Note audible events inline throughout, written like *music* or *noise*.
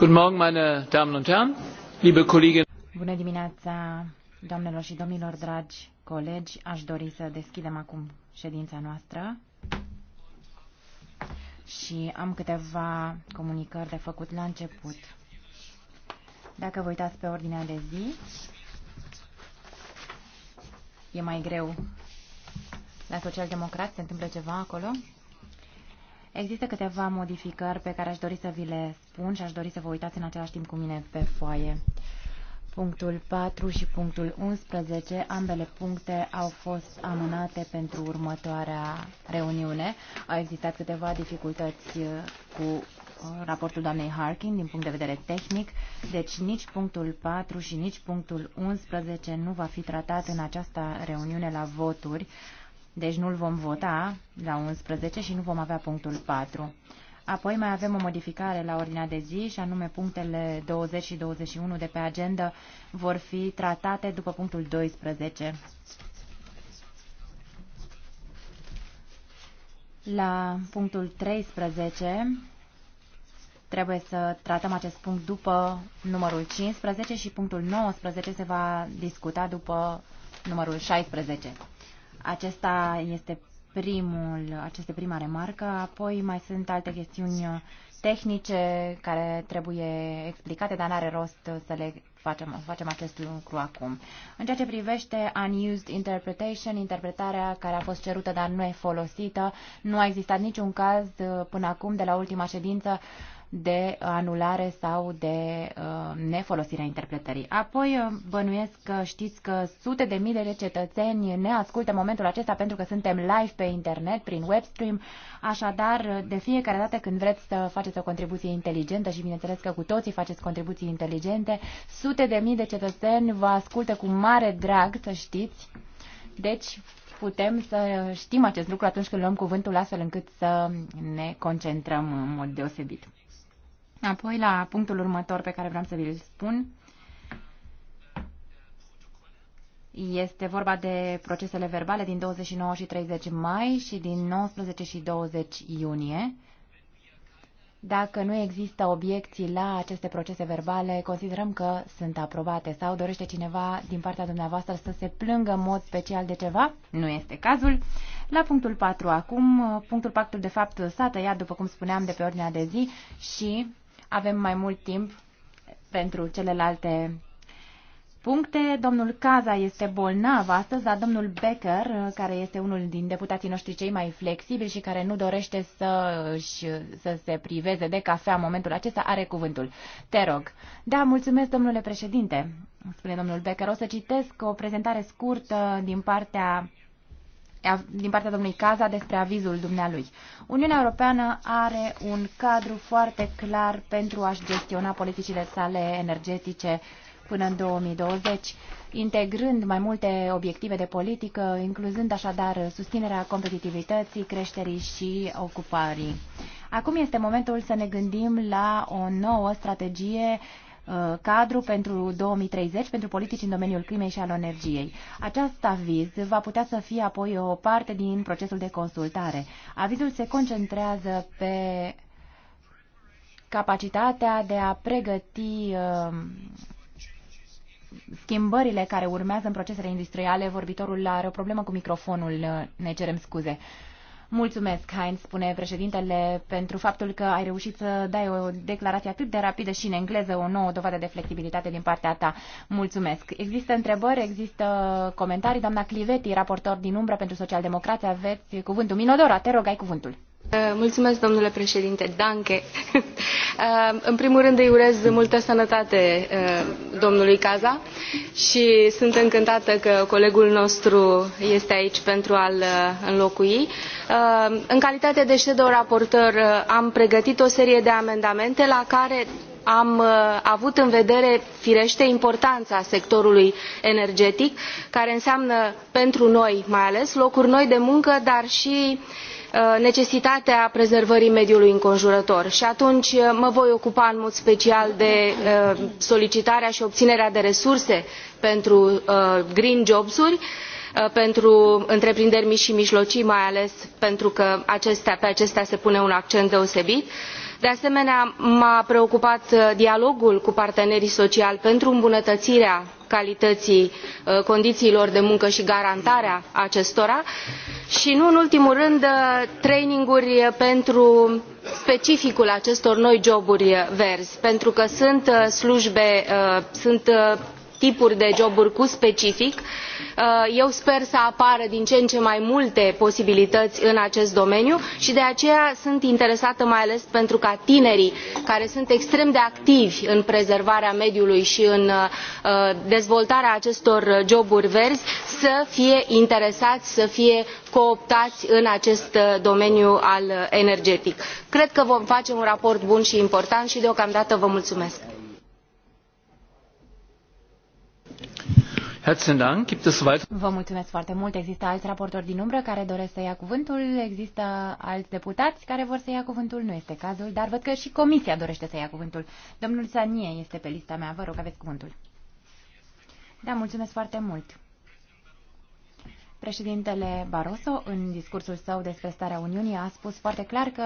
Guten Morgen, meine Damen und Herren, liebe Kolleginnen. Bună dimineața, doamnelor și domnilor, dragi colegi. Aș dori să deschidem acum ședința noastră și am câteva comunicări de făcut la început. Dacă vă uitați pe ordinea de zi, e mai greu. La social-democrat se întâmplă ceva acolo? Există câteva modificări pe care aș dori să vi le spun și aș dori să vă uitați în același timp cu mine pe foaie. Punctul 4 și punctul 11, ambele puncte au fost amânate pentru următoarea reuniune. Au existat câteva dificultăți uh, cu uh, raportul doamnei Harkin din punct de vedere tehnic, deci nici punctul 4 și nici punctul 11 nu va fi tratat în această reuniune la voturi. Deci nu-l vom vota la 11 și nu vom avea punctul 4. Apoi mai avem o modificare la ordinea de zi și anume punctele 20 și 21 de pe agenda vor fi tratate după punctul 12. La punctul 13 trebuie să tratăm acest punct după numărul 15 și punctul 19 se va discuta după numărul 16. Acesta este primul, aceste prima remarcă, apoi mai sunt alte chestiuni tehnice care trebuie explicate, dar n-are rost să le facem, facem acest lucru acum. În ceea ce privește unused interpretation, interpretarea care a fost cerută, dar nu e folosită, nu a existat niciun caz până acum de la ultima ședință de anulare sau de uh, nefolosirea interpretării. Apoi uh, bănuiesc că știți că sute de mii de cetățeni ne ascultă în momentul acesta pentru că suntem live pe internet, prin webstream, așadar uh, de fiecare dată când vreți să faceți o contribuție inteligentă și bineînțeles că cu toții faceți contribuții inteligente, sute de mii de cetățeni vă ascultă cu mare drag, să știți. Deci, putem să știm acest lucru atunci când luăm cuvântul astfel încât să ne concentrăm în mod deosebit. Apoi, la punctul următor pe care vreau să vi-l spun, este vorba de procesele verbale din 29 și 30 mai și din 19 și 20 iunie. Dacă nu există obiecții la aceste procese verbale, considerăm că sunt aprobate sau dorește cineva din partea dumneavoastră să se plângă în mod special de ceva? Nu este cazul. La punctul 4 acum, punctul 4 de fapt s-a tăiat, după cum spuneam, de pe ordinea de zi și avem mai mult timp pentru celelalte puncte. Domnul Caza este bolnav astăzi, dar domnul Becker, care este unul din deputații noștri cei mai flexibili și care nu dorește să, -și, să se priveze de cafea în momentul acesta, are cuvântul. Te rog. Da, mulțumesc, domnule președinte, spune domnul Becker. O să citesc o prezentare scurtă din partea din partea domnului Caza despre avizul dumnealui. Uniunea Europeană are un cadru foarte clar pentru a-și gestiona politicile sale energetice până în 2020, integrând mai multe obiective de politică, incluzând așadar susținerea competitivității, creșterii și ocupării. Acum este momentul să ne gândim la o nouă strategie Uh, cadru pentru 2030 pentru politici în domeniul crimei și al energiei. Acest aviz va putea să fie apoi o parte din procesul de consultare. Avizul se concentrează pe capacitatea de a pregăti uh, schimbările care urmează în procesele industriale. Vorbitorul are o problemă cu microfonul, uh, ne cerem scuze. Uh, Mulțumesc, Heinz, spune președintele, pentru faptul că ai reușit să dai o declarație atât de rapidă și în engleză, o nouă dovadă de flexibilitate din partea ta. Mulțumesc. Există întrebări, există comentarii. Doamna Cliveti, raportor din umbră pentru socialdemocrație, aveți cuvântul. Minodora, te rog, ai cuvântul. Uh, mulțumesc, domnule președinte. Danke. *laughs* Uh, în primul rând îi urez multă sănătate uh, domnului Caza și sunt încântată că colegul nostru este aici pentru a-l înlocui. În calitate de shadow raportor am pregătit o serie de amendamente la care am avut în vedere firește importanța sectorului energetic, care înseamnă pentru noi mai ales locuri noi de muncă, dar și Uh, necesitatea prezervării mediului înconjurător și atunci uh, mă voi ocupa în mod special de uh, solicitarea și obținerea de resurse pentru green jobs uri pentru întreprinderi mici și mijlocii mai ales pentru că acestea, pe acestea se pune un accent deosebit și de asemenea m a preocupat uh, dialogul cu partenerii sociali pentru îmbunătățirea calității uh, condițiilor de muncă și garantarea acestora și nu în ultimul rând uh, traininguri pentru specificul acestor noi joburi verzi pentru că sunt slujbe sunt tipuri de joburi cu specific și Uh, eu sper să apară din ce în ce mai multe posibilități în acest domeniu și de aceea sunt interesată mai ales pentru ca tinerii care sunt extrem de activi în prezervarea mediului și în uh, dezvoltarea acestor joburi verzi să fie interesați să fie cooptați în acest uh, domeniu al energetic. cred că vom face un raport bun și important și deocamdată vă mulțumesc. Vă mulțumesc foarte mult. Există alți raportori din umbră care doresc să ia cuvântul, există alți deputați care vor să ia cuvântul, nu este cazul, dar văd că și comisia dorește să ia cuvântul. Domnul Sanie este pe lista mea, vă rog, aveți cuvântul. Da, mulțumesc foarte mult. Președintele Barroso, în discursul său despre starea Uniunii, a spus foarte clar că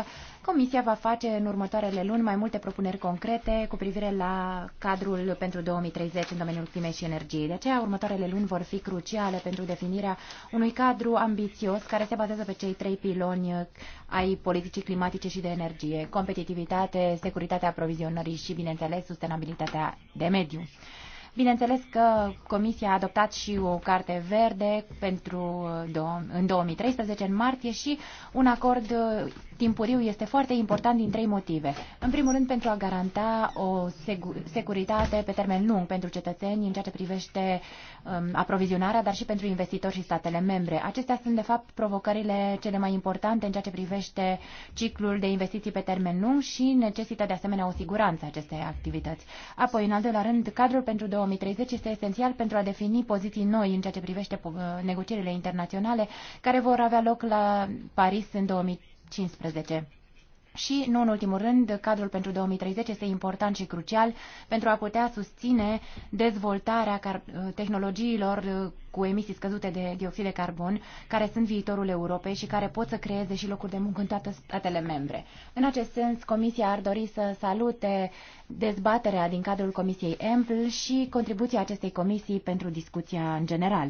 Comisia va face în următoarele luni mai multe propuneri concrete cu privire la cadrul pentru 2030 în domeniul climei și energiei. De aceea, următoarele luni vor fi cruciale pentru definirea unui cadru ambițios care se bazează pe cei trei piloni ai politicii climatice și de energie, competitivitate, securitatea aprovizionării și, bineînțeles, sustenabilitatea de mediu. Bineînțeles că Comisia a adoptat și o carte verde pentru uh, în 2013, în martie, și un acord uh, timpuriu este foarte important din trei motive. În primul rând, pentru a garanta o securitate pe termen lung pentru cetățeni în ceea ce privește um, aprovizionarea, dar și pentru investitori și statele membre. Acestea sunt, de fapt, provocările cele mai importante în ceea ce privește ciclul de investiții pe termen lung și necesită, de asemenea, o siguranță acestei activități. Apoi, în al doilea rând, cadrul pentru 2000 2030 este esențial pentru a defini poziții noi în ceea ce privește negocierile internaționale care vor avea loc la Paris în 2015. Și, nu în ultimul rând, cadrul pentru 2030 este important și crucial pentru a putea susține dezvoltarea tehnologiilor uh, cu emisii scăzute de dioxid de carbon, care sunt viitorul Europei și care pot să creeze și locuri de muncă în toate statele membre. În acest sens, Comisia ar dori să salute dezbaterea din cadrul Comisiei EMPL și contribuția acestei comisii pentru discuția în general.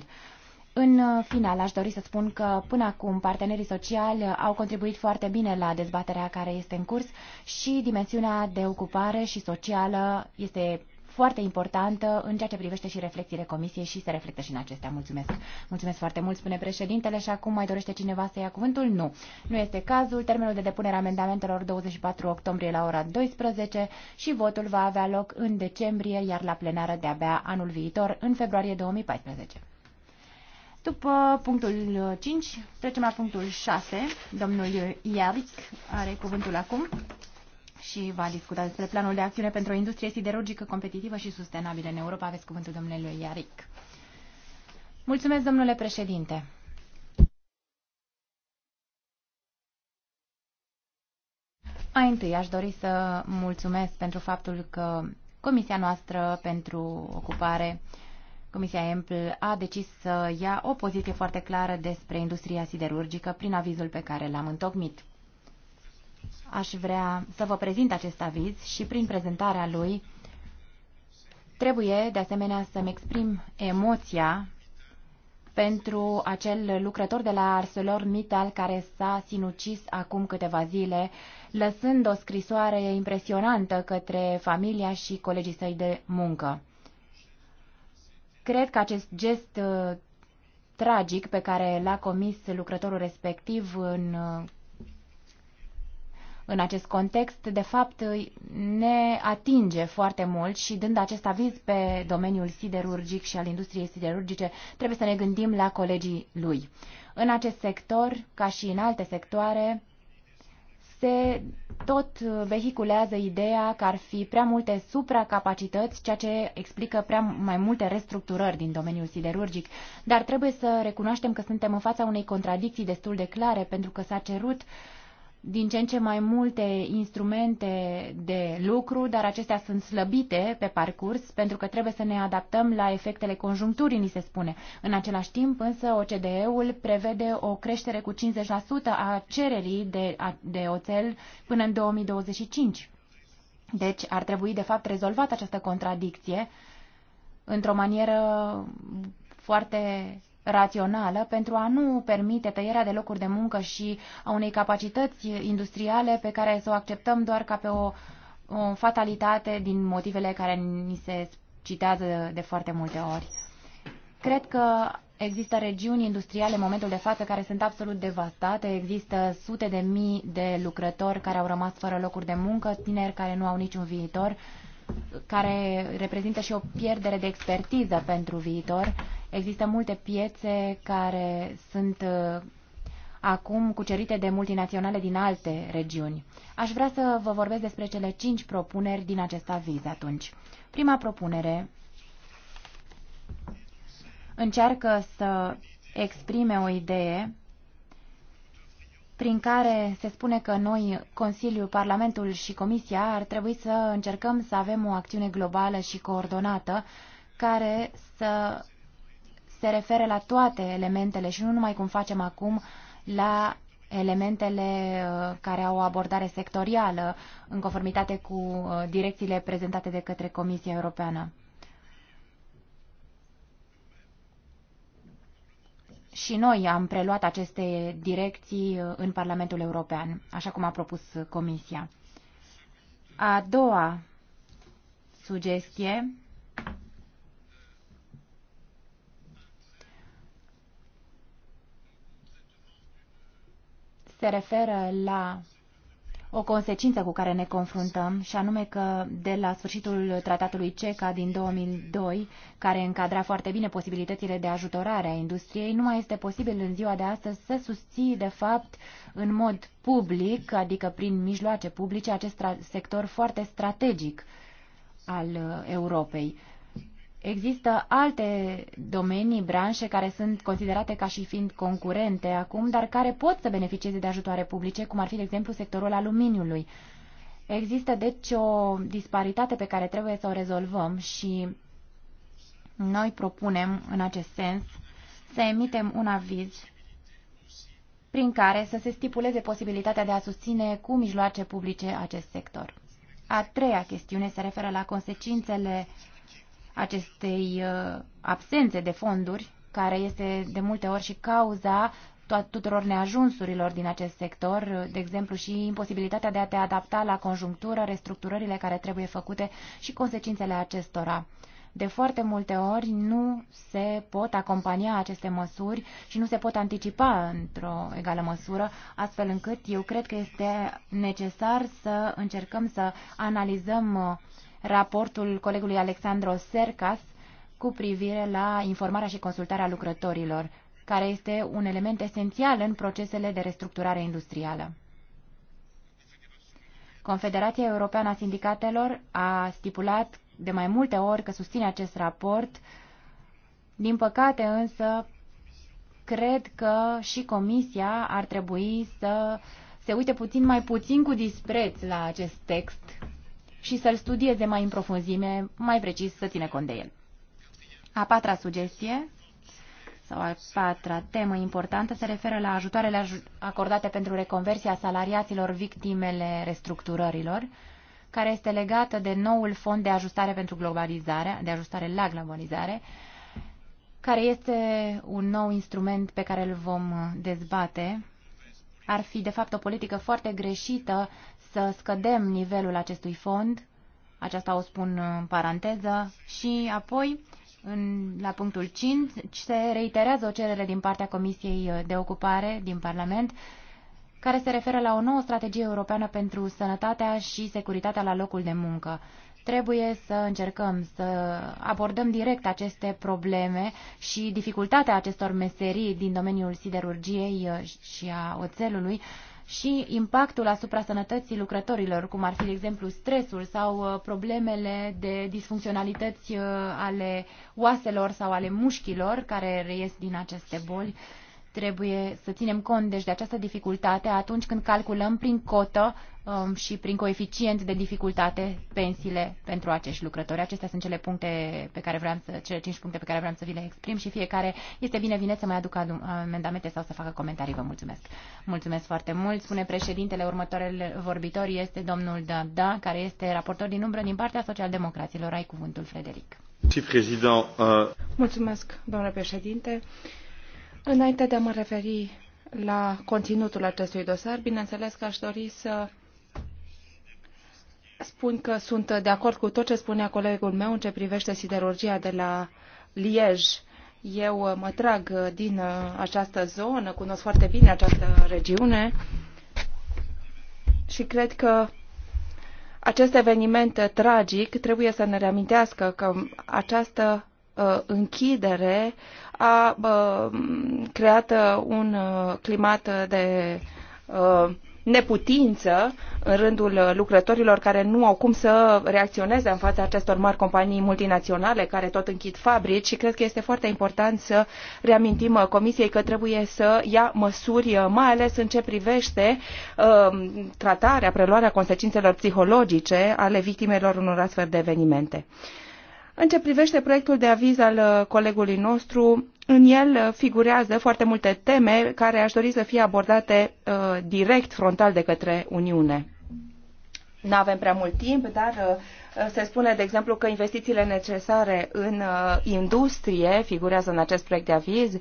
În uh, final, aș dori să spun că până acum partenerii sociali au contribuit foarte bine la dezbaterea care este în curs și dimensiunea de ocupare și socială este foarte importantă în ceea ce privește și reflexiile comisiei și se reflectă și în acestea. Mulțumesc. Mulțumesc foarte mult, spune președintele și acum mai dorește cineva să ia cuvântul? Nu. Nu este cazul. Termenul de depunere a amendamentelor 24 octombrie la ora 12 și votul va avea loc în decembrie, iar la plenară de-abia anul viitor, în februarie 2014. După punctul 5, uh, trecem la punctul 6. Domnul Iaric are cuvântul acum și va discuta despre planul de acțiune pentru o industrie siderurgică competitivă și sustenabilă în Europa. Aveți cuvântul domnului Iaric. Mulțumesc, domnule președinte. Mai întâi aș dori să mulțumesc pentru faptul că Comisia noastră pentru ocupare uh, Comisia EMPL a decis să ia o poziție foarte clară despre industria siderurgică prin avizul pe care l-am întocmit. Aș vrea să vă prezint acest aviz și prin prezentarea lui trebuie de asemenea să-mi exprim emoția pentru acel lucrător de la ArcelorMittal care s-a sinucis acum câteva zile, lăsând o scrisoare impresionantă către familia și colegii săi de muncă. Cred că acest gest uh, tragic pe care l-a comis lucrătorul respectiv în, uh, în acest context, de fapt, uh, ne atinge foarte mult și dând acest aviz pe domeniul siderurgic și al industriei siderurgice, trebuie să ne gândim la colegii lui. În acest sector, ca și în alte sectoare, se tot vehiculează ideea că ar fi prea multe supracapacități, ceea ce explică prea mai multe restructurări din domeniul siderurgic. Dar trebuie să recunoaștem că suntem în fața unei contradicții destul de clare, pentru că s-a cerut uh, din ce în ce mai multe instrumente de lucru, dar acestea sunt slăbite pe parcurs pentru că trebuie să ne adaptăm la efectele conjuncturii, ni se spune. În același timp, însă, OCDE-ul prevede o creștere cu 50% a cererii de, a, de oțel până în 2025. Deci ar trebui, de fapt, rezolvat această contradicție într-o manieră foarte rațională pentru a nu permite tăierea de locuri de muncă și a unei capacități industriale pe care să o acceptăm doar ca pe o, o fatalitate din motivele care ni se citează de, foarte multe ori. Cred că există regiuni industriale în momentul de față care sunt absolut devastate, există sute de mii de lucrători care au rămas fără locuri de muncă, tineri care nu au niciun viitor care reprezintă și o pierdere de expertiză pentru viitor. Există multe piețe care sunt uh, acum cucerite de multinaționale din alte regiuni. Aș vrea să vă vorbesc despre cele cinci propuneri din acest aviz atunci. Prima propunere încearcă să exprime o idee prin care se spune că noi, Consiliul, Parlamentul și Comisia ar trebui să încercăm să avem o acțiune globală și coordonată care să se refere la toate elementele și nu numai cum facem acum la elementele uh, care au o abordare sectorială în conformitate cu uh, direcțiile prezentate de către Comisia Europeană. și noi am preluat aceste direcții uh, în Parlamentul European, așa cum a propus uh, Comisia. A doua sugestie se referă la o consecință cu care ne confruntăm, și anume că de la sfârșitul tratatului CECA din 2002, care încadra foarte bine posibilitățile de ajutorare a industriei, nu mai este posibil în ziua de astăzi să susții, de fapt, în mod public, adică prin mijloace publice, acest sector foarte strategic al uh, Europei. Există alte domenii, branșe care sunt considerate ca și fiind concurente acum, dar care pot să beneficieze de ajutoare publice, cum ar fi, de exemplu, sectorul aluminiului. Există, deci, o disparitate pe care trebuie să o rezolvăm și noi propunem, în acest sens, să emitem un aviz prin care să se stipuleze posibilitatea de a susține cu mijloace publice acest sector. A treia chestiune se referă la consecințele acestei uh, absențe de fonduri, care este de multe ori și cauza tuturor neajunsurilor din acest sector, uh, de exemplu și imposibilitatea de a te adapta la conjunctură, restructurările care trebuie făcute și consecințele acestora. De foarte multe ori nu se pot acompania aceste măsuri și nu se pot anticipa într-o egală măsură, astfel încât eu cred că este necesar să încercăm să analizăm uh, raportul colegului Alexandro Sercas cu privire la informarea și consultarea lucrătorilor, care este un element esențial în procesele de restructurare industrială. Confederația Europeană a Sindicatelor a stipulat de mai multe ori că susține acest raport. Din păcate însă, cred că și Comisia ar trebui să se uite puțin mai puțin cu dispreț la acest text și să-l studieze mai în profunzime, mai precis să ține cont de el. A patra sugestie sau a patra temă importantă se referă la ajutoarele acordate pentru reconversia salariaților victimele restructurărilor, care este legată de noul fond de ajustare pentru globalizare, de ajustare la globalizare, care este un nou instrument pe care îl vom dezbate. Ar fi, de fapt, o politică foarte greșită să scădem nivelul acestui fond, aceasta o spun în paranteză, și apoi, în, la punctul 5, se reiterează o cerere din partea Comisiei de Ocupare din Parlament, care se referă la o nouă strategie europeană pentru sănătatea și securitatea la locul de muncă trebuie să încercăm să abordăm direct aceste probleme și dificultatea acestor meserii din domeniul siderurgiei și a oțelului și impactul asupra sănătății lucrătorilor, cum ar fi, de exemplu, stresul sau uh, problemele de disfuncționalități uh, ale oaselor sau ale mușchilor care reies din aceste boli. Trebuie să ținem cont deci de această dificultate atunci când calculăm prin cotă um, și prin coeficient de dificultate pensiile pentru acești lucrători. Acestea sunt cele puncte pe care vreau să, cele cinci puncte pe care vreau să vi le exprim și fiecare este binevenit să mai aducă amendamente sau să facă comentarii. Vă mulțumesc. Mulțumesc foarte mult. Spune președintele următorul vorbitor este domnul Dada, care este raportor din umbră din partea socialdemocraților. Ai cuvântul, Frederic. Mulțumesc, domnule președinte. Înainte de a mă referi la conținutul acestui dosar, bineînțeles că aș dori să spun că sunt de acord cu tot ce spunea colegul meu în ce privește siderurgia de la Liej. Eu mă trag din uh, această zonă, cunosc foarte bine această regiune și cred că acest eveniment tragic trebuie să ne reamintească că această Uh, închidere a uh, creat uh, un climat de neputință în rândul lucrătorilor care nu au cum să reacționeze în fața acestor mari companii multinaționale care tot închid fabrici și cred că este foarte important să reamintim Comisiei că trebuie să ia măsuri, mai ales în ce privește uh, tratarea, preluarea consecințelor psihologice ale victimelor unor astfel de evenimente. Uh, în ce privește proiectul de aviz al uh, colegului nostru, în el uh, figurează foarte multe teme care aș dori să fie abordate uh, direct, frontal de către Uniune. Nu avem prea mult timp, dar uh, uh, se spune, de exemplu, că investițiile necesare în uh, industrie figurează în acest proiect de aviz. Uh,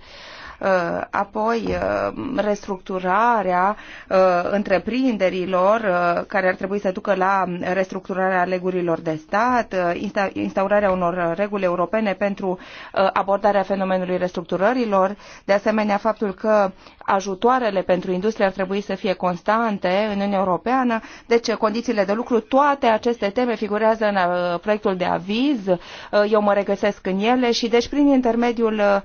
Uh, apoi uh, restructurarea uh, întreprinderilor care ar trebui să ducă la restructurarea legurilor de stat, instaurarea unor reguli europene pentru abordarea fenomenului restructurărilor, de asemenea faptul că ajutoarele pentru industrie ar trebui să fie constante în Uniunea Europeană, deci condițiile de lucru, toate aceste teme figurează în proiectul de aviz, eu mă regăsesc în ele și deci prin intermediul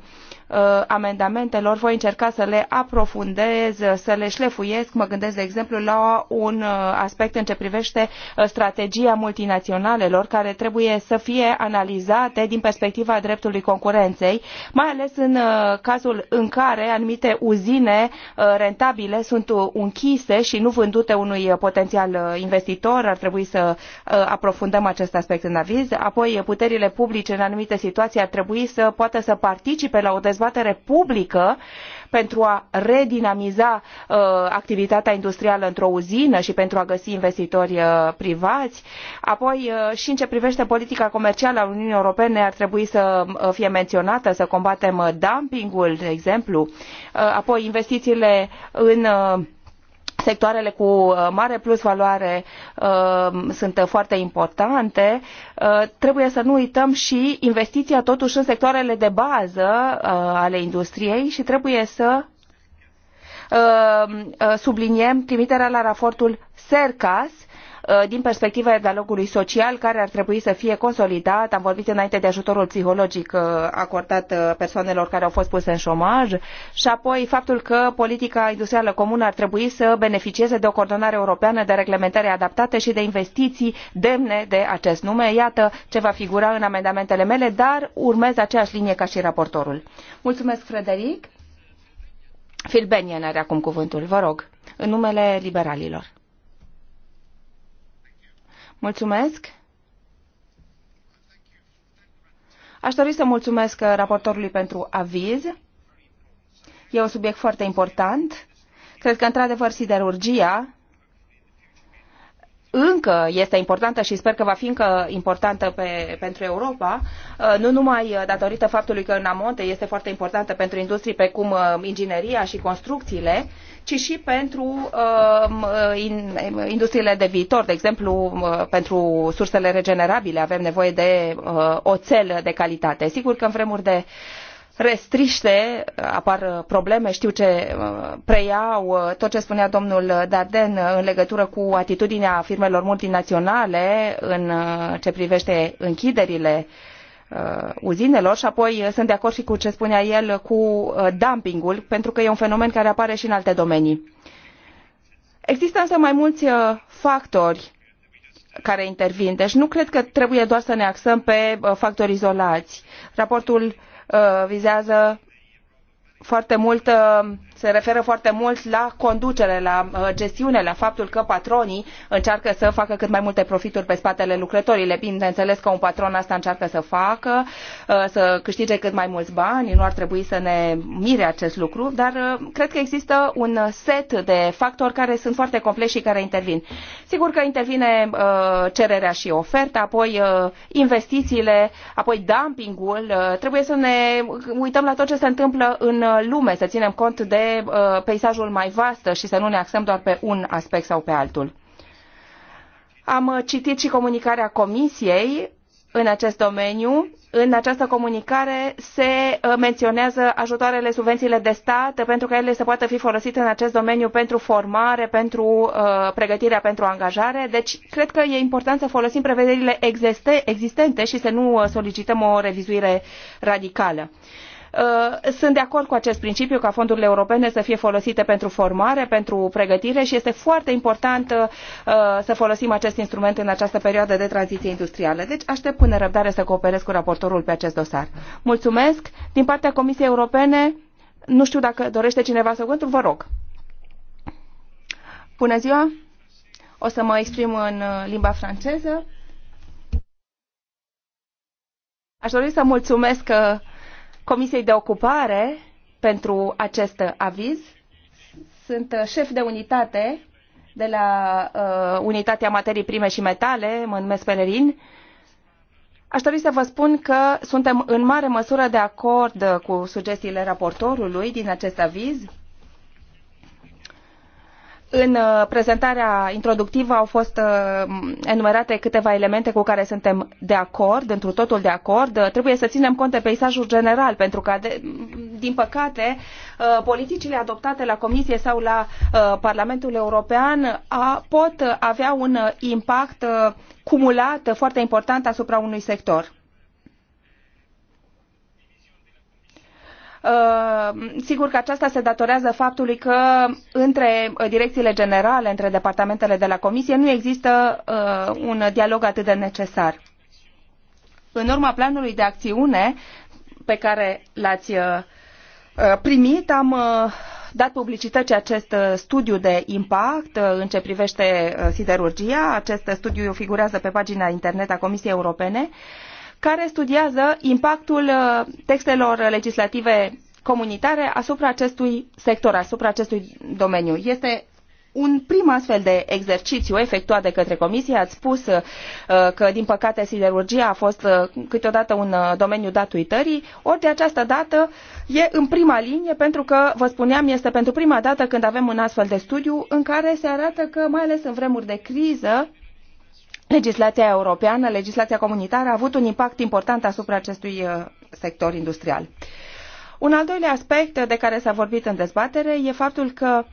Uh, amendamentelor voi încerca să le aprofundez, uh, să le șlefuiesc. Mă gândesc, de exemplu, la un uh, aspect în ce privește strategia multinaționalelor care trebuie să fie analizate din perspectiva dreptului concurenței, mai ales în cazul în care anumite uzine rentabile sunt închise și nu vândute unui potențial investitor. Ar trebui să aprofundăm acest aspect în aviz. Apoi, puterile publice în anumite situații ar trebui să poată să participe la o dezbatere publică pentru a redinamiza uh, activitatea industrială într-o uzină și pentru a găsi investitori uh, privați. Apoi, uh, și în ce privește politica comercială a Uniunii Europene, ar trebui să uh, fie menționată, să combatem uh, dumpingul, de exemplu. Uh, apoi, investițiile în. Uh, sectoarele cu uh, mare plus valoare uh, sunt foarte importante, uh, trebuie să nu uităm și investiția totuși în sectoarele de bază uh, ale industriei și trebuie să uh, uh, subliniem trimiterea la raportul SERCAS Uh, din perspectiva dialogului social care ar trebui să fie consolidat. Am vorbit înainte de ajutorul psihologic uh, acordat uh, persoanelor care au fost puse în șomaj și apoi faptul că politica industrială comună ar trebui să beneficieze de o coordonare europeană de reglementare adaptată și de investiții demne de acest nume. Iată ce va figura în amendamentele mele, dar urmez aceeași linie ca și raportorul. Mulțumesc, Frederic. Phil are acum cuvântul, vă rog, în numele liberalilor. Mulțumesc. Aș dori să mulțumesc raportorului pentru aviz. E un subiect foarte important. Cred că, într-adevăr, siderurgia încă este importantă și sper că va fi încă importantă pe, pentru Europa, uh, nu numai datorită faptului că în amonte este foarte importantă pentru industrii precum uh, ingineria și construcțiile, ci și pentru uh, uh, uh, industriile de viitor. De exemplu, pentru sursele regenerabile avem nevoie de oțel de calitate. Sigur că în vremuri de restriște, apar probleme, știu ce preiau tot ce spunea domnul Darden în legătură cu atitudinea firmelor multinaționale în ce privește închiderile uh, Uh, uzinelor și apoi uh, sunt de acord și cu ce spunea el cu uh, dumpingul, pentru că e un fenomen care apare și în alte domenii. Există însă mai mulți factori care intervin, deci nu cred că trebuie doar să ne axăm pe factori izolați. Raportul vizează foarte mult se referă foarte mult la conducere, la uh, gestiune, la faptul că patronii încearcă să facă cât mai multe profituri pe spatele lucrătorilor. Bineînțeles că un patron asta încearcă să facă, uh, să câștige cât mai mulți bani, nu ar trebui să ne mire acest lucru, dar uh, cred că există un set de factori care sunt foarte complexi și care intervin. Sigur că intervine cererea și oferta, apoi investițiile, apoi dumpingul. Trebuie să ne uităm la tot ce se întâmplă în lume, să ținem cont de pe uh, peisajul mai vast și să nu ne axăm doar pe un aspect sau pe altul. Am uh, citit și comunicarea Comisiei în acest domeniu. În această comunicare se uh, menționează ajutoarele, subvențiile de stat pentru că ele se poată fi folosite în acest domeniu pentru formare, pentru uh, pregătirea pentru angajare. Deci, cred că e important să folosim prevederile existente și să nu solicităm o revizuire radicală. Uh, Uh, sunt de acord cu acest principiu ca fondurile europene să fie folosite pentru formare, pentru pregătire și este foarte important uh, uh, să folosim acest instrument în această perioadă de tranziție industrială. Deci aștept cu nerăbdare să cooperez cu raportorul pe acest dosar. Mulțumesc. Din partea Comisiei Europene, nu știu dacă dorește cineva să cuvântul, vă rog. Bună ziua! O să mă exprim în limba franceză. Aș dori să mulțumesc Comisiei de Ocupare pentru acest aviz. Sunt șef de unitate de la uh, Unitatea Materii Prime și Metale, mă numesc Pelerin. Aș dori să vă spun că suntem în mare măsură de acord cu sugestiile raportorului din acest aviz în uh, prezentarea introductivă au fost uh, enumerate câteva elemente cu care suntem de acord, întru totul de acord. Uh, trebuie să ținem cont de peisajul general, pentru că, din păcate, politicile adoptate la Comisie sau la Parlamentul European pot avea un impact cumulat foarte important asupra unui sector Uh, sigur că aceasta se datorează faptului că între direcțiile generale, între departamentele de la Comisie, nu există uh, un dialog atât de necesar. În urma planului de acțiune pe care l-ați uh, primit, am dat publicității acest studiu de impact în ce privește siderurgia. Acest studiu figurează pe pagina internet a Comisiei Europene. Uh, care studiază impactul uh, textelor legislative comunitare asupra acestui sector, asupra acestui domeniu. Este un prim astfel de exercițiu efectuat de către Comisie. Ați spus uh, că, din păcate, siderurgia a fost uh, câteodată un domeniu dat uitării. Ori de această dată e în prima linie, pentru că, vă spuneam, este pentru prima dată când avem un astfel de studiu în care se arată că, mai ales în vremuri de criză, legislația europeană, legislația comunitară a avut un impact important asupra acestui uh, sector industrial. Un al doilea aspect de care s-a vorbit în dezbatere e faptul că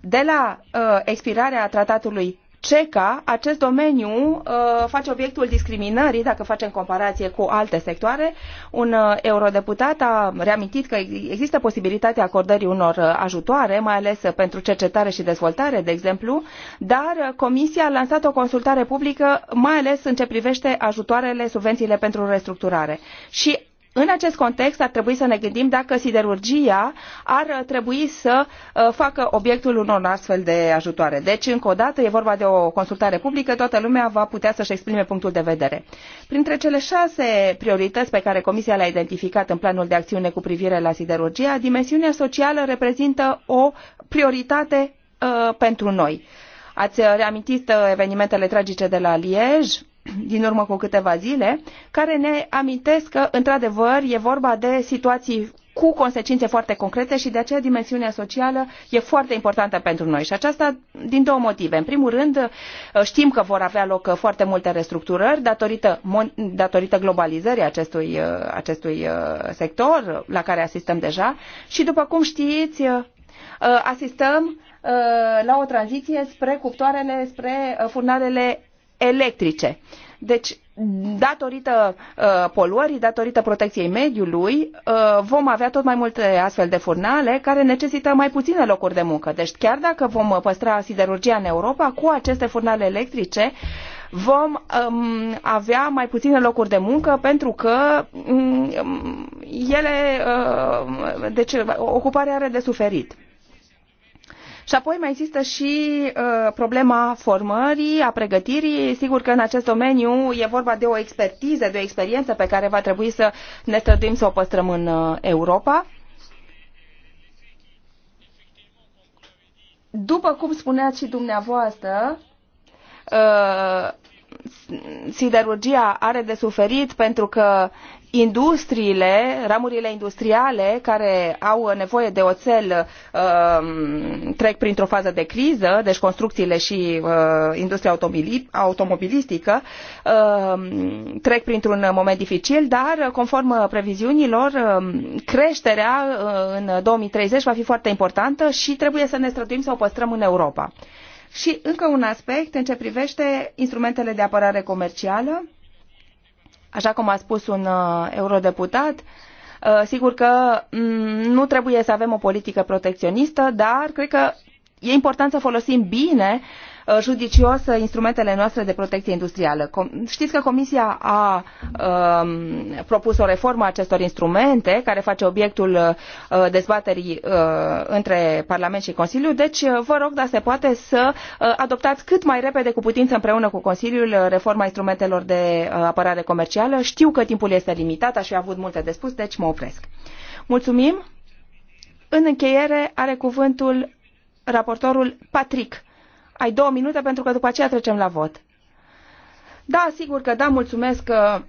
de la uh, expirarea tratatului CECA, acest domeniu uh, face obiectul discriminării, dacă facem comparație cu alte sectoare. Un uh, eurodeputat a reamintit că există posibilitatea acordării unor uh, ajutoare, mai ales pentru cercetare și dezvoltare, de exemplu, dar Comisia a lansat o consultare publică, mai ales în ce privește ajutoarele, subvențiile pentru restructurare. Și în acest context ar trebui să ne gândim dacă siderurgia ar trebui să uh, facă obiectul unor astfel de ajutoare. Deci, încă o dată, e vorba de o consultare publică, toată lumea va putea să-și exprime punctul de vedere. Printre cele șase priorități pe care Comisia le-a identificat în planul de acțiune cu privire la siderurgia, dimensiunea socială reprezintă o prioritate uh, pentru noi. Ați reamintit uh, evenimentele tragice de la Liege, din urmă cu câteva zile, care ne amintesc că, într-adevăr, e vorba de situații cu consecințe foarte concrete și de aceea dimensiunea socială e foarte importantă pentru noi. Și aceasta din două motive. În primul rând, știm că vor avea loc foarte multe restructurări datorită, datorită globalizării acestui, acestui sector la care asistăm deja și, după cum știți, asistăm la o tranziție spre cuptoarele, spre furnalele electrice. Deci, datorită uh, poluării, datorită protecției mediului, uh, vom avea tot mai multe astfel de furnale care necesită mai puține locuri de muncă. Deci chiar dacă vom păstra siderurgia în Europa, cu aceste furnale electrice vom um, avea mai puține locuri de muncă pentru că um, ele, uh, deci ocuparea are de suferit. Și apoi mai există și uh, problema formării, a pregătirii. Sigur că în acest domeniu e vorba de o expertiză, de o experiență pe care va trebui să ne străduim să o păstrăm în uh, Europa. După cum spuneați și dumneavoastră, uh, siderurgia are de suferit pentru că uh, industriile, ramurile industriale care au nevoie de oțel um, trec printr-o fază de criză, deci construcțiile și uh, industria automobilistică um, trec printr-un moment dificil, dar conform previziunilor um, creșterea uh, în 2030 va fi foarte importantă și trebuie să ne străduim să o păstrăm în Europa. Și încă un aspect în ce privește instrumentele de apărare comercială Așa cum a spus un uh, eurodeputat, uh, sigur că mm, nu trebuie să avem o politică protecționistă, dar cred că e important să folosim bine uh, Uh, judicios instrumentele noastre de protecție industrială. Știți că Comisia a um, propus o reformă a acestor instrumente care face obiectul uh, dezbaterii uh, între Parlament și Consiliu, deci vă rog, dacă se poate, să adoptați cât mai repede cu putință împreună cu Consiliul reforma instrumentelor de apărare comercială. Știu că timpul este limitat, aș fi avut multe de spus, deci mă opresc. Mulțumim! În încheiere are cuvântul raportorul Patrick ai două minute pentru că după aceea trecem la vot. Da, sigur că da, mulțumesc uh,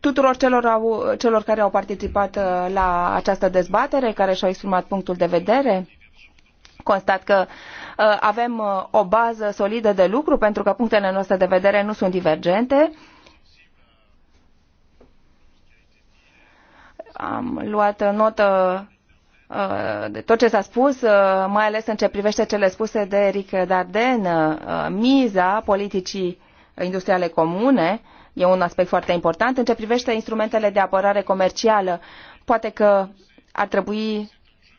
tuturor celor, au, celor care au participat uh, la această dezbatere, care și-au exprimat punctul de vedere. Constat că uh, avem o bază solidă de lucru pentru că punctele noastre de vedere nu sunt divergente. Am luat notă Uh, de tot ce s-a spus, uh, mai ales în ce privește cele spuse de Eric Darden, uh, miza politicii industriale comune e un aspect foarte important. În ce privește instrumentele de apărare comercială, poate că ar trebui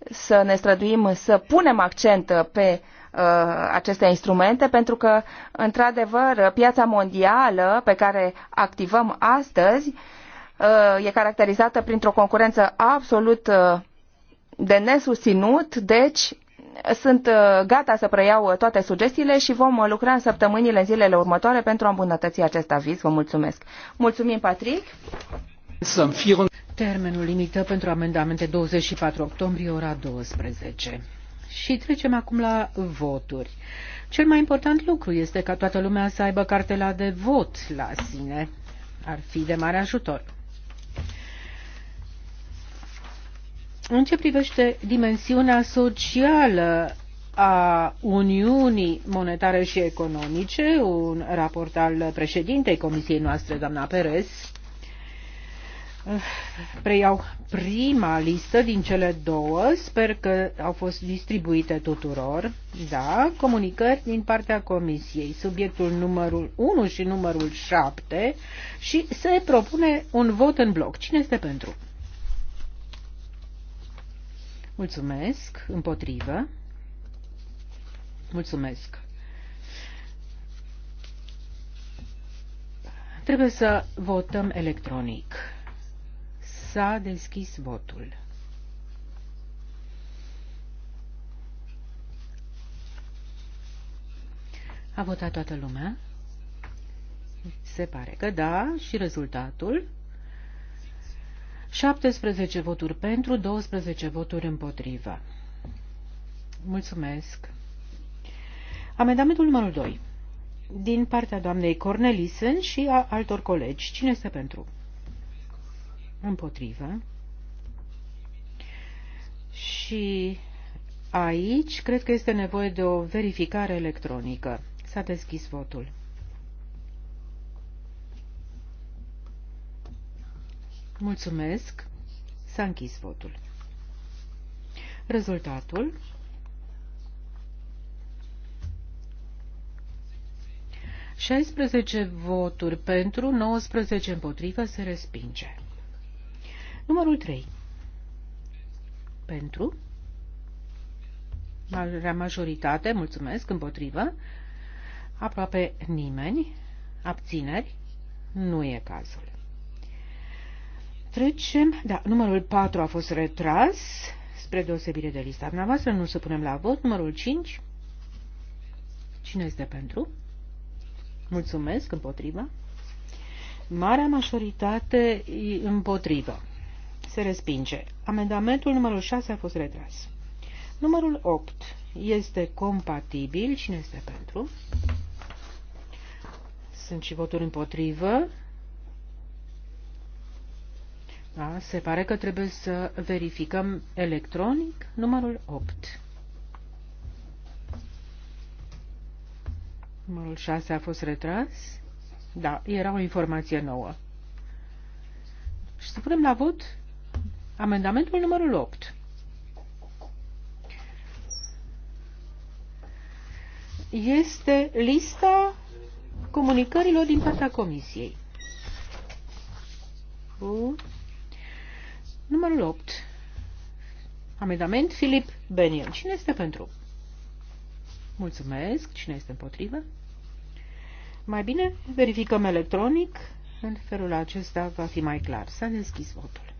să ne străduim să punem accent pe aceste instrumente pentru că, într-adevăr, piața mondială pe care activăm astăzi e caracterizată printr-o concurență absolut de nesusținut, deci sunt uh, gata să preiau uh, toate sugestiile și vom uh, lucra în săptămânile, în zilele următoare pentru a îmbunătăți acest aviz. Vă mulțumesc. Mulțumim, Patrick. Termenul limită pentru amendamente 24 octombrie, ora 12. Și trecem acum la voturi. Cel mai important lucru este ca toată lumea să aibă cartela de vot la sine. Ar fi de mare ajutor. În ce privește dimensiunea socială a Uniunii Monetare și Economice, un raport al președintei comisiei noastre, doamna Perez, eh, preiau prima listă din cele două, sper că au fost distribuite tuturor, da, comunicări din partea comisiei, subiectul numărul 1 și numărul 7 și se propune un vot în bloc. Cine este pentru? Mulțumesc. Împotrivă. Mulțumesc. Trebuie să votăm electronic. S-a deschis votul. A votat toată lumea? Se pare că da și rezultatul 17 voturi pentru, 12 voturi împotrivă. Mulțumesc. Amendamentul numărul 2. Din partea doamnei Cornelisen și a altor colegi. Cine este pentru? Împotrivă. Și aici cred că este nevoie de o verificare electronică. S-a deschis votul. Mulțumesc. S-a închis votul. Rezultatul. Șaisprezece voturi pentru, 19 împotrivă, se respinge. Numărul 3. Pentru. Marea majoritate, mulțumesc, împotrivă. Aproape nimeni. Abțineri. Nu e cazul. Trecem, da, numărul 4 a fost retras, spre deosebire de lista dumneavoastră, nu să punem la vot. Numărul 5. Cine este pentru? Mulțumesc, împotriva. Marea majoritate împotrivă. Se respinge. Amendamentul numărul 6 a fost retras. Numărul 8 este compatibil. Cine este pentru? Sunt și voturi împotrivă. Da, se pare că trebuie să verificăm electronic numărul 8. Numărul 6 a fost retras. Da, era o informație nouă. Și să punem la vot amendamentul numărul 8. Este lista comunicărilor din partea Comisiei. Bun. Numărul 8. Amendament Filip Benion. Cine este pentru? Mulțumesc. Cine este împotrivă? Mai bine verificăm electronic. În felul acesta va fi mai clar. S-a deschis votul.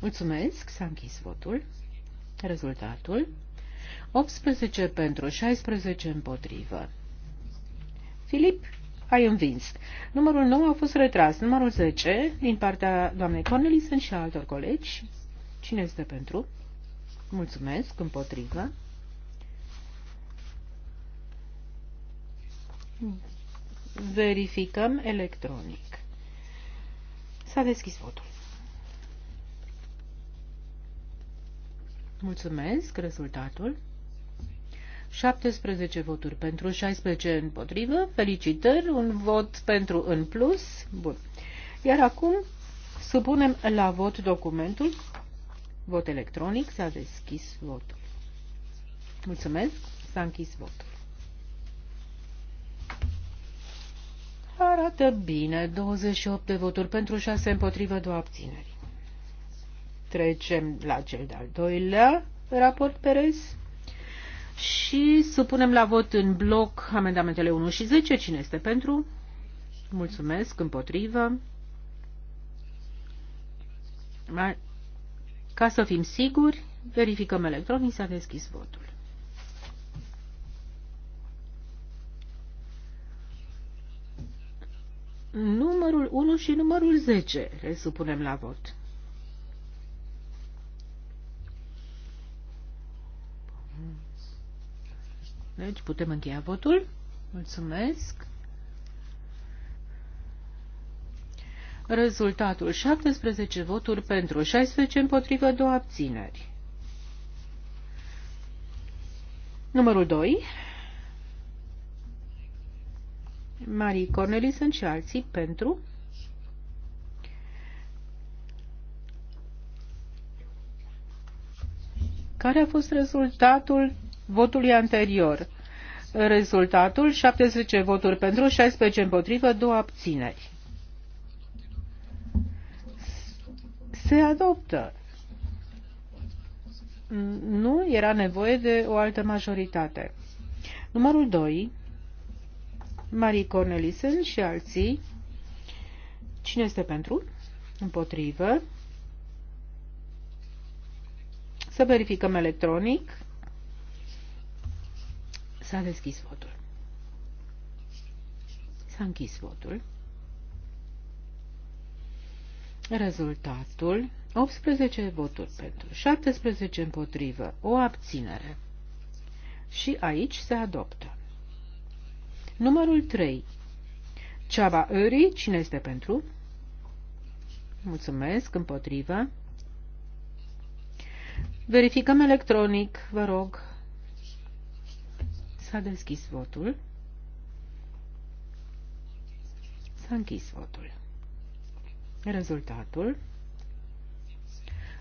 Mulțumesc. S-a închis votul. Rezultatul. 18 pentru, 16 împotrivă. Filip ai învins. Numărul 9 a fost retras. Numărul 10, din partea doamnei Cornelisen și a altor colegi. Cine este pentru? Mulțumesc, împotrivă. Verificăm electronic. S-a deschis votul. Mulțumesc, rezultatul. 17 voturi pentru, 16 împotrivă. Felicitări, un vot pentru în plus. Bun. Iar acum supunem la vot documentul. Vot electronic. S-a deschis votul. Mulțumesc. S-a închis votul. Arată bine. 28 de voturi pentru, 6 împotrivă, 2 abțineri. Trecem la cel de-al doilea raport Perez. Și să punem la vot în bloc amendamentele 1 și 10. Cine este pentru? Mulțumesc. Împotrivă. Ca să fim siguri, verificăm electronic, s-a deschis votul. Numărul 1 și numărul 10 le supunem la vot. Deci putem încheia votul. Mulțumesc. Rezultatul 17 voturi pentru 16 împotrivă 2 abțineri. Numărul 2. Marie sunt și alții pentru care a fost rezultatul votului anterior. Rezultatul 70 voturi pentru, 16 împotrivă, 2 abțineri. Se adoptă. Nu era nevoie de o altă majoritate. Numărul 2, Marie Cornelisen și alții. Cine este pentru? Împotrivă. Să verificăm electronic. S-a deschis votul. S-a închis votul. Rezultatul 18 voturi pentru, 17 împotrivă, o abținere. Și aici se adoptă. Numărul 3. Ceaba Öri, cine este pentru? Mulțumesc, împotrivă. Verificăm electronic, vă rog. S-a deschis votul. S-a închis votul. Rezultatul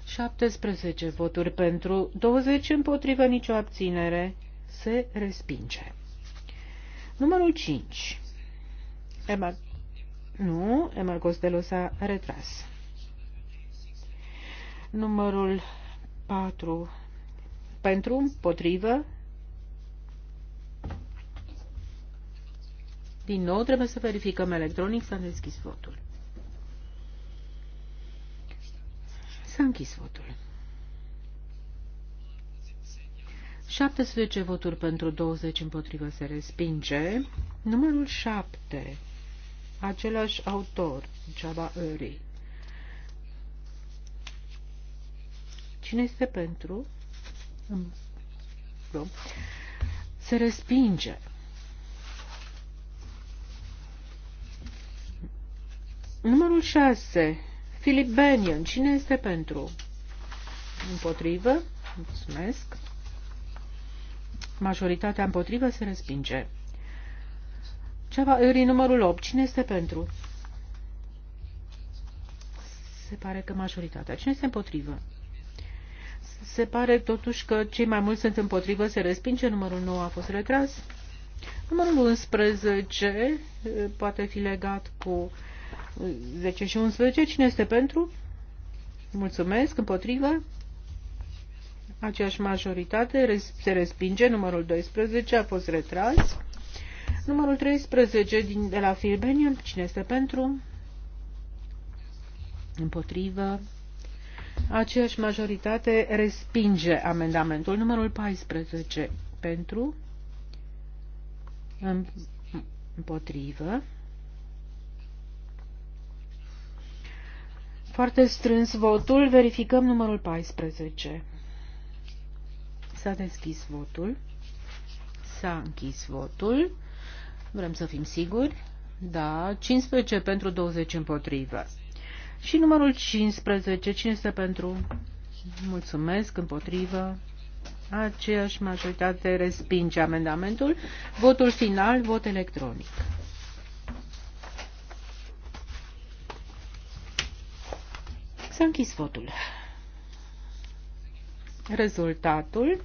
17 voturi pentru, 20 împotrivă, nicio abținere. Se respinge. Numărul 5. Emma... Nu, Emma Costello s-a retras. Numărul 4. Pentru, împotrivă, Din nou trebuie să verificăm electronic, s-a deschis votul. S-a închis votul. 17 voturi pentru 20 împotrivă se respinge. Numărul 7. Același autor, Java Uri. Cine este pentru? Se respinge. Numărul 6. Philip Bennion. Cine este pentru? Împotrivă. Mulțumesc. Majoritatea împotrivă se respinge. Ceva Uri numărul 8. Cine este pentru? Se pare că majoritatea. Cine este împotrivă? Se pare totuși că cei mai mulți sunt împotrivă, se respinge. Numărul 9 a fost retras. Numărul 11 poate fi legat cu 10 și 11. Cine este pentru? Mulțumesc. Împotrivă? Aceeași majoritate se respinge. Numărul 12 a fost retras. Numărul 13 din, de la Filbenium. Cine este pentru? Împotrivă? Aceeași majoritate respinge amendamentul. Numărul 14 pentru? Împotrivă? Foarte strâns votul. Verificăm numărul 14. S-a deschis votul. S-a închis votul. Vrem să fim siguri. Da, 15 pentru 20 împotrivă. Și numărul 15. Cine este pentru? Mulțumesc, împotrivă. Aceeași majoritate respinge amendamentul. Votul final, vot electronic. Să închis votul. Rezultatul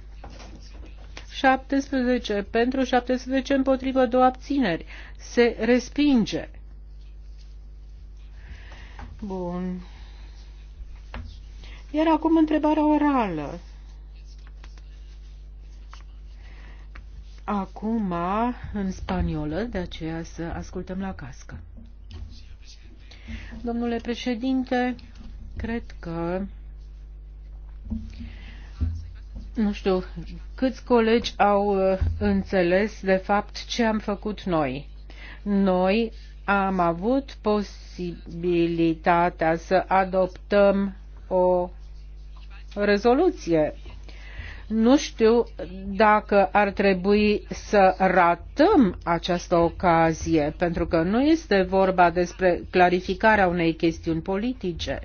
17 pentru 17 împotrivă două abțineri. Se respinge. Bun. Iar acum întrebarea orală. Acum, în spaniolă, de aceea să ascultăm la cască. Domnule președinte, Cred că nu știu câți colegi au uh, înțeles de fapt ce am făcut noi. Noi am avut posibilitatea să adoptăm o rezoluție. Nu știu dacă ar trebui să ratăm această ocazie, pentru că nu este vorba despre clarificarea unei chestiuni politice.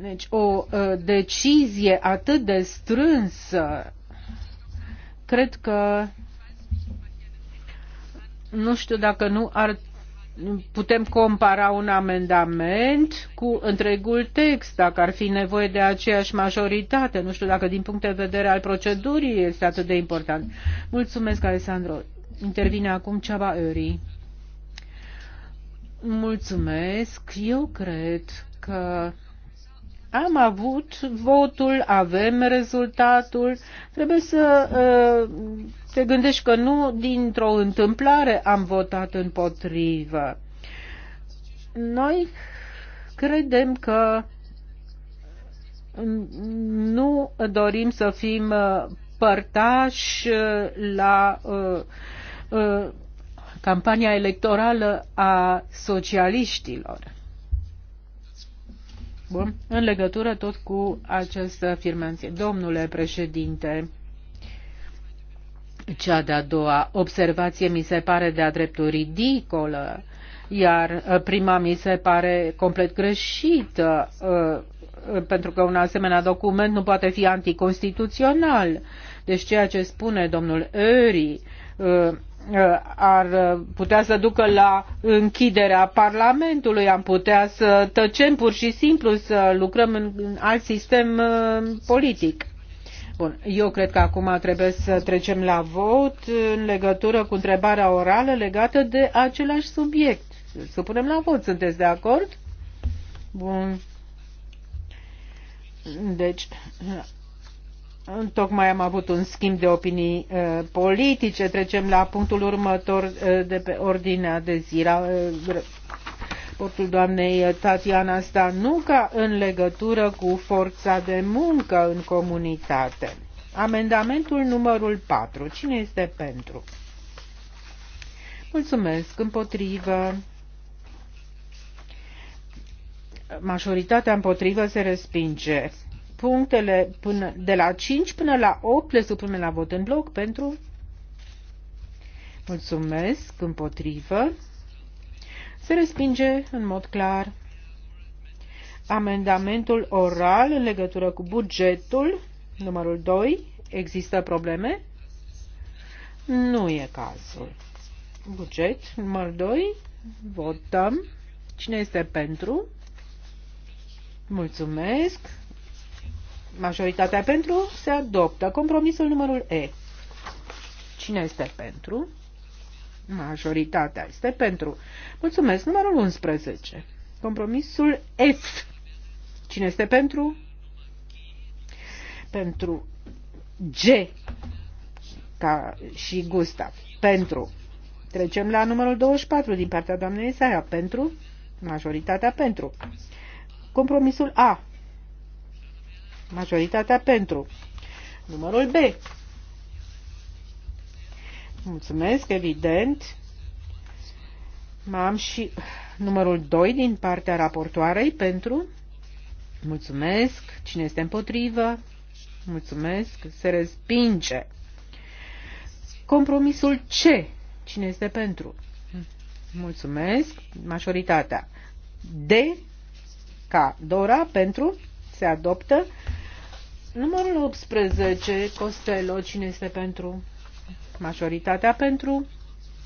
Deci o ă, decizie atât de strânsă, cred că nu știu dacă nu ar putem compara un amendament cu întregul text, dacă ar fi nevoie de aceeași majoritate. Nu știu dacă din punct de vedere al procedurii este atât de important. Mulțumesc, Alessandro. Intervine acum Ceaba Öri. Mulțumesc. Eu cred că am avut votul, avem rezultatul. Trebuie să uh, te gândești că nu dintr-o întâmplare am votat împotrivă. Noi credem că nu dorim să fim uh, părtași uh, la campania electorală a socialiștilor. Bun. În legătură tot cu această afirmație. Domnule președinte, cea de-a doua observație mi se pare de-a dreptul ridicolă, iar uh, prima mi se pare complet greșită, uh, pentru că un asemenea document nu poate fi anticonstituțional. Deci ceea ce spune domnul Eri uh, Uh, ar putea să ducă la închiderea Parlamentului, am putea să tăcem pur și simplu, să lucrăm în alt sistem uh, politic. Bun, eu cred că acum trebuie să trecem la vot în legătură cu întrebarea orală legată de același subiect. Să punem la vot, sunteți de acord? Bun. Deci, Tocmai am avut un schimb de opinii uh, politice. Trecem la punctul următor uh, de pe ordinea de zi. La, uh, raportul doamnei Tatiana Stanuca în legătură cu forța de muncă în comunitate. Amendamentul numărul 4. Cine este pentru? Mulțumesc. Împotrivă. Majoritatea împotrivă se respinge punctele până, de la 5 până la 8 le supunem la vot în bloc pentru mulțumesc împotrivă se respinge în mod clar amendamentul oral în legătură cu bugetul numărul 2 există probleme? Nu e cazul. Buget numărul 2 votăm cine este pentru? Mulțumesc Majoritatea pentru se adoptă. Compromisul numărul E. Cine este pentru? Majoritatea este pentru. Mulțumesc. Numărul 11. Compromisul F. Cine este pentru? Pentru G. Ca și Gustav. Pentru. Trecem la numărul 24 din partea doamnei Isaia. Pentru. Majoritatea pentru. Compromisul A. Majoritatea pentru. Numărul B. Mulțumesc, evident. M-am și numărul 2 din partea raportoarei pentru. Mulțumesc. Cine este împotrivă? Mulțumesc. Se respinge. Compromisul C. Cine este pentru? Mulțumesc. Majoritatea. D. Ca Dora pentru. Se adoptă. Numărul 18, Costello, cine este pentru? Majoritatea pentru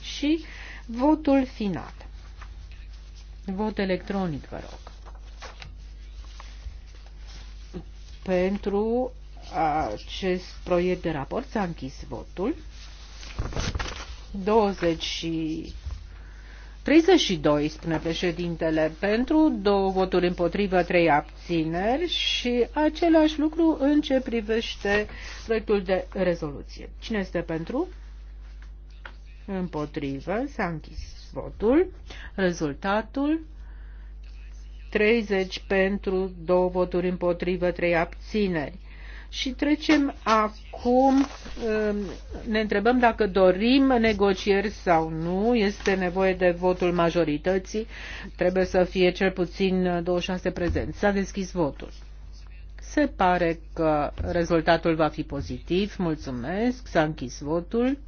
și votul final. Vot electronic, vă rog. Pentru acest proiect de raport s-a închis votul. 20 și 32, spune președintele, pentru, două voturi împotrivă, trei abțineri și același lucru în ce privește proiectul de rezoluție. Cine este pentru? Împotrivă, s-a închis votul. Rezultatul 30 pentru, două voturi împotrivă, trei abțineri. Și trecem acum, um, ne întrebăm dacă dorim negocieri sau nu. Este nevoie de votul majorității. Trebuie să fie cel puțin 26 prezenți. S-a deschis votul. Se pare că rezultatul va fi pozitiv. Mulțumesc. S-a închis votul.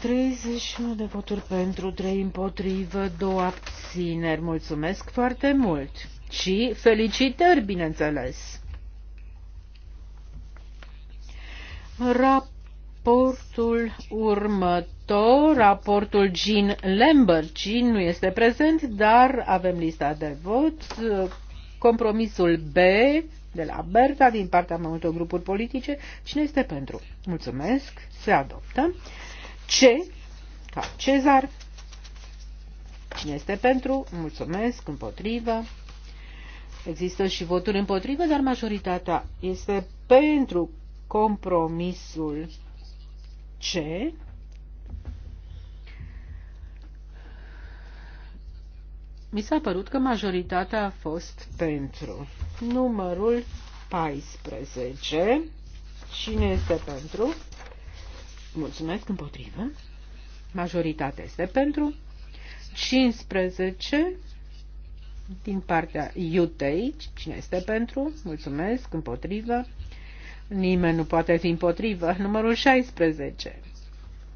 31 de voturi pentru, 3 împotrivă, 2 abțineri. Mulțumesc foarte mult. Și felicitări, bineînțeles. Raportul următor, raportul Jean Lambert. Jean nu este prezent, dar avem lista de vot. Compromisul B de la Berta din partea mai multor grupuri politice. Cine este pentru? Mulțumesc. Se adoptă. C ca Cezar. Cine este pentru? Mulțumesc. Împotrivă. Există și voturi împotrivă, dar majoritatea este pentru compromisul C. Mi s-a părut că majoritatea a fost pentru. Numărul 14. Cine este pentru? Mulțumesc, împotrivă. Majoritatea este pentru. 15 din partea Iutei. Cine este pentru? Mulțumesc. Împotrivă. Nimeni nu poate fi împotrivă. Numărul 16.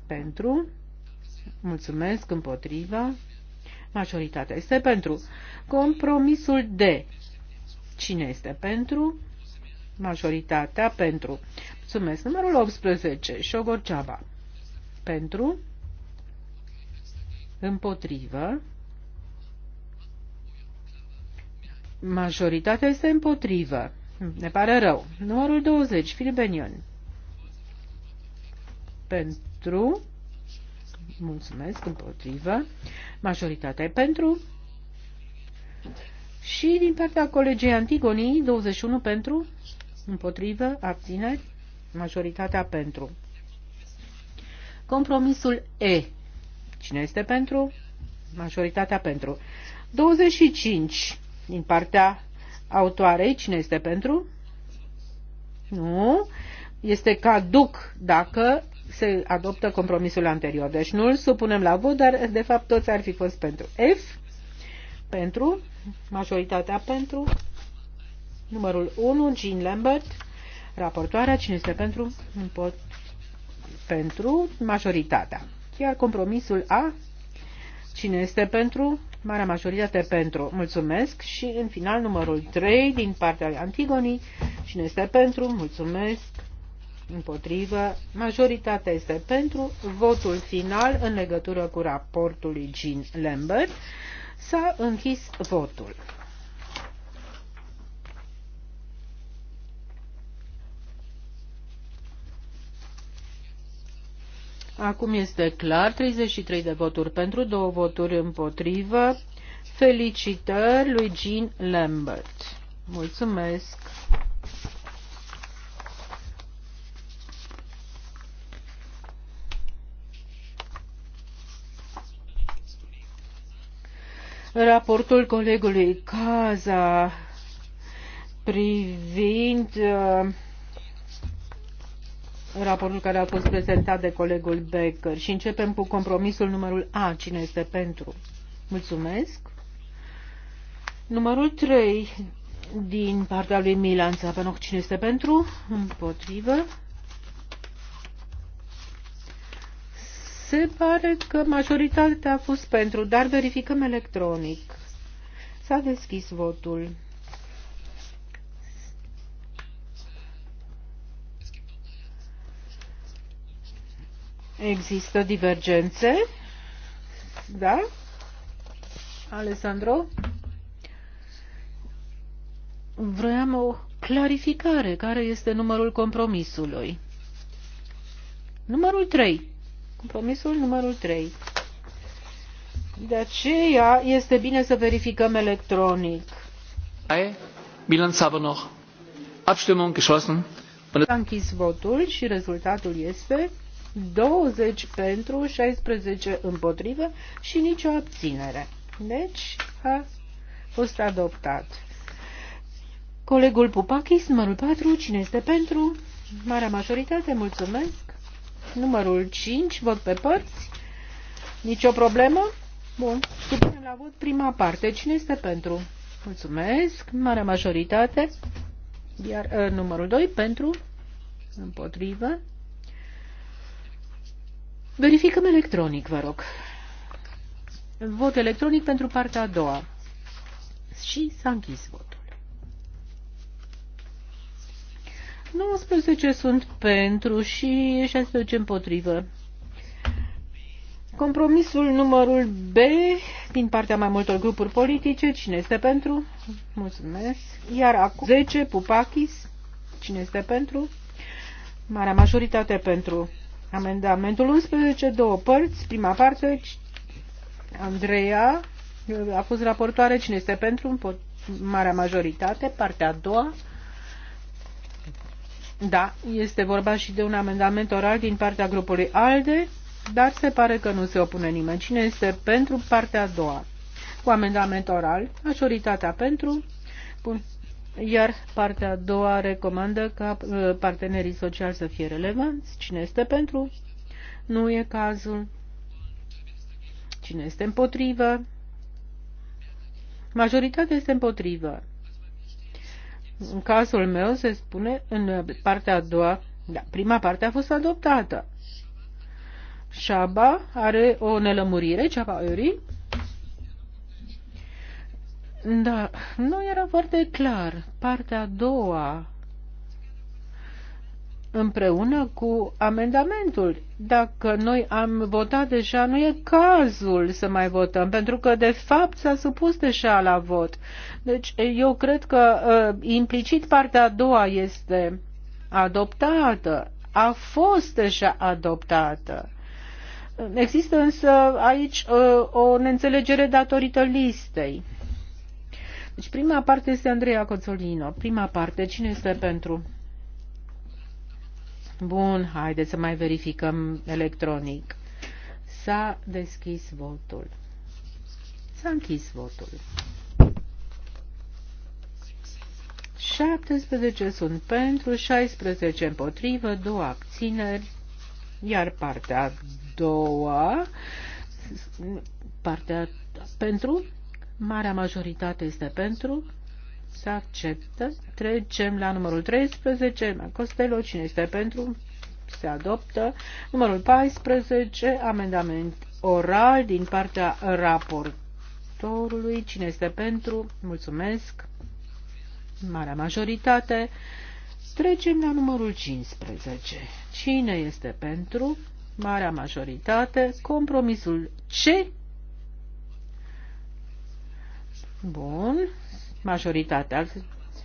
Pentru. Mulțumesc. Împotrivă. Majoritatea este pentru. Compromisul D. Cine este pentru? Majoritatea pentru. Mulțumesc. Numărul 18. Șogorceaba. Pentru. Împotrivă. Majoritatea este împotrivă. Ne pare rău. Numărul 20, Filip Benion. Pentru. Mulțumesc, împotrivă. Majoritatea e pentru. Și din partea colegii Antigonii, 21 pentru, împotrivă, abțineri, majoritatea pentru. Compromisul E. Cine este pentru? Majoritatea pentru. 25 din partea autoarei. Cine este pentru? Nu. Este caduc dacă se adoptă compromisul anterior. Deci nu îl supunem la vot, dar de fapt toți ar fi fost pentru. F, pentru, majoritatea pentru, numărul 1, Jean Lambert, raportoarea, cine este pentru, pot, pentru, majoritatea. Iar compromisul A, cine este pentru, marea majoritate pentru. Mulțumesc și în final numărul 3 din partea lui Antigonii. Cine este pentru? Mulțumesc. Împotrivă. Majoritatea este pentru. Votul final în legătură cu raportul lui Jean Lambert. S-a închis votul. Acum este clar, 33 de voturi pentru, două voturi împotrivă. Felicitări lui Jean Lambert. Mulțumesc! Raportul colegului Caza privind uh, raportul care a fost prezentat de colegul Becker și începem cu compromisul numărul A. Cine este pentru? Mulțumesc. Numărul 3 din partea lui Milan Țapănoc. Cine este pentru? Împotrivă. Se pare că majoritatea a fost pentru, dar verificăm electronic. S-a deschis votul. Există divergențe? Da? Alessandro? Vreau o clarificare. Care este numărul compromisului? Numărul 3. Compromisul numărul 3. De aceea este bine să verificăm electronic. Bilanț haben noch. Abstimmung geschlossen. S-a închis votul și rezultatul este 20 pentru, 16 împotrivă și nicio abținere. Deci a fost adoptat. Colegul Pupachis, numărul 4, cine este pentru? Marea majoritate, mulțumesc. Numărul 5, vot pe părți. Nicio problemă? Bun. Supunem la vot prima parte. Cine este pentru? Mulțumesc. Marea majoritate. Iar uh, numărul 2 pentru. Împotrivă. Verificăm electronic, vă rog. Vot electronic pentru partea a doua. Și s-a închis votul. 19 sunt pentru și 16 împotrivă. Compromisul numărul B din partea mai multor grupuri politice. Cine este pentru? Mulțumesc. Iar acum 10, Pupakis. Cine este pentru? Marea majoritate pentru. Amendamentul 11, două părți. Prima parte, Andreea a fost raportoare. Cine este pentru? Marea majoritate. Partea a doua. Da, este vorba și de un amendament oral din partea grupului ALDE, dar se pare că nu se opune nimeni. Cine este pentru partea a doua? Cu amendament oral, majoritatea pentru. Bun. Iar partea a doua recomandă ca uh, partenerii sociali să fie relevanți. Cine este pentru? Nu e cazul. Cine este împotrivă? Majoritatea este împotrivă. În cazul meu se spune în partea a doua, da, prima parte a fost adoptată. Shaba are o nelămurire, Ceaba Ori. Da, nu era foarte clar. Partea a doua împreună cu amendamentul. Dacă noi am votat deja, nu e cazul să mai votăm, pentru că de fapt s-a supus deja la vot. Deci eu cred că uh, implicit partea a doua este adoptată, a fost deja adoptată. Există însă aici uh, o neînțelegere datorită listei. Deci prima parte este Andreea Cozzolino. Prima parte, cine este pentru? Bun, haideți să mai verificăm electronic. S-a deschis votul. S-a închis votul. 17 sunt pentru, 16 împotrivă, două abțineri, iar partea a doua, partea pentru, Marea majoritate este pentru. Se acceptă. Trecem la numărul 13. Costello, cine este pentru? Se adoptă. Numărul 14. Amendament oral din partea raportorului. Cine este pentru? Mulțumesc. Marea majoritate. Trecem la numărul 15. Cine este pentru? Marea majoritate. Compromisul C Bun. Majoritatea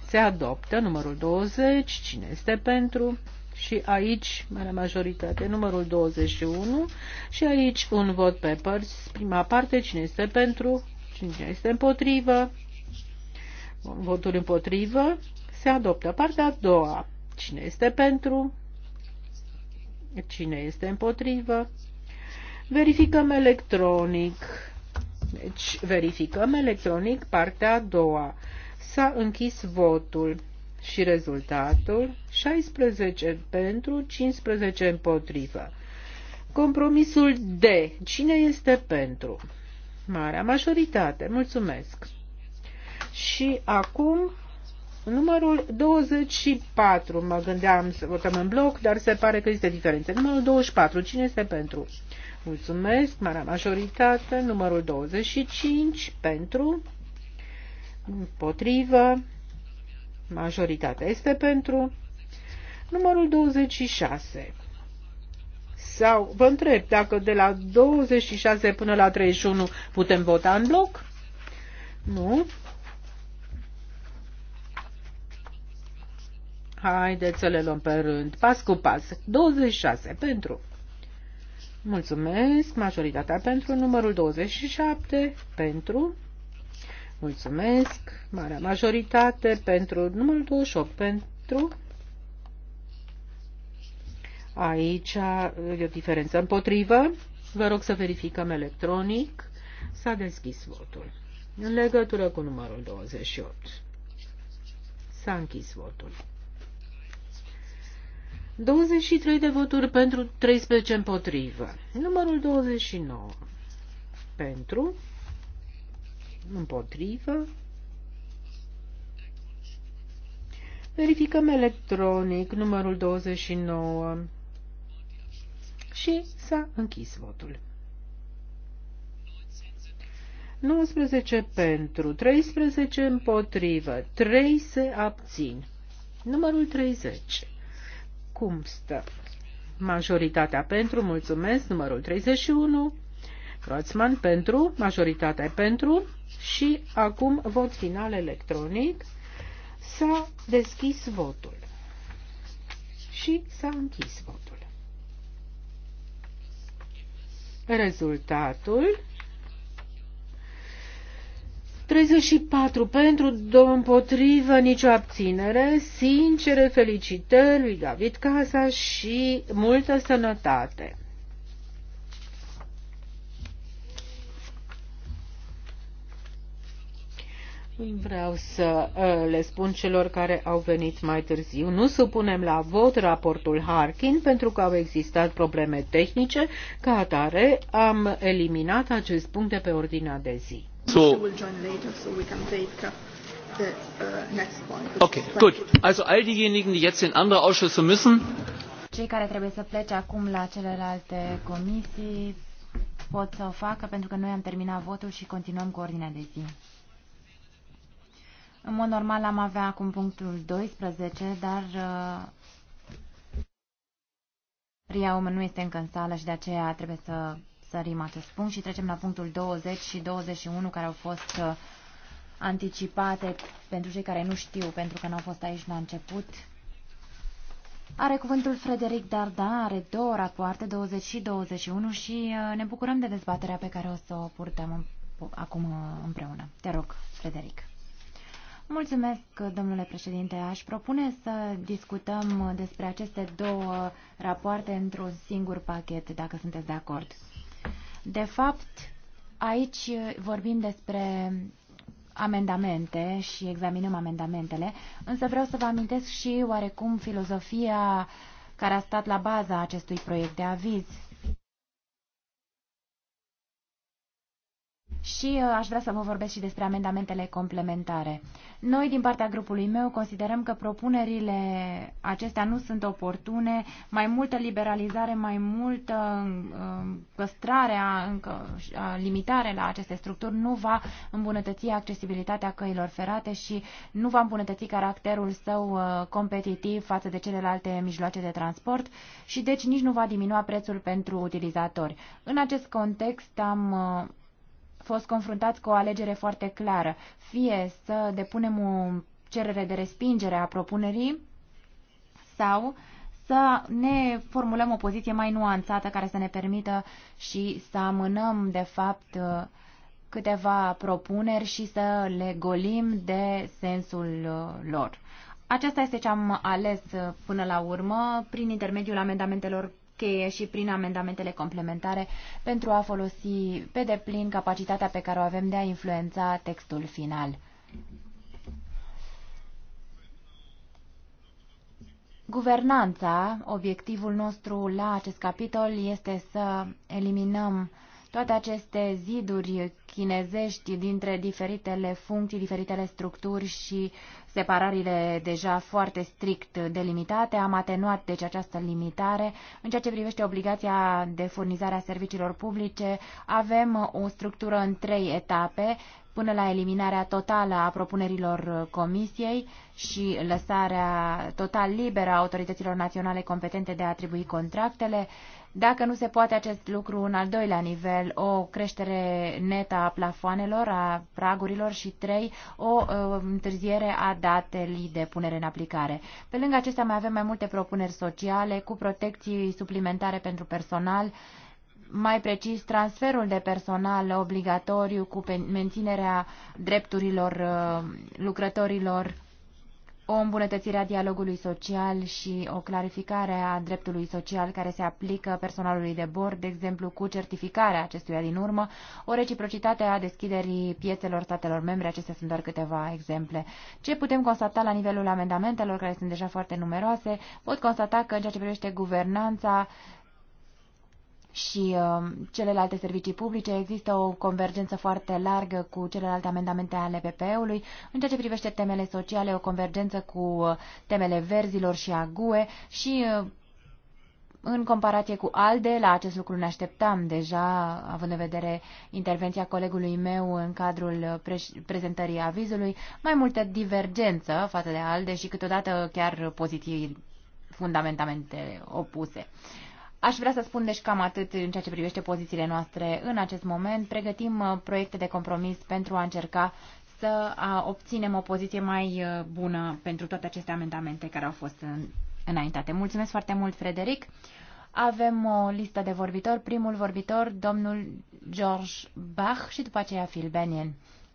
se adoptă. Numărul 20. Cine este pentru? Și aici, marea majoritate, numărul 21. Și aici un vot pe părți. Prima parte, cine este pentru? Cine este împotrivă? Bun, votul împotrivă se adoptă. Partea a doua. Cine este pentru? Cine este împotrivă? Verificăm electronic. Deci verificăm electronic partea a doua. S-a închis votul și rezultatul 16 pentru, 15 împotrivă. Compromisul D. Cine este pentru? Marea majoritate. Mulțumesc. Și acum numărul 24. Mă gândeam să votăm în bloc, dar se pare că este diferență. Numărul 24. Cine este pentru? Mulțumesc, marea majoritate, numărul 25 pentru, împotrivă, majoritatea este pentru, numărul 26. Sau vă întreb dacă de la 26 până la 31 putem vota în bloc? Nu? Haideți să le luăm pe rând, pas cu pas. 26 pentru. Mulțumesc. Majoritatea pentru. Numărul 27 pentru. Mulțumesc. Marea majoritate pentru. Numărul 28 pentru. Aici e o diferență împotrivă. Vă rog să verificăm electronic. S-a deschis votul. În legătură cu numărul 28. S-a închis votul. 23 de voturi pentru, 13 împotrivă. Numărul 29. Pentru, împotrivă. Verificăm electronic numărul 29 și s-a închis votul. 19 pentru, 13 împotrivă, 3 se abțin. Numărul 30 cum stă. Majoritatea pentru, mulțumesc, numărul 31. Roțman pentru, majoritatea pentru și acum vot final electronic. S-a deschis votul și s-a închis votul. Rezultatul 34 pentru, domn împotrivă, nicio abținere. Sincere felicitări lui David Casa și multă sănătate. Vreau să uh, le spun celor care au venit mai târziu. Nu supunem la vot raportul Harkin pentru că au existat probleme tehnice, ca atare am eliminat acest punct de pe ordinea de zi. So, will join later, so we can take uh, the uh, next point. Okay, good. Also all diejenigen, die jetzt in andere Ausschüsse müssen. Cei care trebuie să plece acum la celelalte comisii pot să o facă pentru că noi am terminat votul și continuăm cu ordinea de zi. În mod normal am avea acum punctul 12, dar uh, Ria Omen nu este încă în sală și de aceea trebuie să sărim acest punct și trecem la punctul 20 și 21 care au fost uh, anticipate pentru cei care nu știu, pentru că n-au fost aici la început. Are cuvântul Frederic Darda, are două rapoarte, 20 și 21 și uh, ne bucurăm de dezbaterea pe care o să o purtăm acum uh, împreună. Te rog, Frederic. Mulțumesc, domnule președinte. Aș propune să discutăm despre aceste două rapoarte într-un singur pachet, dacă sunteți de acord. De fapt, aici vorbim despre amendamente și examinăm amendamentele, însă vreau să vă amintesc și oarecum filozofia care a stat la baza acestui proiect de aviz și uh, aș vrea să vă vorbesc și despre amendamentele complementare. Noi, din partea grupului meu, considerăm că propunerile acestea nu sunt oportune, mai multă liberalizare, mai multă uh, păstrare, limitare la aceste structuri nu va îmbunătăți accesibilitatea căilor ferate și nu va îmbunătăți caracterul său uh, competitiv față de celelalte mijloace de transport și deci nici nu va diminua prețul pentru utilizatori. În acest context am fost confruntați cu o alegere foarte clară. Fie să depunem o cerere de respingere a propunerii sau să ne formulăm o poziție mai nuanțată care să ne permită și să amânăm, de fapt, câteva propuneri și să le golim de sensul uh, lor. Aceasta este ce am ales uh, până la urmă prin intermediul amendamentelor cheie și prin amendamentele complementare pentru a folosi pe deplin capacitatea pe care o avem de a influența textul final. Guvernanța, obiectivul nostru la acest capitol este să eliminăm toate aceste ziduri chinezești dintre diferitele funcții, diferitele structuri și separările deja foarte strict delimitate. Am atenuat deci această limitare. În ceea ce privește obligația de furnizare a serviciilor publice, avem o structură în trei etape până la eliminarea totală a propunerilor comisiei și lăsarea total liberă a autorităților naționale competente de a atribui contractele, dacă nu se poate acest lucru în al doilea nivel, o creștere netă a plafoanelor, a pragurilor și trei, o uh, întârziere a datelor de punere în aplicare. Pe lângă acestea mai avem mai multe propuneri sociale cu protecții suplimentare pentru personal, mai precis transferul de personal obligatoriu cu menținerea drepturilor uh, lucrătorilor o îmbunătățire a dialogului social și o clarificare a dreptului social care se aplică personalului de bord, de exemplu cu certificarea acestuia din urmă, o reciprocitate a deschiderii piețelor statelor membre, acestea sunt doar câteva exemple. Ce putem constata la nivelul amendamentelor, care sunt deja foarte numeroase, pot constata că în ceea ce privește guvernanța, uh, și um, celelalte servicii publice. Există o convergență foarte largă cu celelalte amendamente ale PPE-ului. În ceea ce privește temele sociale, o convergență cu uh, temele verzilor și a și uh, în comparație cu ALDE, la acest lucru ne așteptam deja, având în vedere intervenția colegului meu în cadrul pre prezentării avizului, mai multă divergență față de ALDE și câteodată chiar poziții fundamentamente opuse. Uh, Aș vrea să spun deci cam atât în ceea ce privește pozițiile noastre în acest moment. Pregătim uh, proiecte de compromis pentru a încerca să obținem o poziție mai uh, bună pentru toate aceste amendamente care au fost uh, înaintate. Mulțumesc foarte mult, Frederic. Avem o listă de vorbitori. Primul vorbitor, domnul George Bach și după aceea Phil Benien.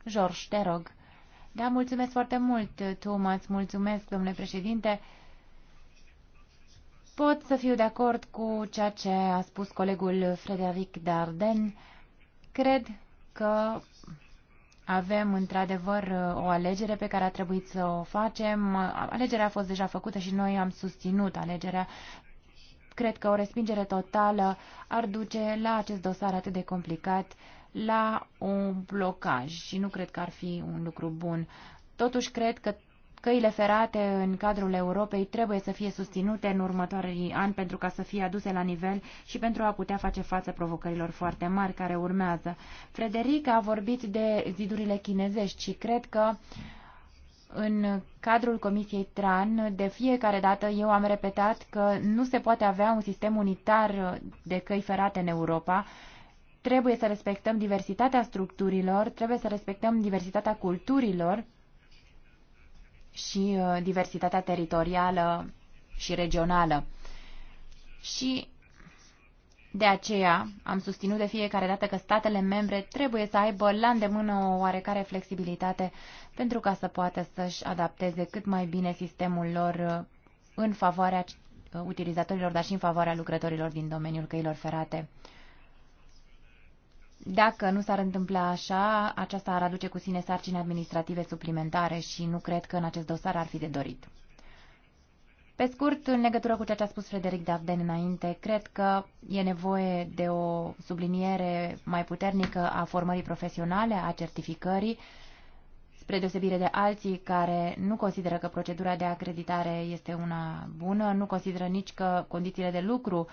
George, te rog. Da, mulțumesc foarte mult, Thomas. Mulțumesc, domnule președinte. Pot să fiu de acord cu ceea ce a spus colegul Frederic Darden. Cred că avem într-adevăr o alegere pe care a trebuit să o facem. Alegerea a fost deja făcută și noi am susținut alegerea. Cred că o respingere totală ar duce la acest dosar atât de complicat la un blocaj și nu cred că ar fi un lucru bun. Totuși, cred că Căile ferate în cadrul Europei trebuie să fie susținute în următorii ani pentru ca să fie aduse la nivel și pentru a putea face față provocărilor foarte mari care urmează. Frederica a vorbit de zidurile chinezești și cred că în cadrul Comisiei TRAN, de fiecare dată eu am repetat că nu se poate avea un sistem unitar de căi ferate în Europa, trebuie să respectăm diversitatea structurilor, trebuie să respectăm diversitatea culturilor și uh, diversitatea teritorială și regională. Și de aceea am susținut de fiecare dată că statele membre trebuie să aibă la îndemână o oarecare flexibilitate pentru ca să poată să-și adapteze cât mai bine sistemul lor uh, în favoarea uh, utilizatorilor, dar și în favoarea lucrătorilor din domeniul căilor ferate. Dacă nu s-ar întâmpla așa, aceasta ar aduce cu sine sarcini administrative suplimentare și nu cred că în acest dosar ar fi de dorit. Pe scurt, în legătură cu ceea ce a spus Frederic Davden înainte, cred că e nevoie de o subliniere mai puternică a formării profesionale, a certificării, spre deosebire de alții care nu consideră că procedura de acreditare este una bună, nu consideră nici că condițiile de lucru uh,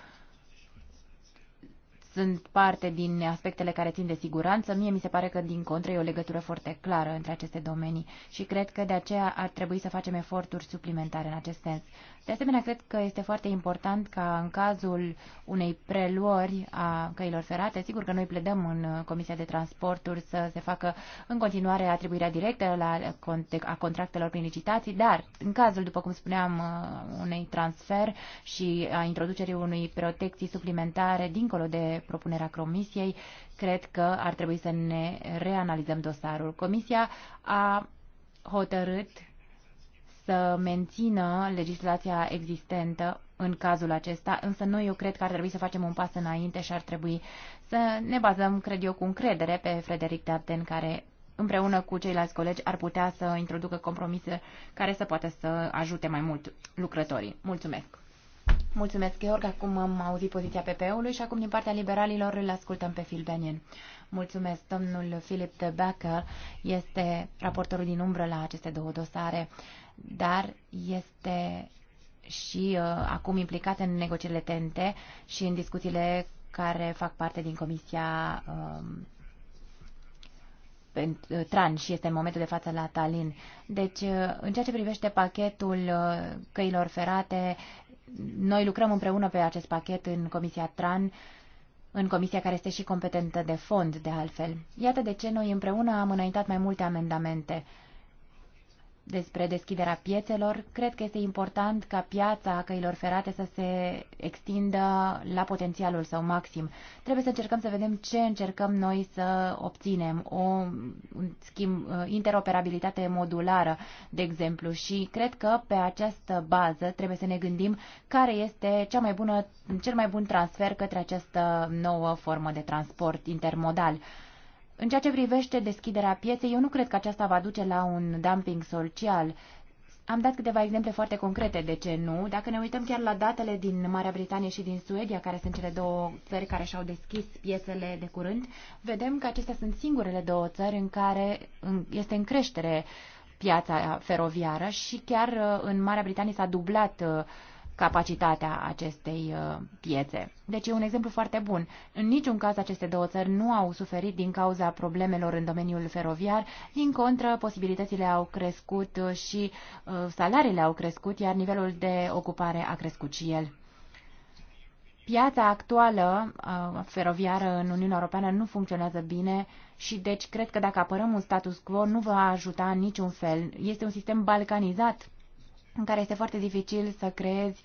sunt parte din aspectele care țin de siguranță. Mie mi se pare că, din contră, e o legătură foarte clară între aceste domenii și cred că de aceea ar trebui să facem eforturi suplimentare în acest sens. De asemenea, cred că este foarte important ca în cazul unei preluări a căilor ferate, sigur că noi pledăm în Comisia de Transporturi să se facă în continuare atribuirea directă la, a contractelor prin licitații, dar în cazul, după cum spuneam, unei transfer și a introducerii unei protecții suplimentare dincolo de propunerea Comisiei, cred că ar trebui să ne reanalizăm dosarul. Comisia a hotărât să mențină legislația existentă în cazul acesta, însă noi eu cred că ar trebui să facem un pas înainte și ar trebui să ne bazăm, cred eu, cu încredere pe Frederic Darden, care împreună cu ceilalți colegi ar putea să introducă compromise care să poată să ajute mai mult lucrătorii. Mulțumesc! Mulțumesc, Georg. Acum am auzit poziția PP-ului și acum din partea liberalilor îl ascultăm pe Phil Benin. Mulțumesc. Domnul Philip de Becker este raportorul din umbră la aceste două dosare, dar este și uh, acum implicat în negocierile TNT și în discuțiile care fac parte din Comisia um, uh, TRAN și este în momentul de față la Tallinn. Deci, uh, în ceea ce privește pachetul uh, căilor ferate, noi lucrăm împreună pe acest pachet în Comisia TRAN, în comisia care este și competentă de fond, de altfel. Iată de ce noi împreună am înaintat mai multe amendamente despre deschiderea piețelor. Cred că este important ca piața căilor ferate să se extindă la potențialul său maxim. Trebuie să încercăm să vedem ce încercăm noi să obținem. O un schimb, uh, interoperabilitate modulară, de exemplu, și cred că pe această bază trebuie să ne gândim care este cea mai bună, cel mai bun transfer către această nouă formă de transport intermodal. În ceea ce privește deschiderea pieței, eu nu cred că aceasta va duce la un dumping social. Am dat câteva exemple foarte concrete de ce nu. Dacă ne uităm chiar la datele din Marea Britanie și din Suedia, care sunt cele două țări care și-au deschis piețele de curând, vedem că acestea sunt singurele două țări în care este în creștere piața feroviară și chiar uh, în Marea Britanie s-a dublat uh, capacitatea acestei uh, piețe. Deci e un exemplu foarte bun. În niciun caz aceste două țări nu au suferit din cauza problemelor în domeniul feroviar, din contră posibilitățile au crescut uh, și uh, salariile au crescut, iar nivelul de ocupare a crescut și el. Piața actuală feroviară în Uniunea Europeană nu funcționează bine și deci cred că dacă apărăm un status quo nu va ajuta în niciun fel. Este un sistem balcanizat în care este foarte dificil să creezi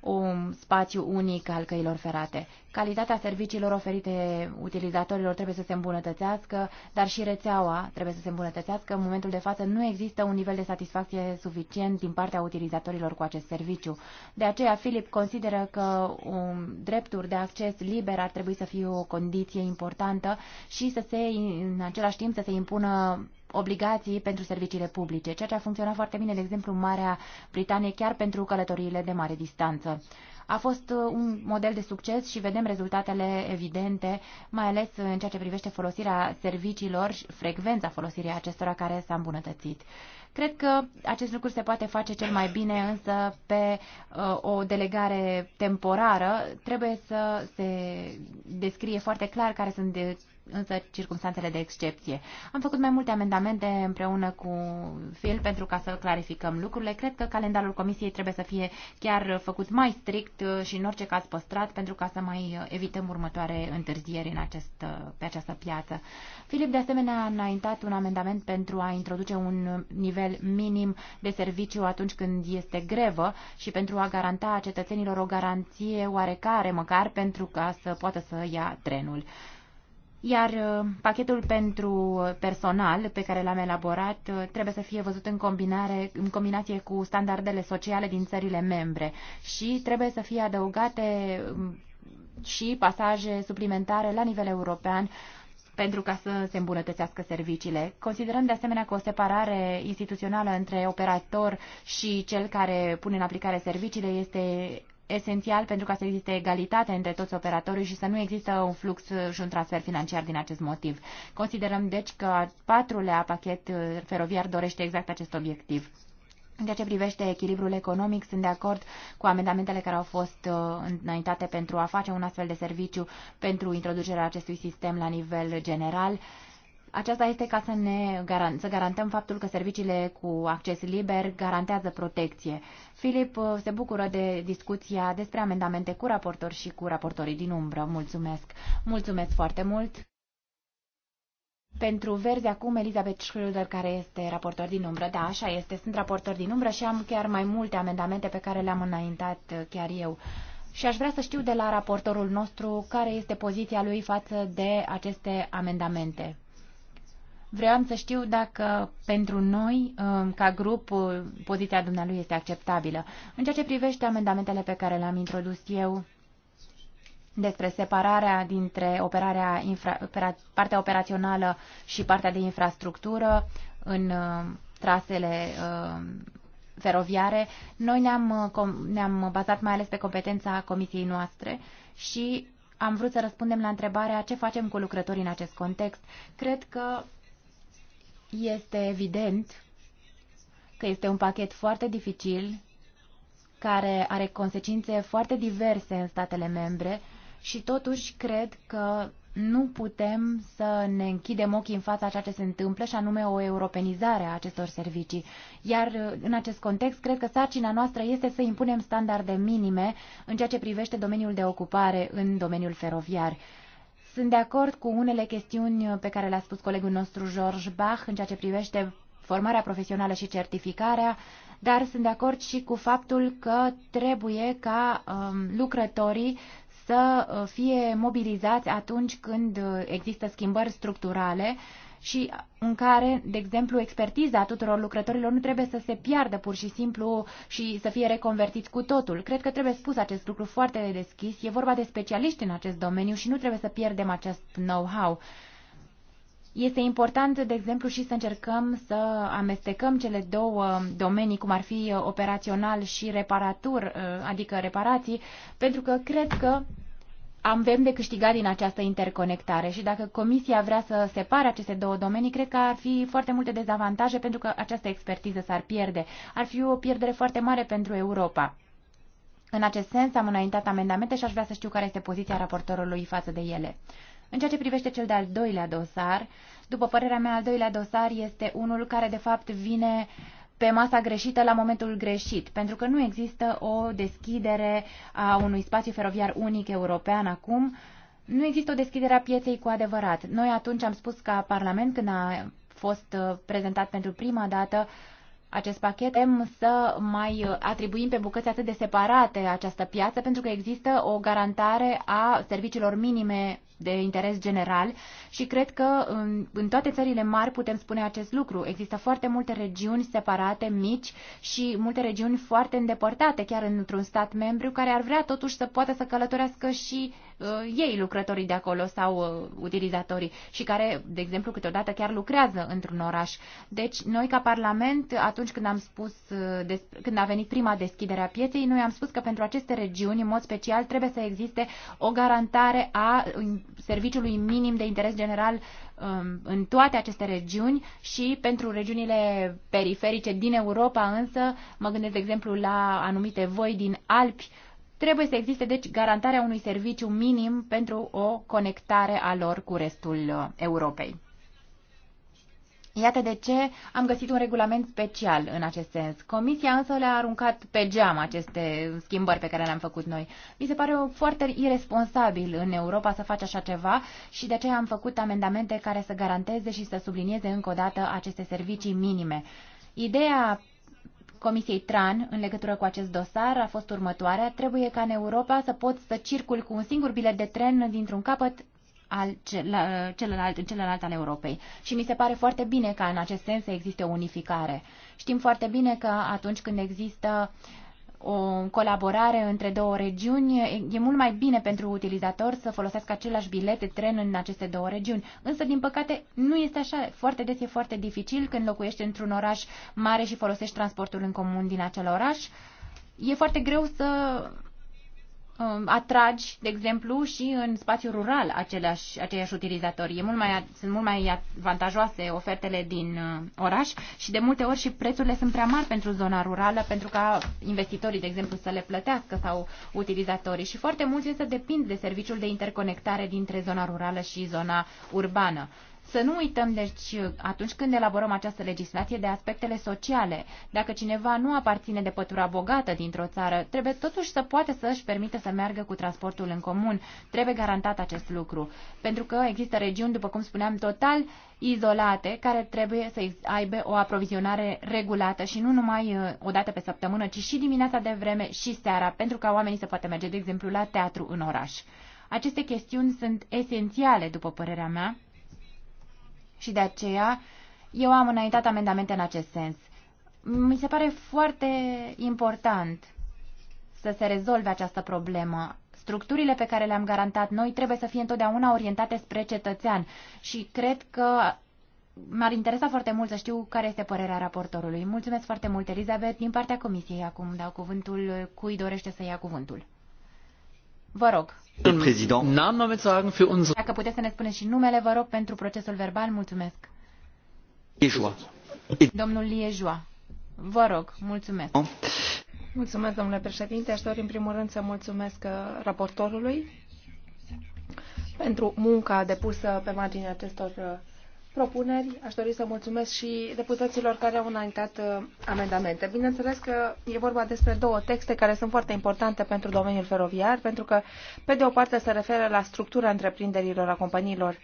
un spațiu unic al căilor ferate. Calitatea serviciilor oferite utilizatorilor trebuie să se îmbunătățească, dar și rețeaua trebuie să se îmbunătățească. În momentul de față nu există un nivel de satisfacție suficient din partea utilizatorilor cu acest serviciu. De aceea, Filip consideră că um, drepturi de acces liber ar trebui să fie o condiție importantă și să se, în același timp să se impună obligații pentru serviciile publice, ceea ce a funcționat foarte bine, de exemplu, în Marea Britanie, chiar pentru călătoriile de mare distanță. A fost uh, un model de succes și vedem rezultatele evidente, mai ales în ceea ce privește folosirea serviciilor și frecvența folosirii acestora care s-a îmbunătățit. Cred că acest lucru se poate face cel mai bine, însă pe uh, o delegare temporară trebuie să se descrie foarte clar care sunt de însă circunstanțele de excepție. Am făcut mai multe amendamente împreună cu Phil pentru ca să clarificăm lucrurile. Cred că calendarul comisiei trebuie să fie chiar făcut mai strict și în orice caz păstrat pentru ca să mai evităm următoare întârzieri în acest, pe această piață. Filip de asemenea a înaintat un amendament pentru a introduce un nivel minim de serviciu atunci când este grevă și pentru a garanta cetățenilor o garanție oarecare măcar pentru ca să poată să ia trenul. Iar uh, pachetul pentru personal pe care l-am elaborat uh, trebuie să fie văzut în, combinare, în combinație cu standardele sociale din țările membre și trebuie să fie adăugate um, și pasaje suplimentare la nivel european pentru ca să se îmbunătățească serviciile. Considerăm de asemenea că o separare instituțională între operator și cel care pune în aplicare serviciile este esențial pentru ca să existe egalitate între toți operatorii și să nu există un flux și un transfer financiar din acest motiv. Considerăm deci că al patrulea pachet uh, feroviar dorește exact acest obiectiv. În ceea ce privește echilibrul economic, sunt de acord cu amendamentele care au fost uh, înaintate pentru a face un astfel de serviciu pentru introducerea acestui sistem la nivel general aceasta este ca să, ne garan- să garantăm faptul că serviciile cu acces liber garantează protecție. Filip uh, se bucură de discuția despre amendamente cu raportori și cu raportorii din umbră. Mulțumesc! Mulțumesc foarte mult! Pentru verzi acum, Elizabeth Schröder, care este raportor din umbră, da, așa este, sunt raportor din umbră și am chiar mai multe amendamente pe care le-am înaintat uh, chiar eu. Și aș vrea să știu de la raportorul nostru care este poziția lui față de aceste amendamente. Vreau să știu dacă pentru noi, um, ca grup, uh, poziția dumnealui este acceptabilă. În ceea ce privește amendamentele pe care le-am introdus eu despre separarea dintre operarea infra, partea operațională și partea de infrastructură în uh, trasele uh, feroviare, noi ne-am, ne-am bazat mai ales pe competența comisiei noastre și am vrut să răspundem la întrebarea ce facem cu lucrătorii în acest context. Cred că este evident că este un pachet foarte dificil, care are consecințe foarte diverse în statele membre și totuși cred că nu putem să ne închidem ochii în fața ceea ce se întâmplă și anume o europenizare a acestor servicii. Iar în acest context, cred că sarcina noastră este să impunem standarde minime în ceea ce privește domeniul de ocupare în domeniul feroviar. Sunt de acord cu unele chestiuni uh, pe care le-a spus colegul nostru George Bach în ceea ce privește formarea profesională și certificarea, dar sunt de acord și cu faptul că trebuie ca um, lucrătorii să uh, fie mobilizați atunci când uh, există schimbări structurale uh, și în care, de exemplu, expertiza tuturor lucrătorilor nu trebuie să se piardă pur și simplu și să fie reconvertiți cu totul. Cred că trebuie spus acest lucru foarte deschis. E vorba de specialiști în acest domeniu și nu trebuie să pierdem acest know-how. Este important, de exemplu, și să încercăm să amestecăm cele două domenii, cum ar fi operațional și reparatur, adică reparații, pentru că cred că avem de câștigat din această interconectare și dacă Comisia vrea să separe aceste două domenii, cred că ar fi foarte multe dezavantaje pentru că această expertiză s-ar pierde. Ar fi o pierdere foarte mare pentru Europa. În acest sens am înaintat amendamente și aș vrea să știu care este poziția raportorului față de ele. În ceea ce privește cel de-al doilea dosar, după părerea mea, al doilea dosar este unul care de fapt vine uh, pe masa greșită la momentul greșit, pentru că nu există o deschidere a unui spațiu feroviar unic european acum, nu există o deschidere a pieței cu adevărat. Noi atunci am spus ca Parlament, când a fost uh, prezentat pentru prima dată acest pachet, putem să mai uh, atribuim pe bucăți atât de separate această piață, pentru că există o garantare a serviciilor minime de interes general și cred că în, în toate țările mari putem spune acest lucru. Există foarte multe regiuni separate, mici și multe regiuni foarte îndepărtate, chiar într-un stat membru, care ar vrea totuși să poată să călătorească și uh, ei, lucrătorii de acolo sau uh, utilizatorii și care, de exemplu, câteodată chiar lucrează într-un oraș. Deci, noi ca Parlament, atunci când am spus, uh, des, când a venit prima deschidere a pieței, noi am spus că pentru aceste regiuni, în mod special, trebuie să existe o garantare a serviciului minim de interes general um, în toate aceste regiuni și pentru regiunile periferice din Europa însă, mă gândesc de exemplu la anumite voi din Alpi, trebuie să existe deci garantarea unui serviciu minim pentru o conectare a lor cu restul uh, Europei. Iată de ce am găsit un regulament special în acest sens. Comisia însă le-a aruncat pe geam aceste schimbări pe care le-am făcut noi. Mi se pare foarte irresponsabil în Europa să faci așa ceva și de aceea am făcut amendamente care să garanteze și să sublinieze încă o dată aceste servicii minime. Ideea Comisiei TRAN în legătură cu acest dosar a fost următoarea. Trebuie ca în Europa să poți să circul cu un singur bilet de tren dintr-un capăt al celălalt, în celălalt al Europei. Și mi se pare foarte bine că în acest sens există o unificare. Știm foarte bine că atunci când există o colaborare între două regiuni, e mult mai bine pentru utilizator să folosească același bilet de tren în aceste două regiuni. Însă, din păcate, nu este așa. Foarte des e foarte dificil când locuiești într-un oraș mare și folosești transportul în comun din acel oraș. E foarte greu să Um, atragi, de exemplu, și în spațiul rural aceleași, aceiași utilizatori. E mult mai, sunt mult mai avantajoase ofertele din uh, oraș și de multe ori și prețurile sunt prea mari pentru zona rurală, pentru ca investitorii, de exemplu, să le plătească sau utilizatorii. Și foarte mulți însă depind de serviciul de interconectare dintre zona rurală și zona urbană. Să nu uităm, deci, atunci când elaborăm această legislație, de aspectele sociale. Dacă cineva nu aparține de pătura bogată dintr-o țară, trebuie totuși să poată să își permită să meargă cu transportul în comun. Trebuie garantat acest lucru. Pentru că există regiuni, după cum spuneam, total izolate, care trebuie să aibă o aprovizionare regulată și nu numai uh, o dată pe săptămână, ci și dimineața de vreme și seara, pentru ca oamenii să poată merge, de exemplu, la teatru în oraș. Aceste chestiuni sunt esențiale, după părerea mea, și de aceea eu am înaintat amendamente în acest sens. Mi se pare foarte important să se rezolve această problemă. Structurile pe care le-am garantat noi trebuie să fie întotdeauna orientate spre cetățean și cred că m-ar interesa foarte mult să știu care este părerea raportorului. Mulțumesc foarte mult, Elizabeth. Din partea comisiei acum dau cuvântul cui dorește să ia cuvântul. Vă rog. Dacă puteți să ne spuneți și numele, vă rog, pentru procesul verbal, mulțumesc. Liejoa. Domnul Liejoa. Vă rog, mulțumesc. Mulțumesc, domnule președinte. Aș dori, în primul rând, să mulțumesc uh, raportorului pentru munca depusă pe marginea acestor uh, propuneri. Aș dori să mulțumesc și deputaților care au înaintat uh, amendamente. Bineînțeles că e vorba despre două texte care sunt foarte importante pentru domeniul feroviar, pentru că, pe de o parte, se referă la structura întreprinderilor a companiilor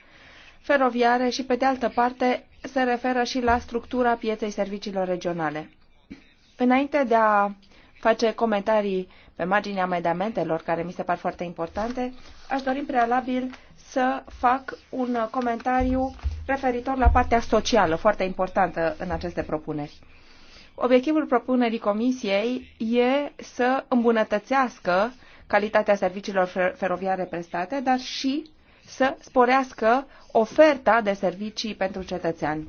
feroviare și, pe de altă parte, se referă și la structura pieței serviciilor regionale. Înainte de a face comentarii pe marginea amendamentelor care mi se par foarte importante, aș dori în prealabil să fac un comentariu referitor la partea socială, foarte importantă în aceste propuneri. Obiectivul propunerii Comisiei e să îmbunătățească calitatea serviciilor feroviare prestate, dar și să sporească oferta de servicii pentru cetățean.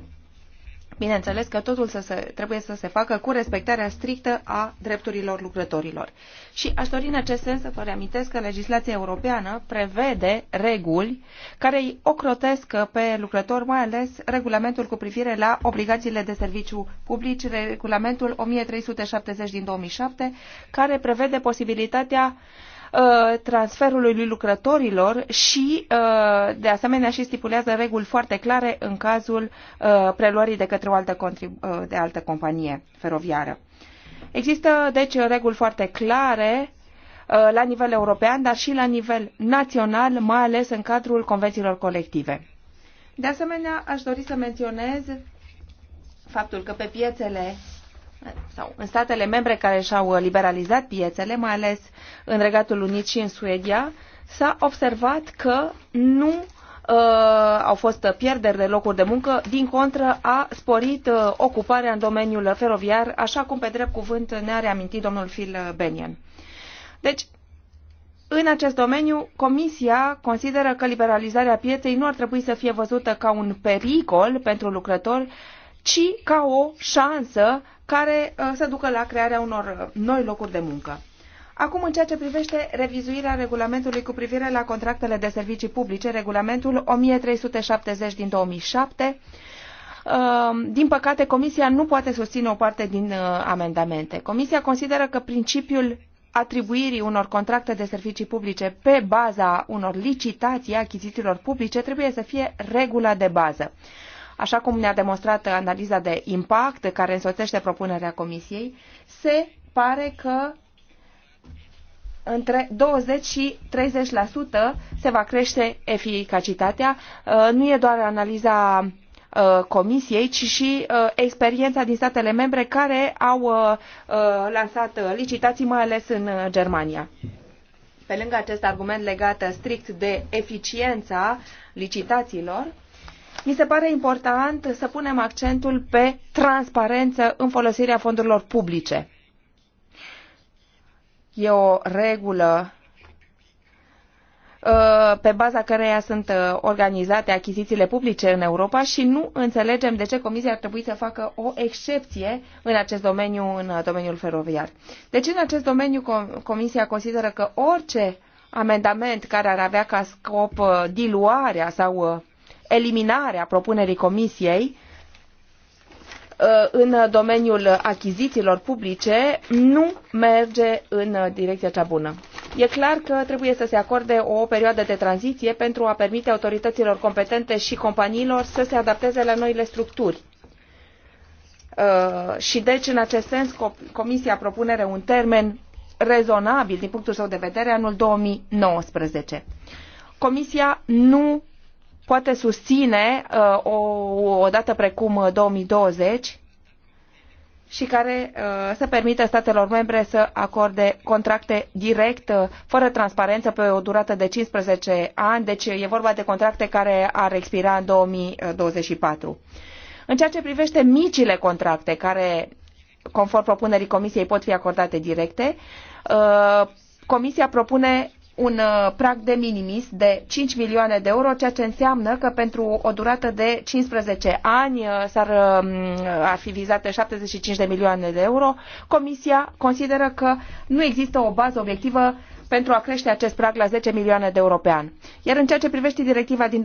Bineînțeles că totul să se, trebuie să se facă cu respectarea strictă a drepturilor lucrătorilor. Și aș dori în acest sens să vă reamintesc că legislația europeană prevede reguli care îi ocrotesc pe lucrători, mai ales regulamentul cu privire la obligațiile de serviciu public, regulamentul 1370 din 2007, care prevede posibilitatea uh, Uh, transferului lucrătorilor și, uh, de asemenea, și stipulează reguli foarte clare în cazul uh, preluării de către o altă, de altă companie feroviară. Există, deci, reguli foarte clare la nivel european, dar și la nivel național, mai ales în cadrul convențiilor colective. De asemenea, aș dori să menționez faptul că pe piețele sau în statele membre care și-au liberalizat piețele, mai ales în Regatul Unit și în Suedia, s-a observat că nu uh, au fost pierderi de locuri de muncă, din contră a sporit uh, ocuparea în domeniul feroviar, așa cum pe drept cuvânt ne-a reamintit domnul Phil Benian. Deci, în acest domeniu, Comisia consideră că liberalizarea pieței nu ar trebui să fie văzută ca un pericol pentru lucrători, ci ca o șansă care uh, să ducă la crearea unor uh, noi locuri de muncă. Acum, în ceea ce privește revizuirea regulamentului cu privire la contractele de servicii publice, regulamentul 1370 din 2007, uh, din păcate, Comisia nu poate susține o parte din amendamente. Comisia consideră că principiul atribuirii unor contracte de servicii publice pe baza unor licitații achizițiilor publice trebuie să fie regula de bază așa cum ne-a demonstrat analiza de impact care însoțește propunerea Comisiei, se pare că între 20 și 30% se va crește eficacitatea. Uh, nu e doar analiza uh, Comisiei, ci și uh, experiența din statele membre care au lansat licitații, mai ales în Germania. Pe lângă acest argument legat strict de eficiența licitațiilor, mi se pare important să punem accentul pe transparență în folosirea fondurilor publice. E o regulă uh, pe baza căreia sunt uh, organizate achizițiile publice în Europa și nu înțelegem de ce Comisia ar trebui să facă o excepție în acest domeniu, în uh, domeniul feroviar. Deci în acest domeniu Comisia consideră că orice amendament care ar avea ca scop diluarea sau Eliminarea propunerii Comisiei uh, în domeniul achizițiilor publice nu merge în direcția cea bună. E clar că trebuie să se acorde o perioadă de tranziție pentru a permite autorităților competente și companiilor să se adapteze la noile structuri. Uh, și deci, în acest sens, Comisia propune un termen rezonabil din punctul său de vedere, anul 2019. Comisia nu poate susține uh, o, o dată precum 2020 uh, și care uh, să permită statelor membre să acorde contracte direct, fără transparență, pe o durată de 15 ani. Deci e vorba de contracte care ar expira în 2024. În ceea ce privește micile contracte, care, conform propunerii Comisiei, pot fi acordate directe, Comisia propune un uh, prag de minimis de 5 milioane de euro, ceea ce înseamnă că pentru o durată de 15 ani uh, s-ar, um, ar fi vizate 75 de milioane de euro. Comisia consideră că nu există o bază obiectivă pentru a crește acest prag la 10 milioane de euro pe an. Iar în ceea ce privește directiva din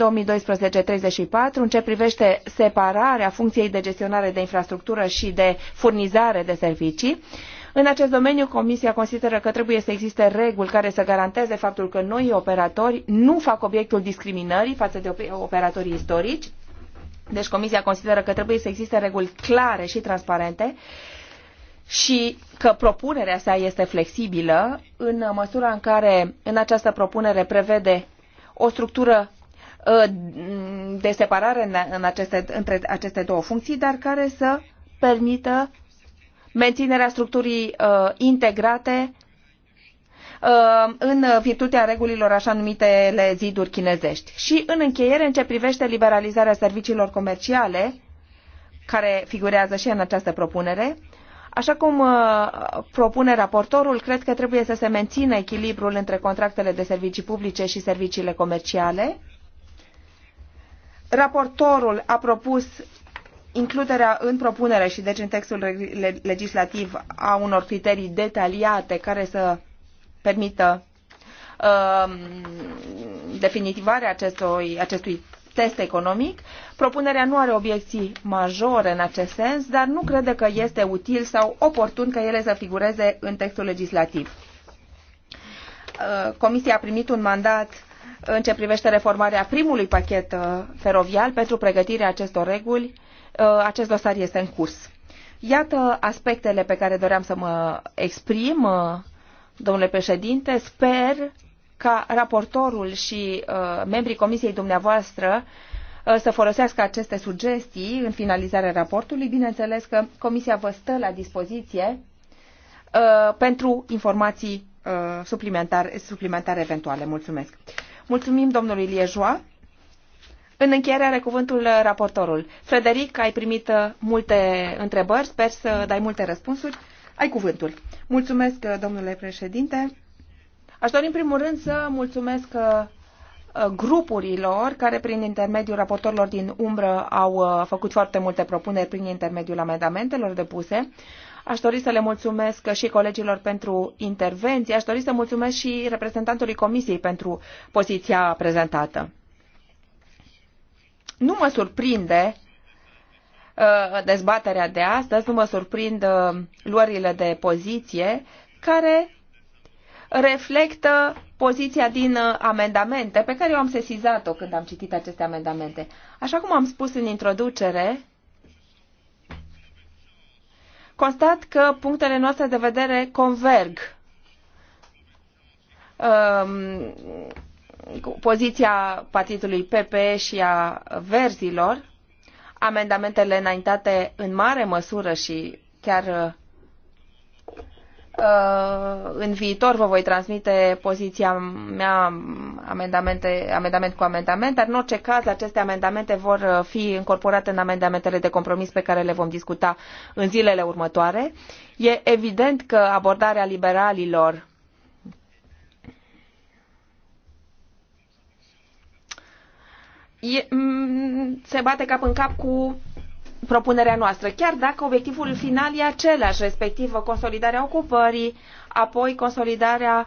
2012-34, în ce privește separarea funcției de gestionare de infrastructură și de furnizare de servicii, uh, în acest domeniu, Comisia consideră că trebuie să existe reguli care să garanteze faptul că noi operatori nu fac obiectul discriminării față de operatorii istorici. Deci Comisia consideră că trebuie să existe reguli clare și transparente și că propunerea sa este flexibilă în măsura în care în această propunere prevede o structură ă, de separare în aceste, între aceste două funcții, dar care să permită menținerea structurii uh, integrate uh, în virtutea regulilor așa numitele ziduri chinezești. Și în încheiere, în ce privește liberalizarea serviciilor comerciale, care figurează și în această propunere, Așa cum uh, propune raportorul, cred că trebuie să se mențină echilibrul între contractele de servicii publice și serviciile comerciale. Raportorul a propus includerea în propunere și deci în textul legislativ a unor criterii detaliate care să permită um, definitivarea acestui, acestui test economic. Propunerea nu are obiecții majore în acest sens, dar nu crede că este util sau oportun ca ele să figureze în textul legislativ. Uh, Comisia a primit un mandat în ce privește reformarea primului pachet uh, feroviar pentru pregătirea acestor reguli Uh, acest dosar este în curs. Iată aspectele pe care doream să mă exprim, uh, domnule președinte. Sper ca raportorul și uh, membrii comisiei dumneavoastră să folosească aceste sugestii în finalizarea raportului. Bineînțeles că comisia vă stă la dispoziție pentru informații suplimentare, suplimentare eventuale. Mulțumesc. Mulțumim domnului Liejoa. În încheiere are cuvântul uh, raportorul. Frederic, ai primit uh, multe întrebări, sper să dai multe răspunsuri. Ai cuvântul. Mulțumesc, uh, domnule președinte. Aș dori în primul rând să mulțumesc grupurilor care prin intermediul raportorilor din umbră au făcut foarte multe propuneri prin intermediul amendamentelor depuse. Aș dori să le mulțumesc și colegilor pentru intervenții. Aș dori să mulțumesc și reprezentantului Comisiei pentru poziția prezentată. Nu mă surprinde uh, dezbaterea de astăzi, nu mă surprind uh, luările de poziție care reflectă poziția din uh, amendamente pe care eu am sesizat-o când am citit aceste amendamente. Așa cum am spus în introducere, constat că punctele noastre de vedere converg. Um, poziția partidului PPE și a verzilor, amendamentele înaintate în mare măsură și chiar uh, uh, în viitor vă voi transmite poziția mea amendamente, amendament cu amendament, dar în orice caz aceste amendamente vor uh, fi incorporate în amendamentele de compromis pe care le vom discuta în zilele următoare. E evident că abordarea liberalilor e, mm, se bate cap în cap cu propunerea noastră, chiar dacă obiectivul final e același, respectiv consolidarea ocupării, apoi consolidarea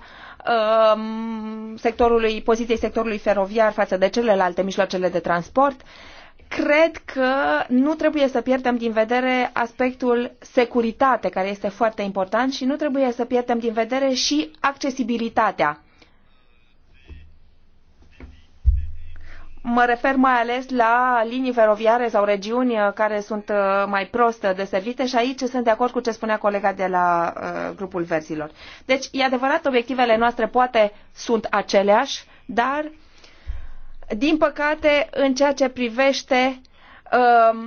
um, sectorului, poziției sectorului feroviar față de celelalte mijloacele de transport, cred că nu trebuie să pierdem din vedere aspectul securitate, care este foarte important, și nu trebuie să pierdem din vedere și accesibilitatea Mă refer mai ales la linii feroviare sau regiuni uh, care sunt uh, mai prost uh, deservite și aici sunt de acord cu ce spunea colega de la uh, grupul Verzilor. Deci, e adevărat, obiectivele noastre poate sunt aceleași, dar, din păcate, în ceea ce privește uh,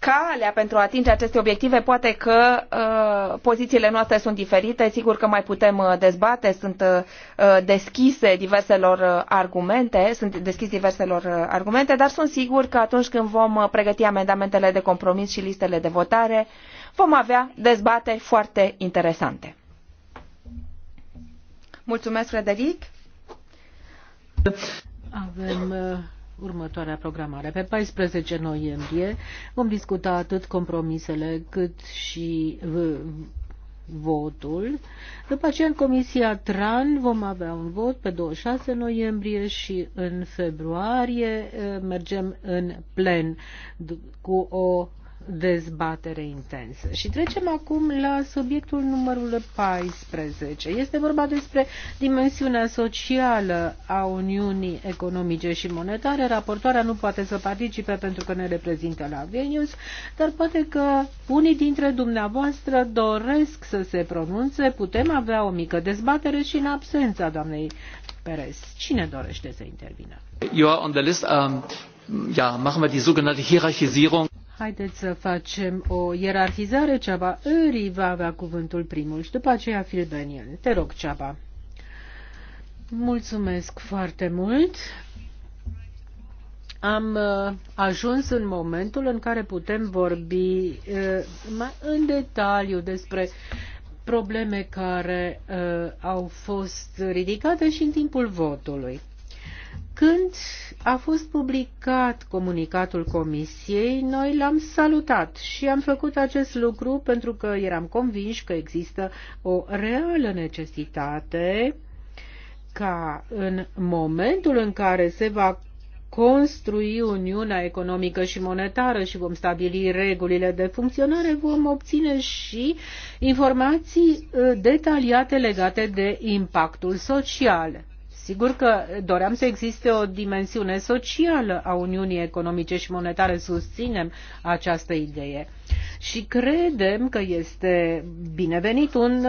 calea pentru a atinge aceste obiective, poate că uh, pozițiile noastre sunt diferite, sigur că mai putem uh, dezbate, sunt uh, uh deschise diverselor uh, argumente, sunt deschise diverselor argumente, dar sunt sigur că atunci când vom pregăti amendamentele de compromis și listele de votare, vom avea dezbateri foarte interesante. Mulțumesc, Frederic! Avem uh următoarea programare. Pe 14 noiembrie vom discuta atât compromisele cât și votul. După aceea, în Comisia TRAN vom avea un vot pe 26 noiembrie și în februarie eh, mergem în plen cu o dezbatere intensă. Și trecem acum la subiectul numărul 14. Este vorba despre dimensiunea socială a Uniunii Economice și Monetare. Raportoarea nu poate să participe pentru că ne reprezintă la Vilnius, dar poate că unii dintre dumneavoastră doresc să se pronunțe. Putem avea o mică dezbatere și în absența doamnei Perez. Cine dorește să intervină? You are on the list. Um, ja, machen wir die sogenannte Hierarchisierung. Haideți să facem o ierarhizare, Ceaba. Îri va avea cuvântul primul și după aceea Filbenian. Te rog, Ceaba. Mulțumesc foarte mult. Am uh, ajuns în momentul în care putem vorbi uh, mai în detaliu despre probleme care uh, au fost ridicate și în timpul votului. Când a fost publicat comunicatul Comisiei, noi l-am salutat și am făcut acest lucru pentru că eram convinși că există o reală necesitate ca în momentul în care se va construi Uniunea Economică și Monetară și vom stabili regulile de funcționare, vom obține și informații uh, detaliate legate de impactul social. Sigur că doream să existe o dimensiune socială a Uniunii Economice și Monetare, susținem această idee. Și credem că este binevenit un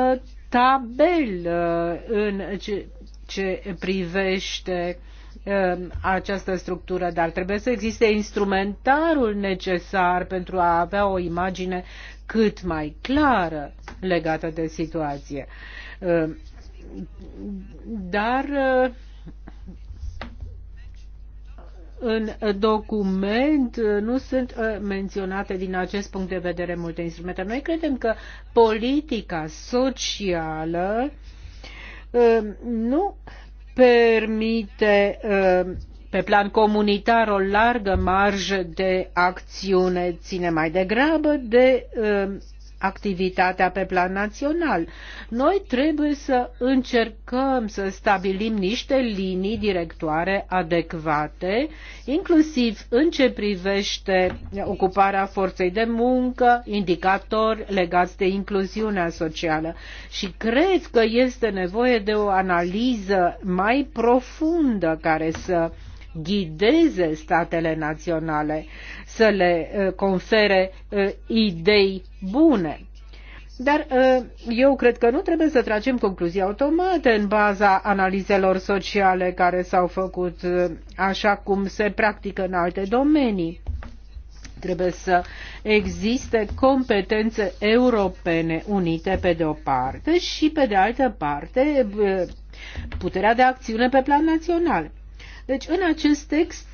tabel uh, în ce, ce privește uh, această structură, dar trebuie să existe instrumentarul necesar pentru a avea o imagine cât mai clară legată de situație uh, dar uh, în document uh, nu sunt uh, menționate din acest punct de vedere multe instrumente. Noi credem că politica socială nu permite pe plan comunitar o largă marjă de acțiune, ține mai degrabă de activitatea pe plan național. Noi trebuie să încercăm să stabilim niște linii directoare adecvate, inclusiv în ce privește ocuparea forței de muncă, indicatori legați de incluziunea socială. Și cred că este nevoie de o analiză mai profundă care să uh, ghideze statele naționale, să le uh, confere uh, idei bune. Dar uh, eu cred că nu trebuie să tragem concluzii automate în baza analizelor sociale care s-au făcut așa cum se practică în alte domenii. Trebuie să existe competențe europene unite pe de o parte și pe de altă parte puterea de acțiune pe plan național. Deci în acest text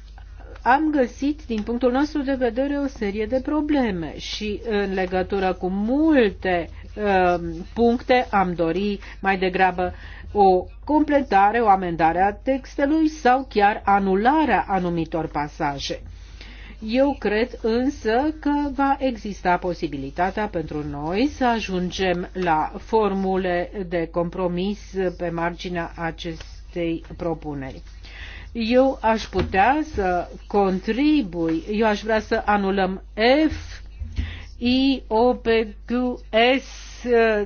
am găsit, din punctul nostru de vedere, o serie de probleme și în legătură cu multe uh, puncte am dori mai degrabă o completare, o amendare a textelui sau chiar anularea anumitor pasaje. Eu cred însă că va exista posibilitatea pentru noi să ajungem la formule de compromis pe marginea acestei propuneri eu aș putea să contribui, eu aș vrea să anulăm F, I, O, P, Q, S,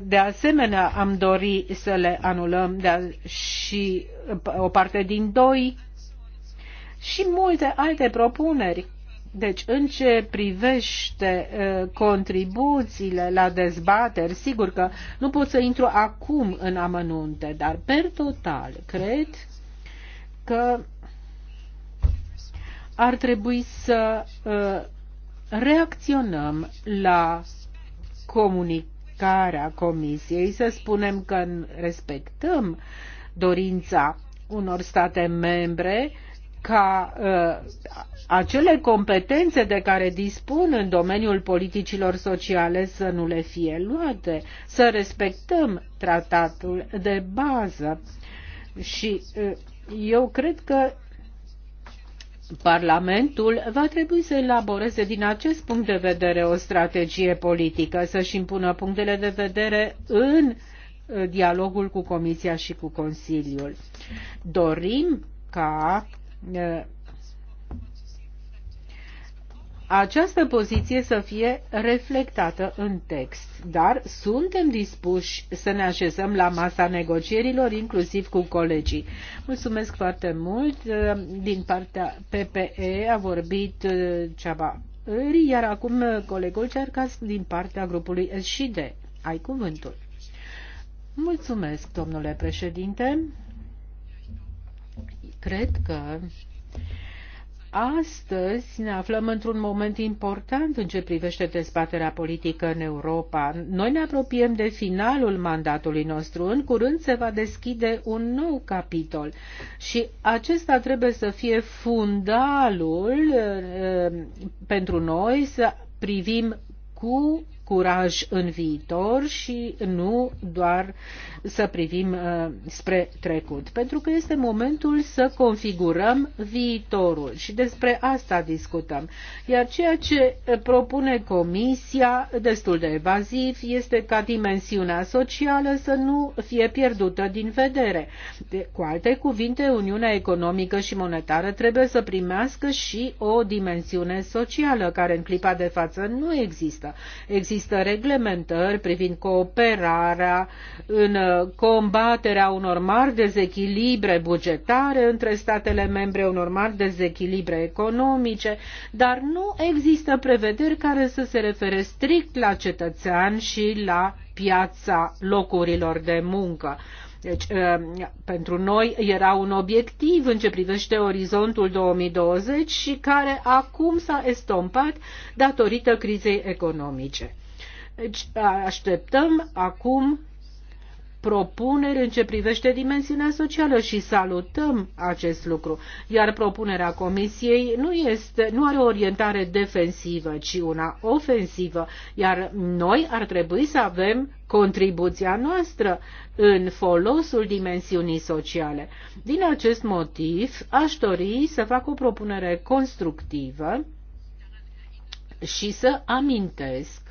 de asemenea am dori să le anulăm de și uh, o parte din doi și multe alte propuneri. Deci, în ce privește uh, contribuțiile la dezbateri, sigur că nu pot să intru acum în amănunte, dar per total cred că ar trebui să uh, reacționăm la comunicarea Comisiei, să spunem că respectăm dorința unor state membre ca uh, acele competențe de care dispun în domeniul politicilor sociale să nu le fie luate, să respectăm tratatul de bază. Și uh, eu cred că Parlamentul va trebui să elaboreze din acest punct de vedere o strategie politică, să-și impună punctele de vedere în uh, dialogul cu Comisia și cu Consiliul. Dorim ca uh, această poziție să fie reflectată în text, dar suntem dispuși să ne așezăm la masa negocierilor, inclusiv cu colegii. Mulțumesc foarte mult. Din partea PPE a vorbit uh, ceva. îri, iar acum uh, colegul Cercas din partea grupului SID. Ai cuvântul. Mulțumesc, domnule președinte. Cred că Astăzi ne aflăm într-un moment important în ce privește dezbaterea politică în Europa. Noi ne apropiem de finalul mandatului nostru. În curând se va deschide un nou capitol și acesta trebuie să fie fundalul eh, pentru noi să privim cu curaj în viitor și nu doar să privim uh, spre trecut, pentru că este momentul să configurăm viitorul și despre asta discutăm. Iar ceea ce propune Comisia, destul de evaziv, este ca dimensiunea socială să nu fie pierdută din vedere. De, cu alte cuvinte, Uniunea Economică și Monetară trebuie să primească și o dimensiune socială, care în clipa de față nu există. Există există reglementări privind cooperarea în combaterea unor mari dezechilibre bugetare între statele membre, unor mari dezechilibre economice, dar nu există prevederi care să se refere strict la cetățean și la piața locurilor de muncă. Deci, ă, pentru noi era un obiectiv în ce privește orizontul 2020 și care acum s-a estompat datorită crizei economice. Deci așteptăm acum propuneri în ce privește dimensiunea socială și salutăm acest lucru. Iar propunerea Comisiei nu, este, nu are o orientare defensivă, ci una ofensivă, iar noi ar trebui să avem contribuția noastră în folosul dimensiunii sociale. Din acest motiv, aș dori să fac o propunere constructivă și să amintesc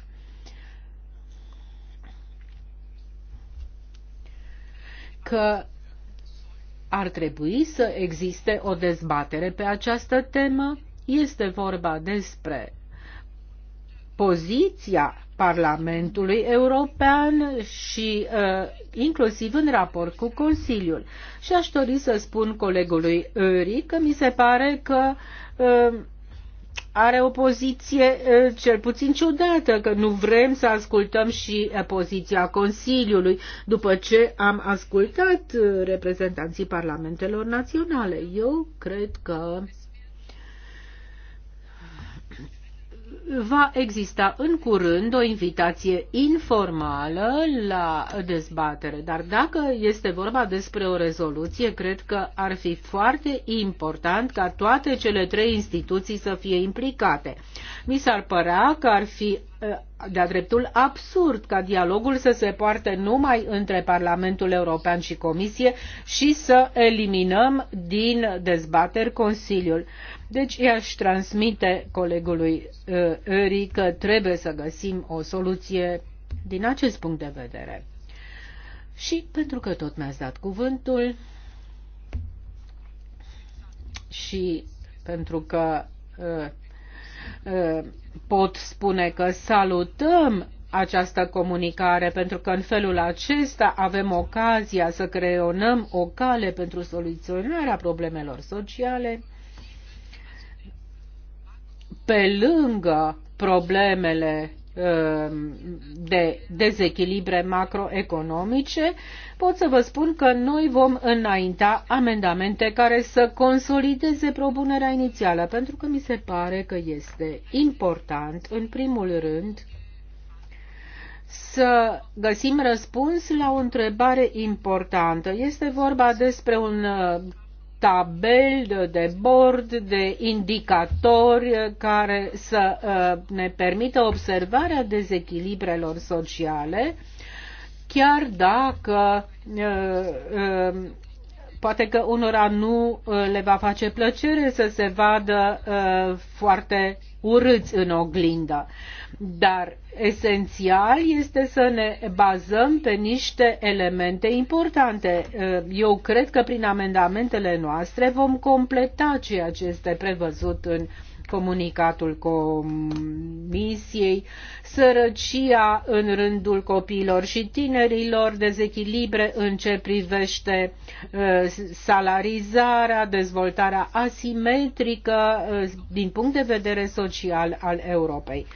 că ar trebui să existe o dezbatere pe această temă. Este vorba despre poziția Parlamentului European și uh, inclusiv în raport cu Consiliul. Și aș dori să spun colegului Öri că mi se pare că uh, are o poziție cel puțin ciudată, că nu vrem să ascultăm și poziția Consiliului, după ce am ascultat reprezentanții parlamentelor naționale. Eu cred că va exista în curând o invitație informală la dezbatere, dar dacă este vorba despre o rezoluție, cred că ar fi foarte important ca toate cele trei instituții să fie implicate. Mi s-ar părea că ar fi eh, de-a dreptul absurd ca dialogul să se poarte numai între Parlamentul European și Comisie și să eliminăm din dezbateri Consiliul. Deci i-aș transmite colegului Öri uh, că trebuie să găsim o soluție din acest punct de vedere. Și pentru că tot mi-ați dat cuvântul și pentru că uh, uh, pot spune că salutăm această comunicare, pentru că în felul acesta avem ocazia să creionăm o cale pentru soluționarea problemelor sociale, pe lângă problemele um, de dezechilibre macroeconomice, pot să vă spun că noi vom înainta amendamente care să consolideze propunerea inițială, pentru că mi se pare că este important, în primul rând, să găsim răspuns la o întrebare importantă. Este vorba despre un uh, tabel de bord, de indicatori care să uh, ne permită observarea dezechilibrelor sociale, chiar dacă uh, uh, poate că unora nu le va face plăcere să se vadă foarte urâți în oglindă. Dar esențial este să ne bazăm pe niște elemente importante. Eu cred că prin amendamentele noastre vom completa ceea ce este prevăzut în comunicatul Comisiei, sărăcia în rândul copiilor și tinerilor, dezechilibre în ce privește uh, salarizarea, dezvoltarea asimetrică uh, din punct de vedere social al Europei.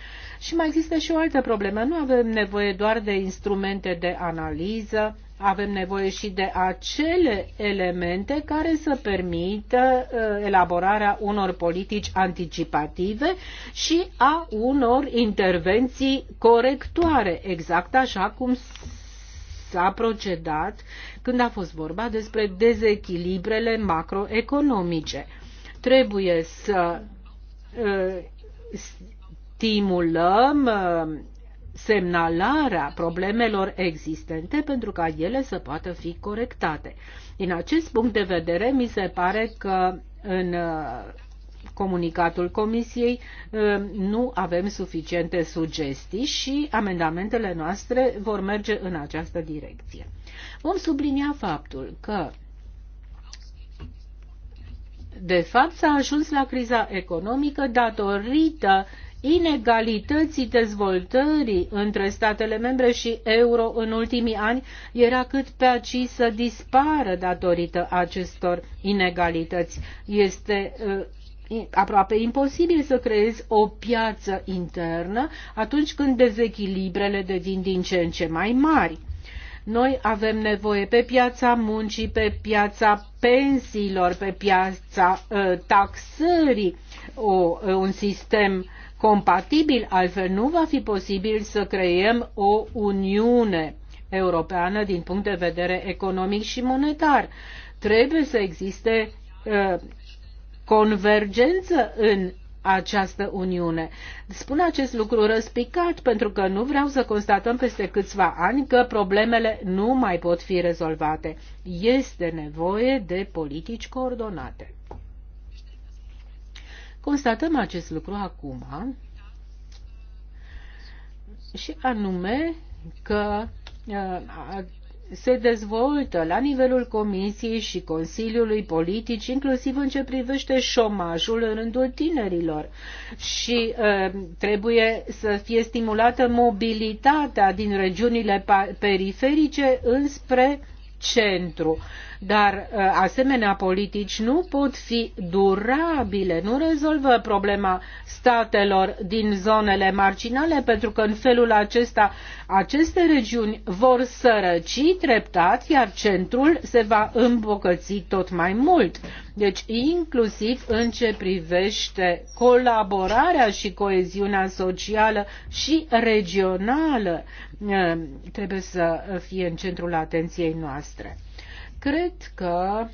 Și mai există și o altă problemă. Nu avem nevoie doar de instrumente de analiză, avem nevoie și de acele elemente care să permită uh, elaborarea unor politici anticipative și a unor intervenții corectoare, exact așa cum s-a procedat când a fost vorba despre dezechilibrele macroeconomice. Trebuie să uh, stimulăm uh, semnalarea problemelor existente pentru ca ele să poată fi corectate. Din acest punct de vedere, mi se pare că în uh, comunicatul Comisiei uh, nu avem suficiente sugestii și amendamentele noastre vor merge în această direcție. Vom sublinia faptul că de fapt s-a ajuns la criza economică datorită inegalității dezvoltării între statele membre și euro în ultimii ani era cât pe aci să dispară datorită acestor inegalități. Este uh, aproape imposibil să creezi o piață internă atunci când dezechilibrele devin din ce în ce mai mari. Noi avem nevoie pe piața muncii, pe piața pensiilor, pe piața uh, taxării, o, uh, un sistem uh, compatibil, altfel nu va fi posibil să creăm o uniune europeană din punct de vedere economic și monetar. Trebuie să existe ă, convergență în această uniune. Spun acest lucru răspicat pentru că nu vreau să constatăm peste câțiva ani că problemele nu mai pot fi rezolvate. Este nevoie de politici coordonate. Constatăm acest lucru acum și anume că uh, se dezvoltă la nivelul Comisiei și Consiliului Politici, inclusiv în ce privește șomajul în rândul tinerilor. Și uh, trebuie să fie stimulată mobilitatea din regiunile periferice înspre centru. Uh, dar uh, asemenea politici nu pot fi durabile, nu rezolvă problema statelor din zonele marginale, pentru că în felul acesta aceste regiuni vor sărăci treptat, iar centrul se va îmbogăți tot mai mult. Deci, inclusiv în ce privește colaborarea și coeziunea socială și regională, uh, trebuie să fie în centrul atenției noastre. Cred că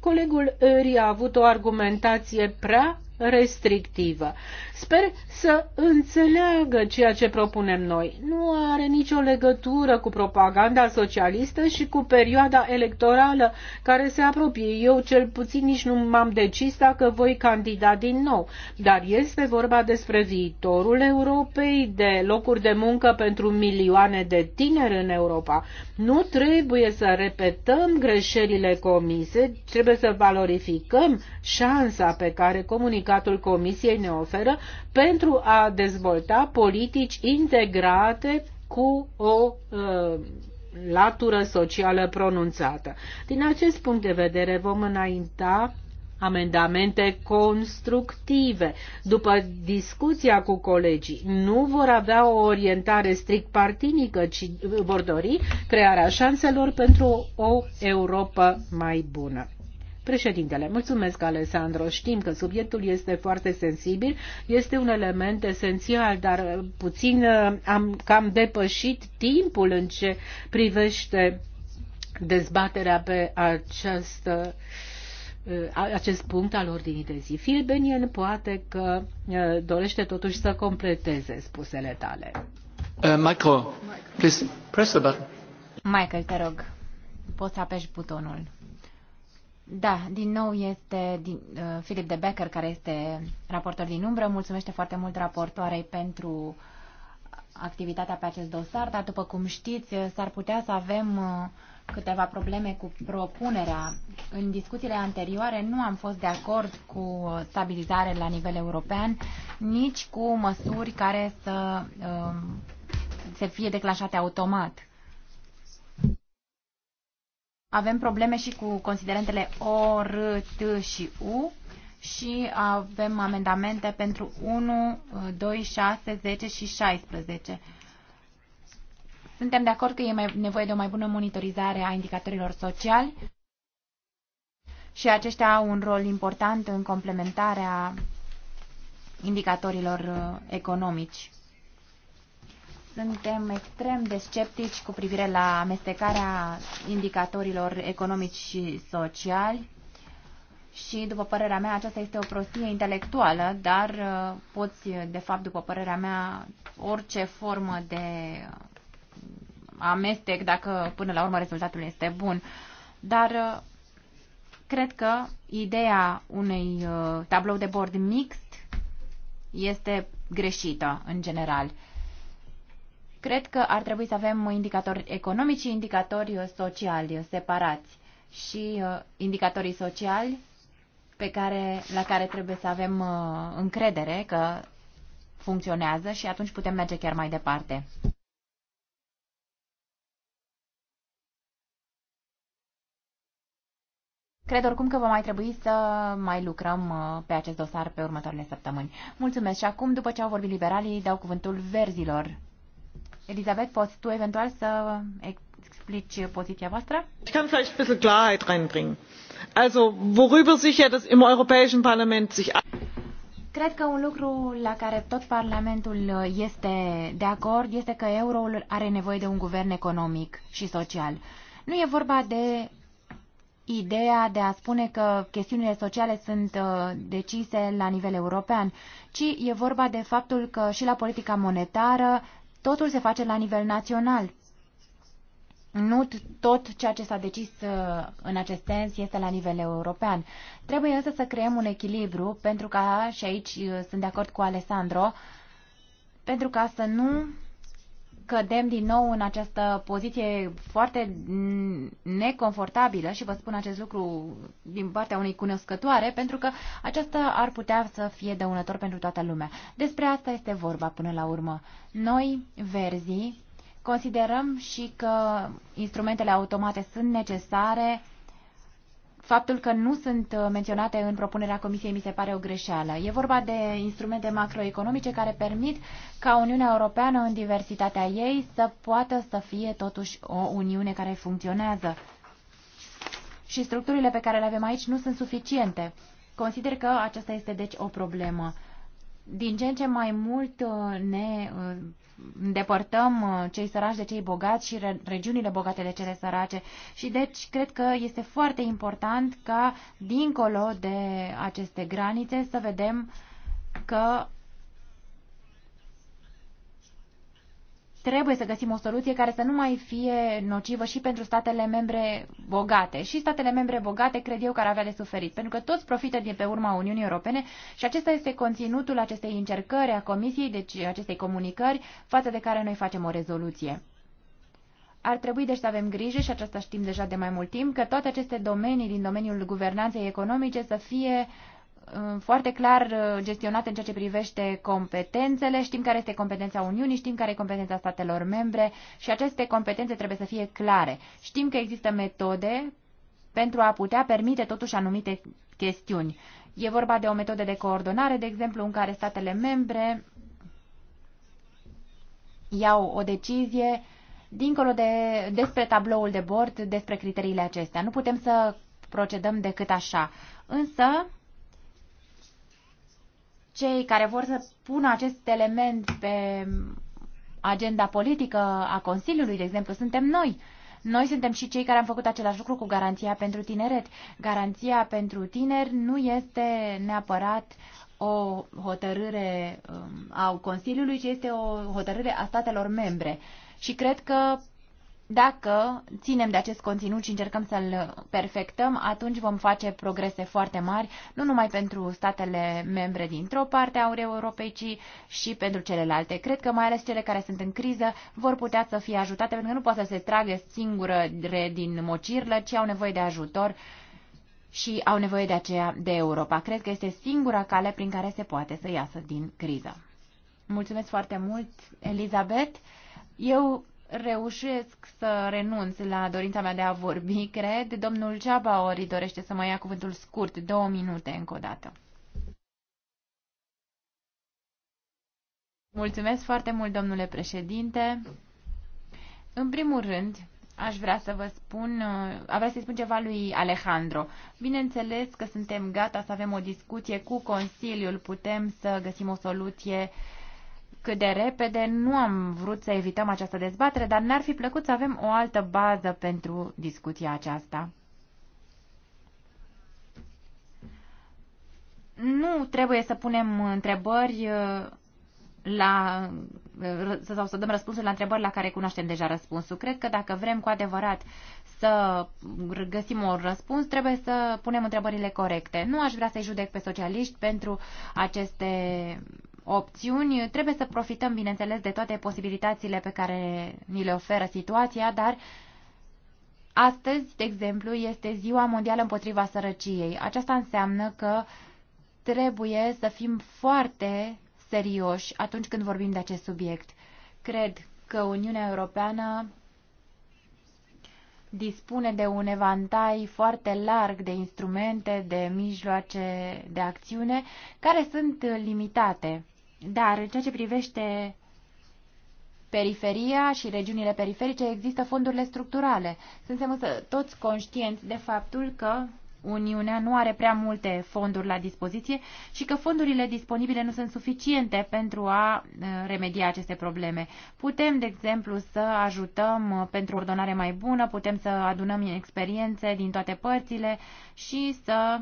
colegul Öri a avut o argumentație prea restrictivă. Sper să înțeleagă ceea ce propunem noi. Nu are nicio legătură cu propaganda socialistă și cu perioada electorală care se apropie. Eu cel puțin nici nu m-am decis dacă voi candida din nou. Dar este vorba despre viitorul Europei, de locuri de muncă pentru milioane de tineri în Europa. Nu trebuie să repetăm greșelile comise, trebuie să valorificăm șansa pe care comunicatul Comisiei ne oferă pentru a dezvolta politici integrate cu o uh, latură socială pronunțată. Din acest punct de vedere vom înainta amendamente constructive. După discuția cu colegii, nu vor avea o orientare strict partinică, ci vor dori crearea șanselor pentru o Europa mai bună. Președintele, mulțumesc, Alessandro. Știm că subiectul este foarte sensibil, este un element esențial, dar uh, puțin uh, am cam depășit timpul în ce privește dezbaterea pe această uh, acest punct al ordinii de zi. Benien poate că dorește totuși să completeze spusele tale. Uh, Michael, please press the button. Michael, te rog, poți apeși butonul. Da, din nou este din, uh, Filip de Becker, care este raportor din umbră. Mulțumește foarte mult raportoarei pentru activitatea pe acest dosar, dar după cum știți, s-ar putea să avem uh, câteva probleme cu propunerea. În discuțiile anterioare nu am fost de acord cu stabilizare la nivel european, nici cu măsuri care să uh, se fie declanșate automat avem probleme și cu considerentele O, R, T și U și avem amendamente pentru 1, 2, 6, 10 și 16. Suntem de acord că e mai nevoie de o mai bună monitorizare a indicatorilor sociali și aceștia au un rol important în complementarea indicatorilor uh, economici. Suntem extrem de sceptici cu privire la amestecarea indicatorilor economici și sociali și, după părerea mea, aceasta este o prostie intelectuală, dar uh, poți, de fapt, după părerea mea, orice formă de amestec, dacă până la urmă rezultatul este bun. Dar uh, cred că ideea unui uh, tablou de bord mixt este greșită, în general. Cred că ar trebui să avem indicatori economici și indicatori uh, sociali uh, separați și uh, indicatorii sociali pe care, la care trebuie să avem încredere că funcționează și atunci putem merge chiar mai departe. Cred oricum că va mai trebui să mai lucrăm pe acest dosar pe următoarele săptămâni. Mulțumesc și acum, după ce au vorbit liberalii, dau cuvântul verzilor. Elisabeth, poți tu eventual să explici poziția voastră? Ich kann vielleicht ein bisschen Klarheit reinbringen. Also, worüber sich ja das im Europäischen Parlament sich Cred că un lucru la care tot Parlamentul uh, este de acord este că euroul are nevoie de un guvern economic și social. Nu e vorba de ideea de a spune că chestiunile sociale sunt uh, decise la nivel european, ci e vorba de faptul că și la politica monetară Totul se face la nivel național. Nu tot ceea ce s-a decis uh, în acest sens este la nivel european. Trebuie însă să creăm un echilibru pentru ca, și aici uh, sunt de acord cu Alessandro, pentru ca să nu cădem din nou în această poziție foarte neconfortabilă și vă spun acest lucru din partea unei cunoscătoare, pentru că aceasta ar putea să fie dăunător pentru toată lumea. Despre asta este vorba până la urmă. Noi, verzii, considerăm și că instrumentele automate sunt necesare faptul că nu sunt uh, menționate în propunerea Comisiei mi se pare o greșeală. E vorba de instrumente macroeconomice care permit ca Uniunea Europeană în diversitatea ei să poată să fie totuși o Uniune care funcționează. Și structurile pe care le avem aici nu sunt suficiente. Consider că aceasta este deci o problemă din ce în ce mai mult uh, ne uh, îndepărtăm uh, cei săraci de cei bogați și regiunile bogate de cele sărace. Și deci cred că este foarte important ca dincolo de aceste granițe să vedem că trebuie să găsim o soluție care să nu mai fie nocivă și pentru statele membre bogate. Și statele membre bogate cred eu că ar avea de suferit, pentru că toți profită din pe urma Uniunii Europene și acesta este conținutul acestei încercări a Comisiei, deci acestei comunicări, față de care noi facem o rezoluție. Ar trebui deci să avem grijă, și aceasta știm deja de mai mult timp, că toate aceste domenii din domeniul guvernanței economice să fie uh, Uh, foarte clar uh, gestionate în ceea ce privește competențele. Știm care este competența Uniunii, știm care e competența statelor membre și aceste competențe trebuie să fie clare. Știm că există metode pentru a putea permite totuși anumite chestiuni. E vorba de o metodă de coordonare, de exemplu, în care statele membre iau o decizie dincolo de, despre tabloul de bord, despre criteriile acestea. Nu putem să procedăm decât așa. Însă, cei care vor să pună acest element pe agenda politică a Consiliului, de exemplu, suntem noi. Noi suntem și cei care am făcut același lucru cu garanția pentru tineret. Garanția pentru tineri nu este neapărat o hotărâre um, a Consiliului, ci este o hotărâre a statelor membre. Și cred că dacă ținem de acest conținut și încercăm să-l perfectăm, atunci vom face progrese foarte mari, nu numai pentru statele membre dintr-o parte a Europei, ci și pentru celelalte. Cred că mai ales cele care sunt în criză vor putea să fie ajutate, pentru că nu poate să se tragă singură din mocirlă, ci au nevoie de ajutor și au nevoie de aceea de Europa. Cred că este singura cale prin care se poate să iasă din criză. Mulțumesc foarte mult, Elizabeth. Eu reușesc să renunț la dorința mea de a vorbi, cred. Domnul Ceaba ori dorește să mai ia cuvântul scurt, două minute încă o dată. Mulțumesc foarte mult, domnule președinte. În primul rând, aș vrea să vă spun, uh, a vrea să-i spun ceva lui Alejandro. Bineînțeles că suntem gata să avem o discuție cu Consiliul, putem să găsim o soluție uh, cât de repede, nu am vrut să evităm această dezbatere, dar ne-ar fi plăcut să avem o altă bază pentru discuția aceasta. Nu trebuie să punem întrebări uh, la, uh, sau să dăm răspunsul la întrebări la care cunoaștem deja răspunsul. Cred că dacă vrem cu adevărat să găsim un răspuns, trebuie să punem întrebările corecte. Nu aș vrea să-i judec pe socialiști pentru aceste opțiuni. Trebuie să profităm, bineînțeles, de toate posibilitățile pe care ni le oferă situația, dar astăzi, de exemplu, este Ziua Mondială împotriva sărăciei. Aceasta înseamnă că trebuie să fim foarte serioși atunci când vorbim de acest subiect. Cred că Uniunea Europeană dispune de un evantai foarte larg de instrumente, de mijloace de acțiune, care sunt limitate. Dar în ceea ce privește periferia și regiunile periferice, există fondurile structurale. Suntem însă toți conștienți de faptul că Uniunea nu are prea multe fonduri la dispoziție și că fondurile disponibile nu sunt suficiente pentru a uh, remedia aceste probleme. Putem, de exemplu, să ajutăm uh, pentru ordonare mai bună, putem să adunăm experiențe din toate părțile și să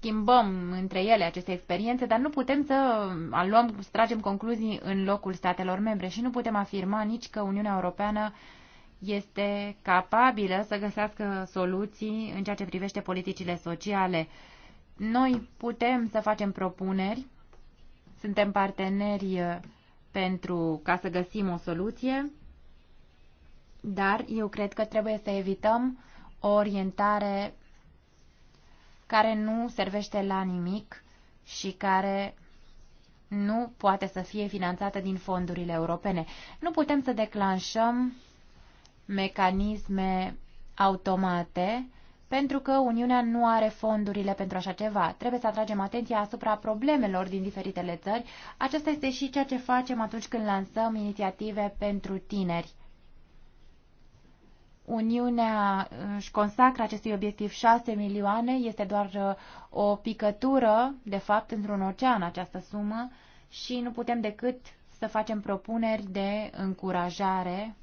schimbăm între ele aceste experiențe, dar nu putem să uh, luăm, să tragem concluzii în locul statelor membre și nu putem afirma nici că Uniunea Europeană este capabilă să găsească soluții în ceea ce privește politicile sociale. Noi putem să facem propuneri, suntem parteneri uh, pentru ca să găsim o soluție, dar eu cred că trebuie să evităm o orientare care nu servește la nimic și care nu poate să fie finanțată din fondurile europene. Nu putem să declanșăm mecanisme automate pentru că Uniunea nu are fondurile pentru așa ceva. Trebuie să atragem atenția asupra problemelor din diferitele țări. Aceasta este și ceea ce facem atunci când lansăm inițiative pentru tineri. Uniunea își consacră acestui obiectiv 6 milioane, este doar uh, o picătură, de fapt, într-un ocean această sumă și nu putem decât să facem propuneri de încurajare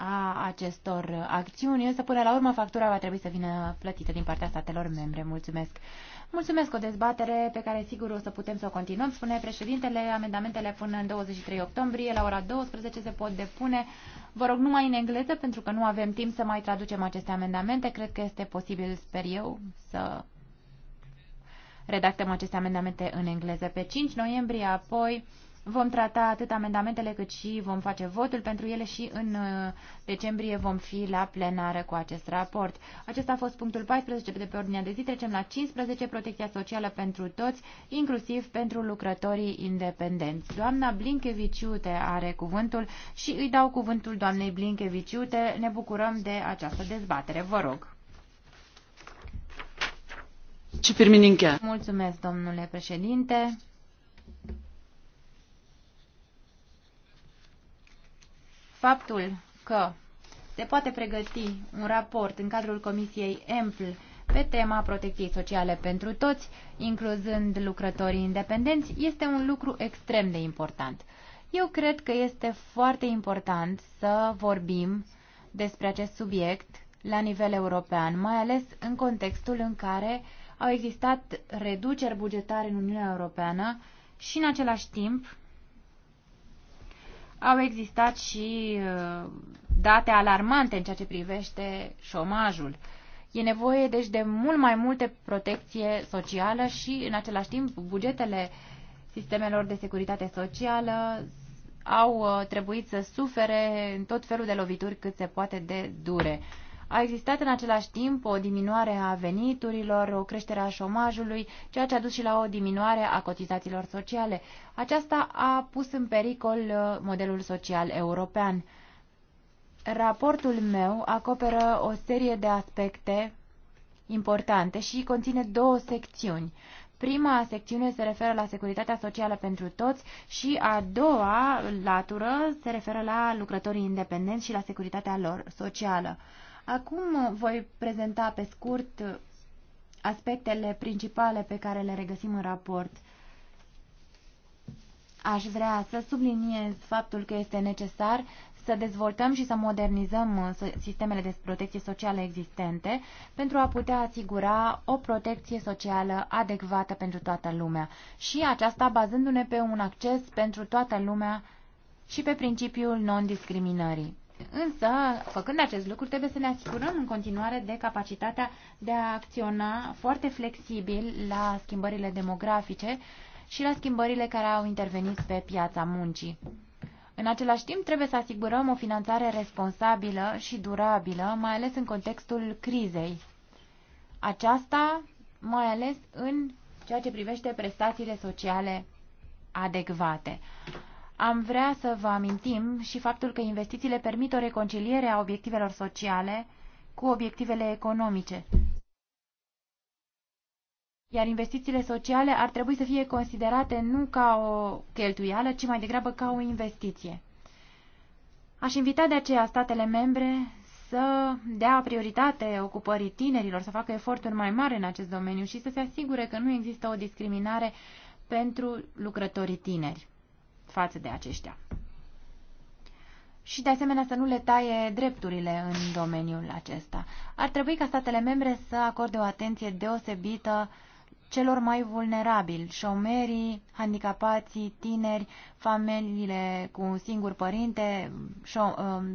a acestor acțiuni, însă până la urmă factura va trebui să vină plătită din partea statelor membre. Mulțumesc! Mulțumesc o dezbatere pe care sigur o să putem să o continuăm. Spune președintele, amendamentele până în 23 octombrie la ora 12 se pot depune. Vă rog numai în engleză pentru că nu avem timp să mai traducem aceste amendamente. Cred că este posibil, sper eu, să redactăm aceste amendamente în engleză pe 5 noiembrie, apoi Vom trata atât amendamentele cât și vom face votul pentru ele și în uh, decembrie vom fi la plenară cu acest raport. Acesta a fost punctul 14 de pe ordinea de zi. Trecem la 15, protecția socială pentru toți, inclusiv pentru lucrătorii independenți. Doamna Blinkeviciute are cuvântul și îi dau cuvântul doamnei Blinkeviciute. Ne bucurăm de această dezbatere. Vă rog. Mulțumesc, domnule președinte. faptul că se poate pregăti un raport în cadrul Comisiei EMPL pe tema protecției sociale pentru toți, incluzând lucrătorii independenți, este un lucru extrem de important. Eu cred că este foarte important să vorbim despre acest subiect la nivel european, mai ales în contextul în care au existat reduceri bugetare în Uniunea Europeană și, în același timp, au existat și uh, date alarmante în ceea ce privește șomajul. E nevoie, deci, de mult mai multe protecție socială și, în același timp, bugetele sistemelor de securitate socială au uh, trebuit să sufere în tot felul de lovituri cât se poate de dure. A existat în același timp o diminuare a veniturilor, o creștere a șomajului, ceea ce a dus și la o diminuare a cotizațiilor sociale. Aceasta a pus în pericol uh, modelul social european. Raportul meu acoperă o serie de aspecte importante și conține două secțiuni. Prima secțiune se referă la securitatea socială pentru toți și a doua latură se referă la lucrătorii independenți și la securitatea lor socială. Acum voi prezenta pe scurt aspectele principale pe care le regăsim în raport. Aș vrea să subliniez faptul că este necesar să dezvoltăm și să modernizăm uh, sistemele de protecție socială existente pentru a putea asigura o protecție socială adecvată pentru toată lumea și aceasta bazându-ne pe un acces pentru toată lumea și pe principiul non-discriminării. Însă, făcând acest lucru, trebuie să ne asigurăm în continuare de capacitatea de a acționa foarte flexibil la schimbările demografice și la schimbările care au intervenit pe piața muncii. În același timp, trebuie să asigurăm o finanțare responsabilă și durabilă, mai ales în contextul crizei. Aceasta, mai ales în ceea ce privește prestațiile sociale adecvate. Am vrea să vă amintim și faptul că investițiile permit o reconciliere a obiectivelor sociale cu obiectivele economice. Iar investițiile sociale ar trebui să fie considerate nu ca o cheltuială, ci mai degrabă ca o investiție. Aș invita de aceea statele membre să dea prioritate ocupării tinerilor, să facă eforturi mai mari în acest domeniu și să se asigure că nu există o discriminare pentru lucrătorii tineri față de aceștia. Și, de asemenea, să nu le taie drepturile în domeniul acesta. Ar trebui ca statele membre să acorde o atenție deosebită celor mai vulnerabili, șomerii, handicapații, tineri, familiile cu un singur părinte, șo- um,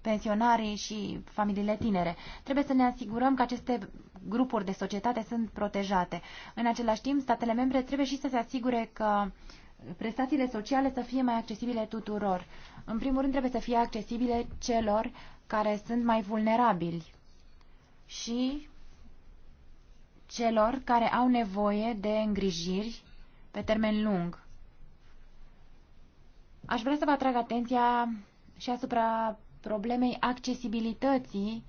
pensionarii și familiile tinere. Trebuie să ne asigurăm că aceste grupuri de societate sunt protejate. În același timp, statele membre trebuie și să se asigure că uh, prestațiile sociale să fie mai accesibile tuturor. În primul rând trebuie să fie accesibile celor care sunt mai vulnerabili și celor care au nevoie de îngrijiri pe termen lung. Aș vrea să vă atrag atenția și asupra problemei accesibilității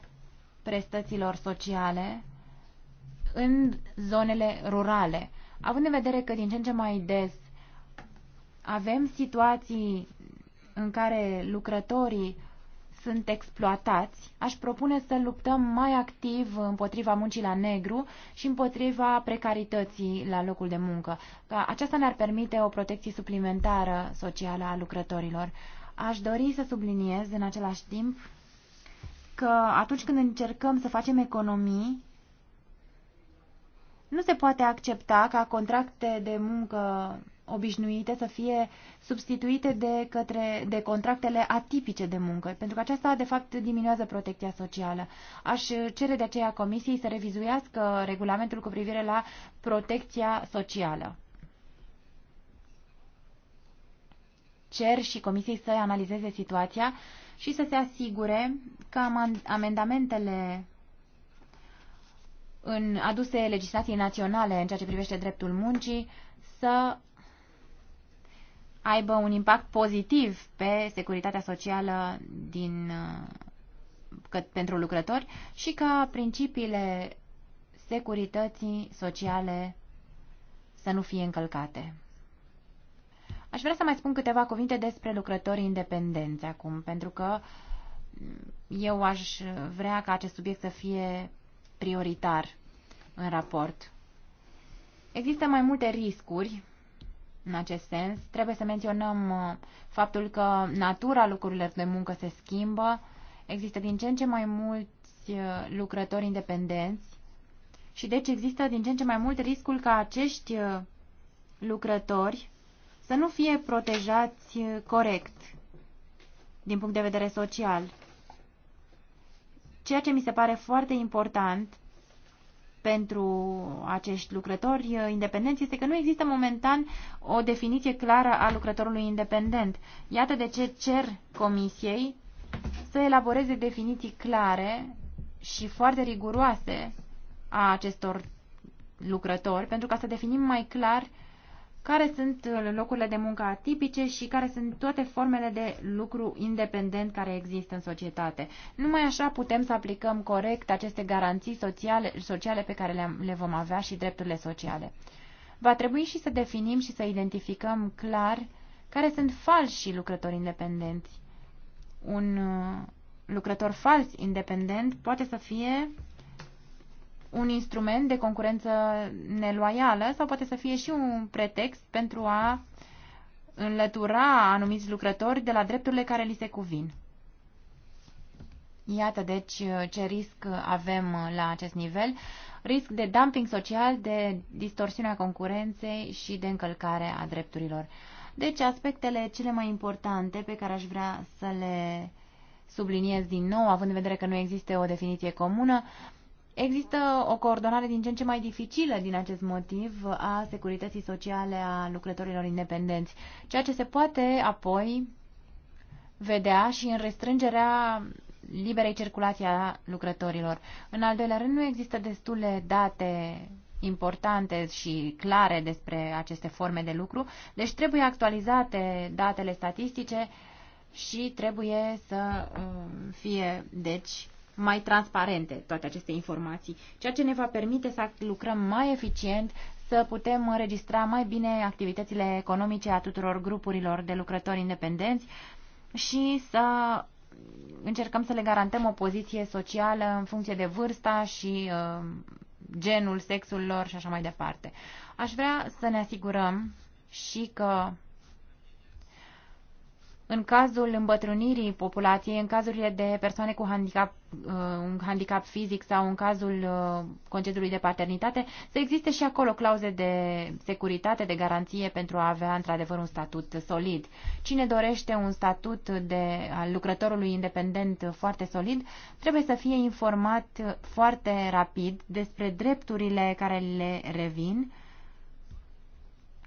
prestăților sociale în zonele rurale. Având în vedere că din ce în ce mai des avem situații în care lucrătorii sunt exploatați, aș propune să luptăm mai activ împotriva muncii la negru și împotriva precarității la locul de muncă. Aceasta ne-ar permite o protecție suplimentară socială a lucrătorilor. Aș dori să subliniez în același timp că atunci când încercăm să facem economii, nu se poate accepta ca contracte de muncă obișnuite să fie substituite de, către, de contractele atipice de muncă, pentru că aceasta, de fapt, diminuează protecția socială. Aș cere de aceea Comisiei să revizuiască regulamentul cu privire la protecția socială. Cer și Comisiei să analizeze situația și să se asigure că amendamentele în aduse legislației naționale în ceea ce privește dreptul muncii să aibă un impact pozitiv pe securitatea socială din, uh, că, pentru lucrători și ca principiile securității sociale să nu fie încălcate. Aș vrea să mai spun câteva cuvinte despre lucrătorii independenți acum, pentru că mm, eu aș vrea ca acest subiect să fie prioritar în raport. Există mai multe riscuri în acest sens. Trebuie să menționăm uh, faptul că natura lucrurilor de muncă se schimbă, există din ce în ce mai mulți uh, lucrători independenți și deci există din ce în ce mai mult riscul ca acești uh, lucrători să nu fie protejați corect din punct de vedere social. Ceea ce mi se pare foarte important pentru acești lucrători uh, independenți este că nu există momentan o definiție clară a lucrătorului independent. Iată de ce cer Comisiei să elaboreze definiții clare și foarte riguroase a acestor lucrători, pentru ca să definim mai clar uh, care sunt uh, locurile de muncă atipice și care sunt toate formele de lucru independent care există în societate. Numai așa putem să aplicăm corect aceste garanții sociale, sociale pe care le, le vom avea și drepturile sociale. Va trebui și să definim și să identificăm clar care sunt falși lucrători independenți. Un uh, lucrător fals independent poate să fie un instrument de concurență neloială sau poate să fie și un pretext pentru a înlătura anumiți lucrători de la drepturile care li se cuvin. Iată deci ce risc avem la acest nivel, risc de dumping social, de distorsiunea concurenței și de încălcare a drepturilor. Deci aspectele cele mai importante pe care aș vrea să le subliniez din nou, având în vedere că nu există o definiție comună, Există o coordonare din ce în ce mai dificilă din acest motiv a securității sociale a lucrătorilor independenți, ceea ce se poate apoi vedea și în restrângerea liberei circulații a lucrătorilor. În al doilea rând, nu există destule date importante și clare despre aceste forme de lucru, deci trebuie actualizate datele statistice și trebuie să um, fie, deci, mai transparente toate aceste informații, ceea ce ne va permite să lucrăm mai eficient, să putem înregistra mai bine activitățile economice a tuturor grupurilor de lucrători independenți și să încercăm să le garantăm o poziție socială în funcție de vârsta și uh, genul, sexul lor și așa mai departe. Aș vrea să ne asigurăm și că în cazul îmbătrânirii populației, în cazurile de persoane cu handicap, uh, un handicap fizic sau în cazul uh, concediului de paternitate, să existe și acolo clauze de securitate, de garanție pentru a avea într-adevăr un statut solid. Cine dorește un statut de, al lucrătorului independent foarte solid, trebuie să fie informat foarte rapid despre drepturile care le revin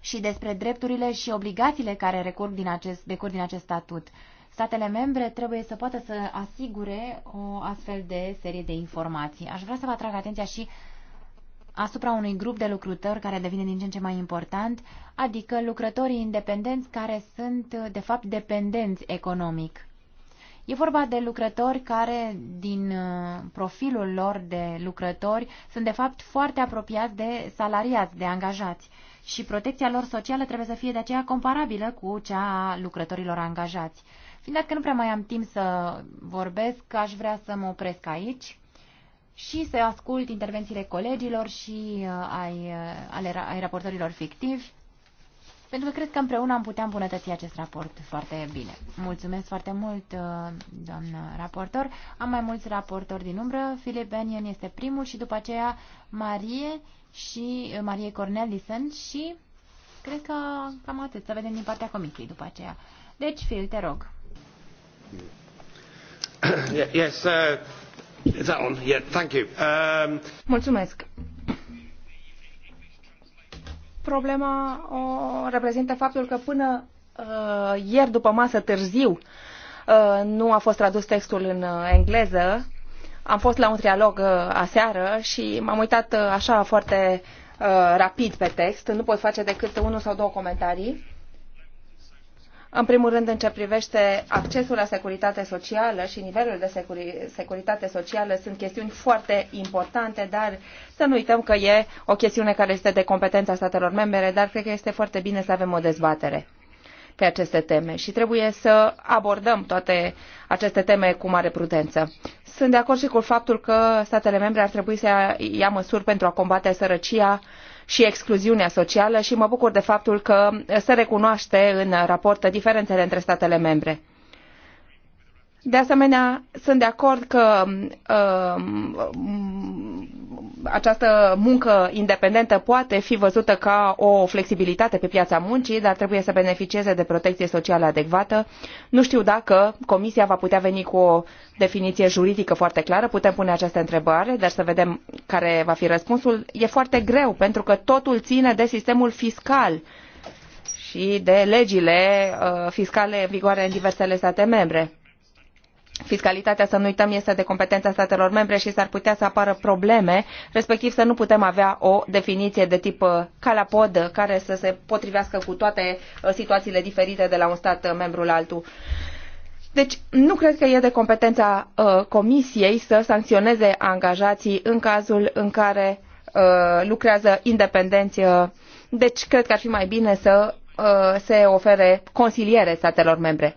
și despre drepturile și obligațiile care recurg din acest, decurg din acest statut. Statele membre trebuie să poată să asigure o astfel de serie de informații. Aș vrea să vă atrag atenția și asupra unui grup de lucrători care devine din ce în ce mai important, adică lucrătorii independenți care sunt, de fapt, dependenți economic. E vorba de lucrători care, din uh, profilul lor de lucrători, sunt, de fapt, foarte apropiați de salariați, de angajați și protecția lor socială trebuie să fie de aceea comparabilă cu cea a lucrătorilor angajați. Fiind dat că nu prea mai am timp să vorbesc, aș vrea să mă opresc aici și să ascult intervențiile colegilor și uh, ai, uh, ale, ai raportorilor fictivi, pentru că cred că împreună am putea îmbunătăți acest raport foarte bine. Mulțumesc foarte mult, uh, doamnă raportor. Am mai mulți raportori din umbră. Filip Benion este primul și după aceea Marie și uh, Marie Cornelison și cred că cam atât. Să vedem din partea comisiei după aceea. Deci, Phil, te rog. Yes, uh, is that on? Yeah, thank you. Um... Mulțumesc. Problema o reprezintă faptul că până uh, ieri după masă târziu uh, nu a fost tradus textul în uh, engleză am fost la un trialog uh, aseară și m-am uitat uh, așa foarte uh, rapid pe text. Nu pot face decât unul sau două comentarii. În primul rând, în ce privește accesul la securitate socială și nivelul de securi securitate socială, sunt chestiuni foarte importante, dar să nu uităm că e o chestiune care este de competența statelor membre, dar cred că este foarte bine să avem o dezbatere pe aceste teme și trebuie să abordăm toate aceste teme cu mare prudență. Sunt de acord și cu faptul că statele membre ar trebui să ia măsuri pentru a combate sărăcia și excluziunea socială și mă bucur de faptul că se recunoaște în raport diferențele între statele membre. De asemenea, sunt de acord că uh, această muncă independentă poate fi văzută ca o flexibilitate pe piața muncii, dar trebuie să beneficieze de protecție socială adecvată. Nu știu dacă Comisia va putea veni cu o definiție juridică foarte clară. Putem pune această întrebare, dar să vedem care va fi răspunsul. E foarte greu, pentru că totul ține de sistemul fiscal și de legile uh, fiscale în vigoare în diversele state membre fiscalitatea, să nu uităm, este de competența statelor membre și s-ar putea să apară probleme, respectiv să nu putem avea o definiție de tip uh, calapod care să se potrivească cu toate uh, situațiile diferite de la un stat uh, membru la altul. Deci nu cred că e de competența uh, Comisiei să sancționeze angajații în cazul în care uh, lucrează independenți. deci cred că ar fi mai bine să uh, se ofere consiliere statelor membre.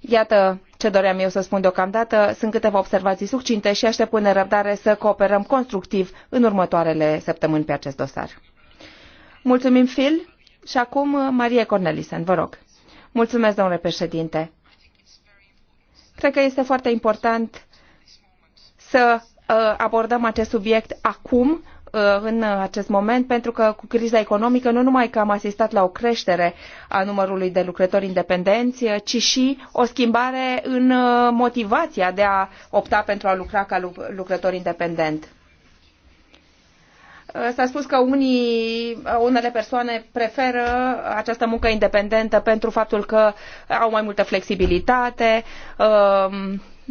Iată ce doream eu să spun deocamdată. Sunt câteva observații succinte și atept cu nerăbdare să cooperăm constructiv în următoarele săptămâni pe acest dosar. Mulțumim, Phil. Și acum, uh, Marie Cornelisen, vă rog. Mulțumesc, domnule președinte. Cred că este foarte important să uh, abordăm acest subiect acum, Uh, în acest moment, pentru că cu criza economică nu numai că am asistat la o creștere a numărului de lucrători independenți, uh, ci și o schimbare în uh, motivația de a opta pentru a lucra ca lucrător independent. S-a spus că unii, unele persoane preferă această muncă independentă pentru faptul că au mai multă flexibilitate,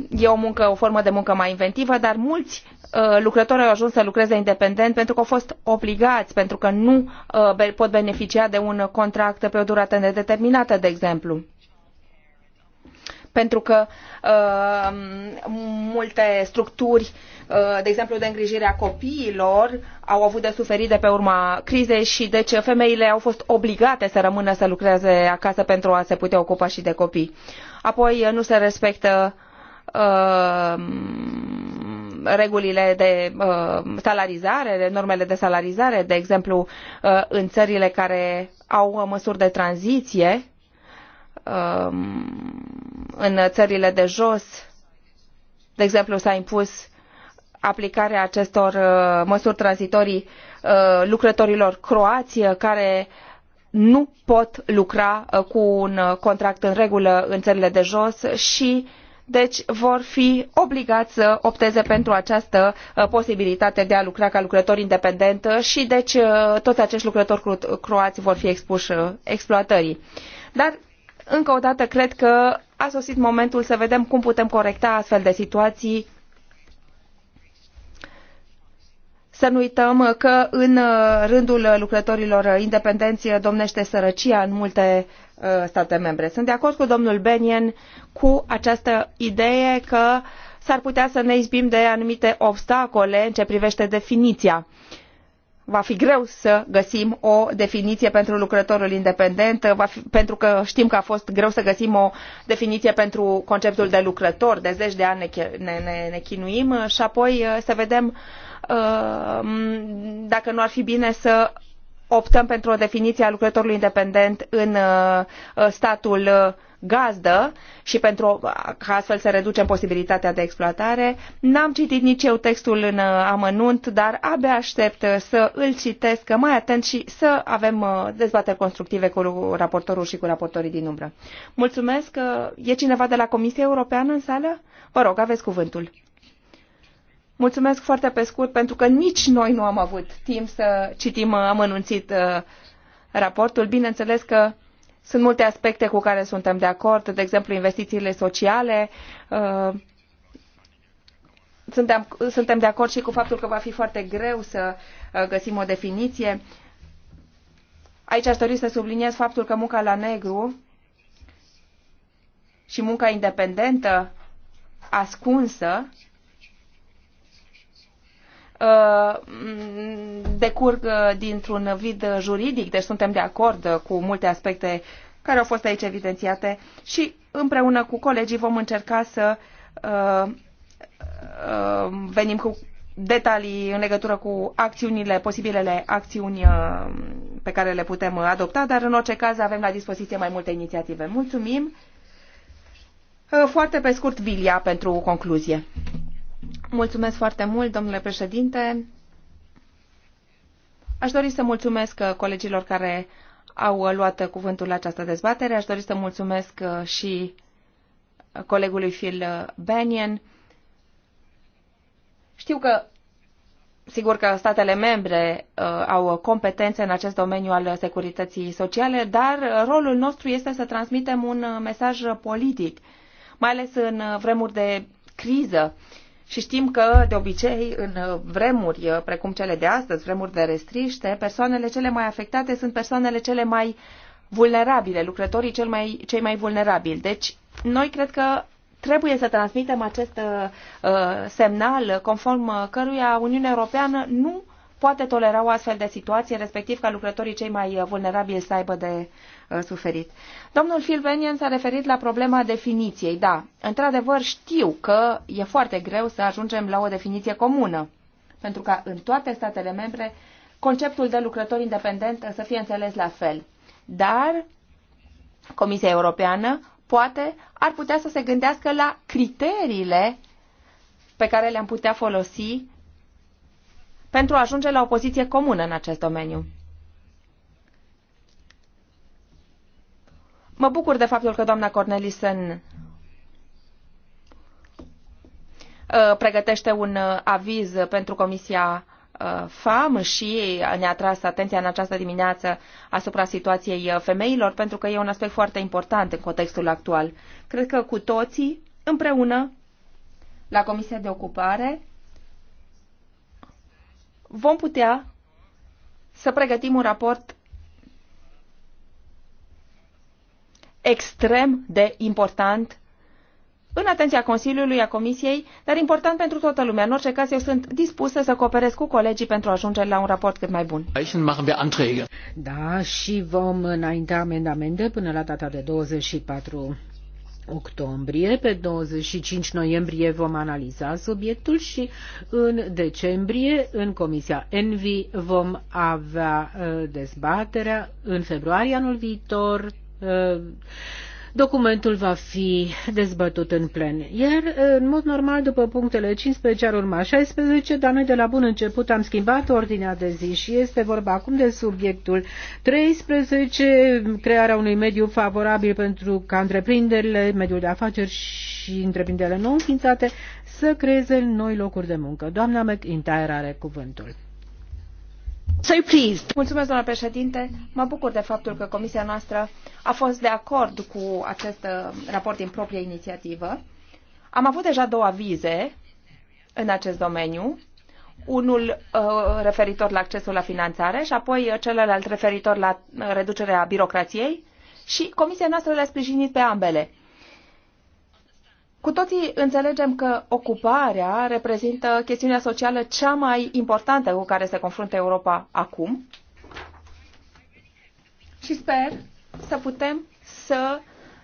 E o muncă, o formă de muncă mai inventivă, dar mulți uh, lucrători au ajuns să lucreze independent pentru că au fost obligați, pentru că nu uh, pot beneficia de un contract pe o durată nedeterminată, de exemplu pentru că uh, multe structuri, de exemplu de îngrijire a copiilor, au avut de suferit de pe urma crizei și deci femeile au fost obligate să rămână să lucreze acasă pentru a se putea ocupa și de copii. Apoi nu se respectă uh, Uh, regulile de uh, salarizare, normele de salarizare, de exemplu, uh, în țările care au măsuri de tranziție, în țările de jos, de exemplu, s-a impus aplicarea acestor măsuri tranzitorii lucrătorilor croați care nu pot lucra cu un contract în regulă în țările de jos și uh, deci vor fi obligați să opteze pentru această uh, posibilitate de a lucra ca lucrător independent uh, și deci uh, toți acești lucrători croați vor fi expuși exploatării. Dar, încă o dată, cred că a sosit momentul să vedem cum putem corecta astfel de situații Să nu uităm că în rândul lucrătorilor independenți domnește sărăcia în multe state membre. Sunt de acord cu domnul Benien cu această idee că s-ar putea să ne izbim de anumite obstacole în ce privește definiția. Va fi greu să găsim o definiție pentru lucrătorul independent, fi, pentru că știm că a fost greu să găsim o definiție pentru conceptul de lucrător. De zeci de ani ne, ne, ne, ne chinuim și apoi uh, să vedem uh, dacă nu ar fi bine să optăm pentru o definiție a lucrătorului independent în uh, statul gazdă și pentru ca astfel să reducem posibilitatea de exploatare. N-am citit nici eu textul în uh, amănunt, dar abia aștept uh, să îl citesc mai atent și să avem uh, dezbateri constructive cu raportorul și cu raportorii din umbră. Mulțumesc. E cineva de la Comisia Europeană în sală? Vă rog, aveți cuvântul. Mulțumesc foarte pe scurt, pentru că nici noi nu am avut timp să citim amănunțit raportul. Bineînțeles că sunt multe aspecte cu care suntem de acord, de exemplu investițiile sociale. Uh, suntem, suntem de acord și cu faptul că va fi foarte greu să uh, găsim o definiție. Aici aș dori să subliniez faptul că munca la negru și munca independentă ascunsă Uh, decurg uh, dintr-un vid juridic, deci suntem de acord cu multe aspecte care au fost aici evidențiate și împreună cu colegii vom încerca să uh, venim cu detalii în legătură cu acțiunile, posibilele acțiuni pe care le putem adopta, dar în orice caz avem la dispoziție mai multe inițiative. Mulțumim! Foarte pe scurt, Vilia, pentru concluzie. Mulțumesc foarte mult, domnule președinte. Aș dori să mulțumesc uh, colegilor care au uh, luat uh, cuvântul la această dezbatere. Aș dori să mulțumesc și colegului Phil Bennion. Știu că, sigur că statele membre au competențe în acest domeniu al securității sociale, dar rolul nostru este să transmitem un mesaj politic, mai ales în vremuri de criză. Uh, și știm că, de obicei, în uh, vremuri uh, precum cele de astăzi, vremuri de restriște, persoanele cele mai afectate sunt persoanele cele mai vulnerabile, lucrătorii cel mai, cei mai vulnerabili. Deci, noi cred că trebuie să transmitem acest uh, uh semnal conform căruia Uniunea Europeană nu uh, poate tolera o astfel de situație, respectiv ca lucrătorii cei mai uh, vulnerabili să aibă de uh, suferit. Domnul Phil Benyon s-a referit la problema definiției. Da, într-adevăr știu că e foarte greu să ajungem la o definiție comună, pentru că în toate statele membre conceptul de lucrător independent uh, să fie înțeles la fel. Dar Comisia Europeană poate ar putea să se gândească la criteriile pe care le-am putea folosi pentru a ajunge la o poziție comună în acest domeniu. Mă bucur de faptul că doamna Cornelisen uh, pregătește un uh, aviz pentru Comisia uh, FAM și ne-a tras atenția în această dimineață asupra situației femeilor, pentru că e un aspect foarte important în contextul actual. Cred că cu toții, împreună, la Comisia de Ocupare, vom putea să pregătim un raport extrem de important în atenția Consiliului, a Comisiei, dar important pentru toată lumea. În orice caz, eu sunt dispusă să cooperez cu colegii pentru a ajunge la un raport cât mai bun. Da, și vom înainta amendamente până la data de 24 octombrie. Pe 25 noiembrie vom analiza subiectul și în decembrie în Comisia Envi vom avea uh, dezbaterea. În februarie anul viitor uh, Documentul va fi dezbătut în plen. Iar, în mod normal, după punctele 15 ar urma 16, dar noi de la bun început am schimbat ordinea de zi și este vorba acum de subiectul 13, crearea unui mediu favorabil pentru ca întreprinderile, mediul de afaceri și întreprinderile nou înființate să creeze noi locuri de muncă. Doamna McIntyre are cuvântul. So Mulțumesc, președinte. Mă bucur de faptul că comisia noastră a fost de acord cu acest uh, raport din proprie inițiativă. Am avut deja două avize în acest domeniu, unul uh, referitor la accesul la finanțare și apoi uh, celălalt referitor la reducerea birocrației și comisia noastră le-a sprijinit pe ambele. Cu toții înțelegem că ocuparea reprezintă chestiunea socială cea mai importantă cu care se confruntă Europa acum și sper să putem să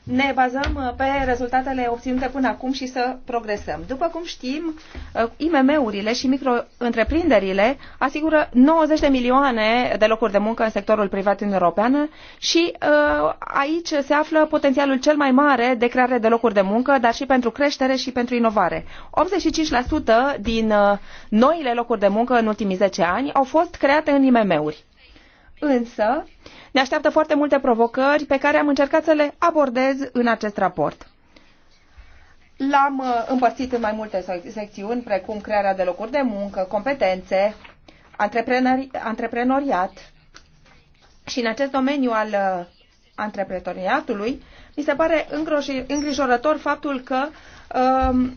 ne bazăm uh, pe rezultatele obținute până acum și să progresăm. După cum știm, uh, IMM-urile și micro-întreprinderile asigură 90 de milioane de locuri de muncă în sectorul privat în europeană și uh, aici se află potențialul cel mai mare de creare de locuri de muncă, dar și pentru creștere și pentru inovare. 85% din noile locuri de muncă în ultimii 10 ani au fost create în IMM-uri însă ne așteaptă foarte multe provocări pe care am încercat să le abordez în acest raport. L-am uh, împărțit în mai multe secțiuni, precum crearea de locuri de muncă, competențe, antreprenori, antreprenoriat. Și în acest domeniu al uh, antreprenoriatului, mi se pare îngrijorător faptul că um,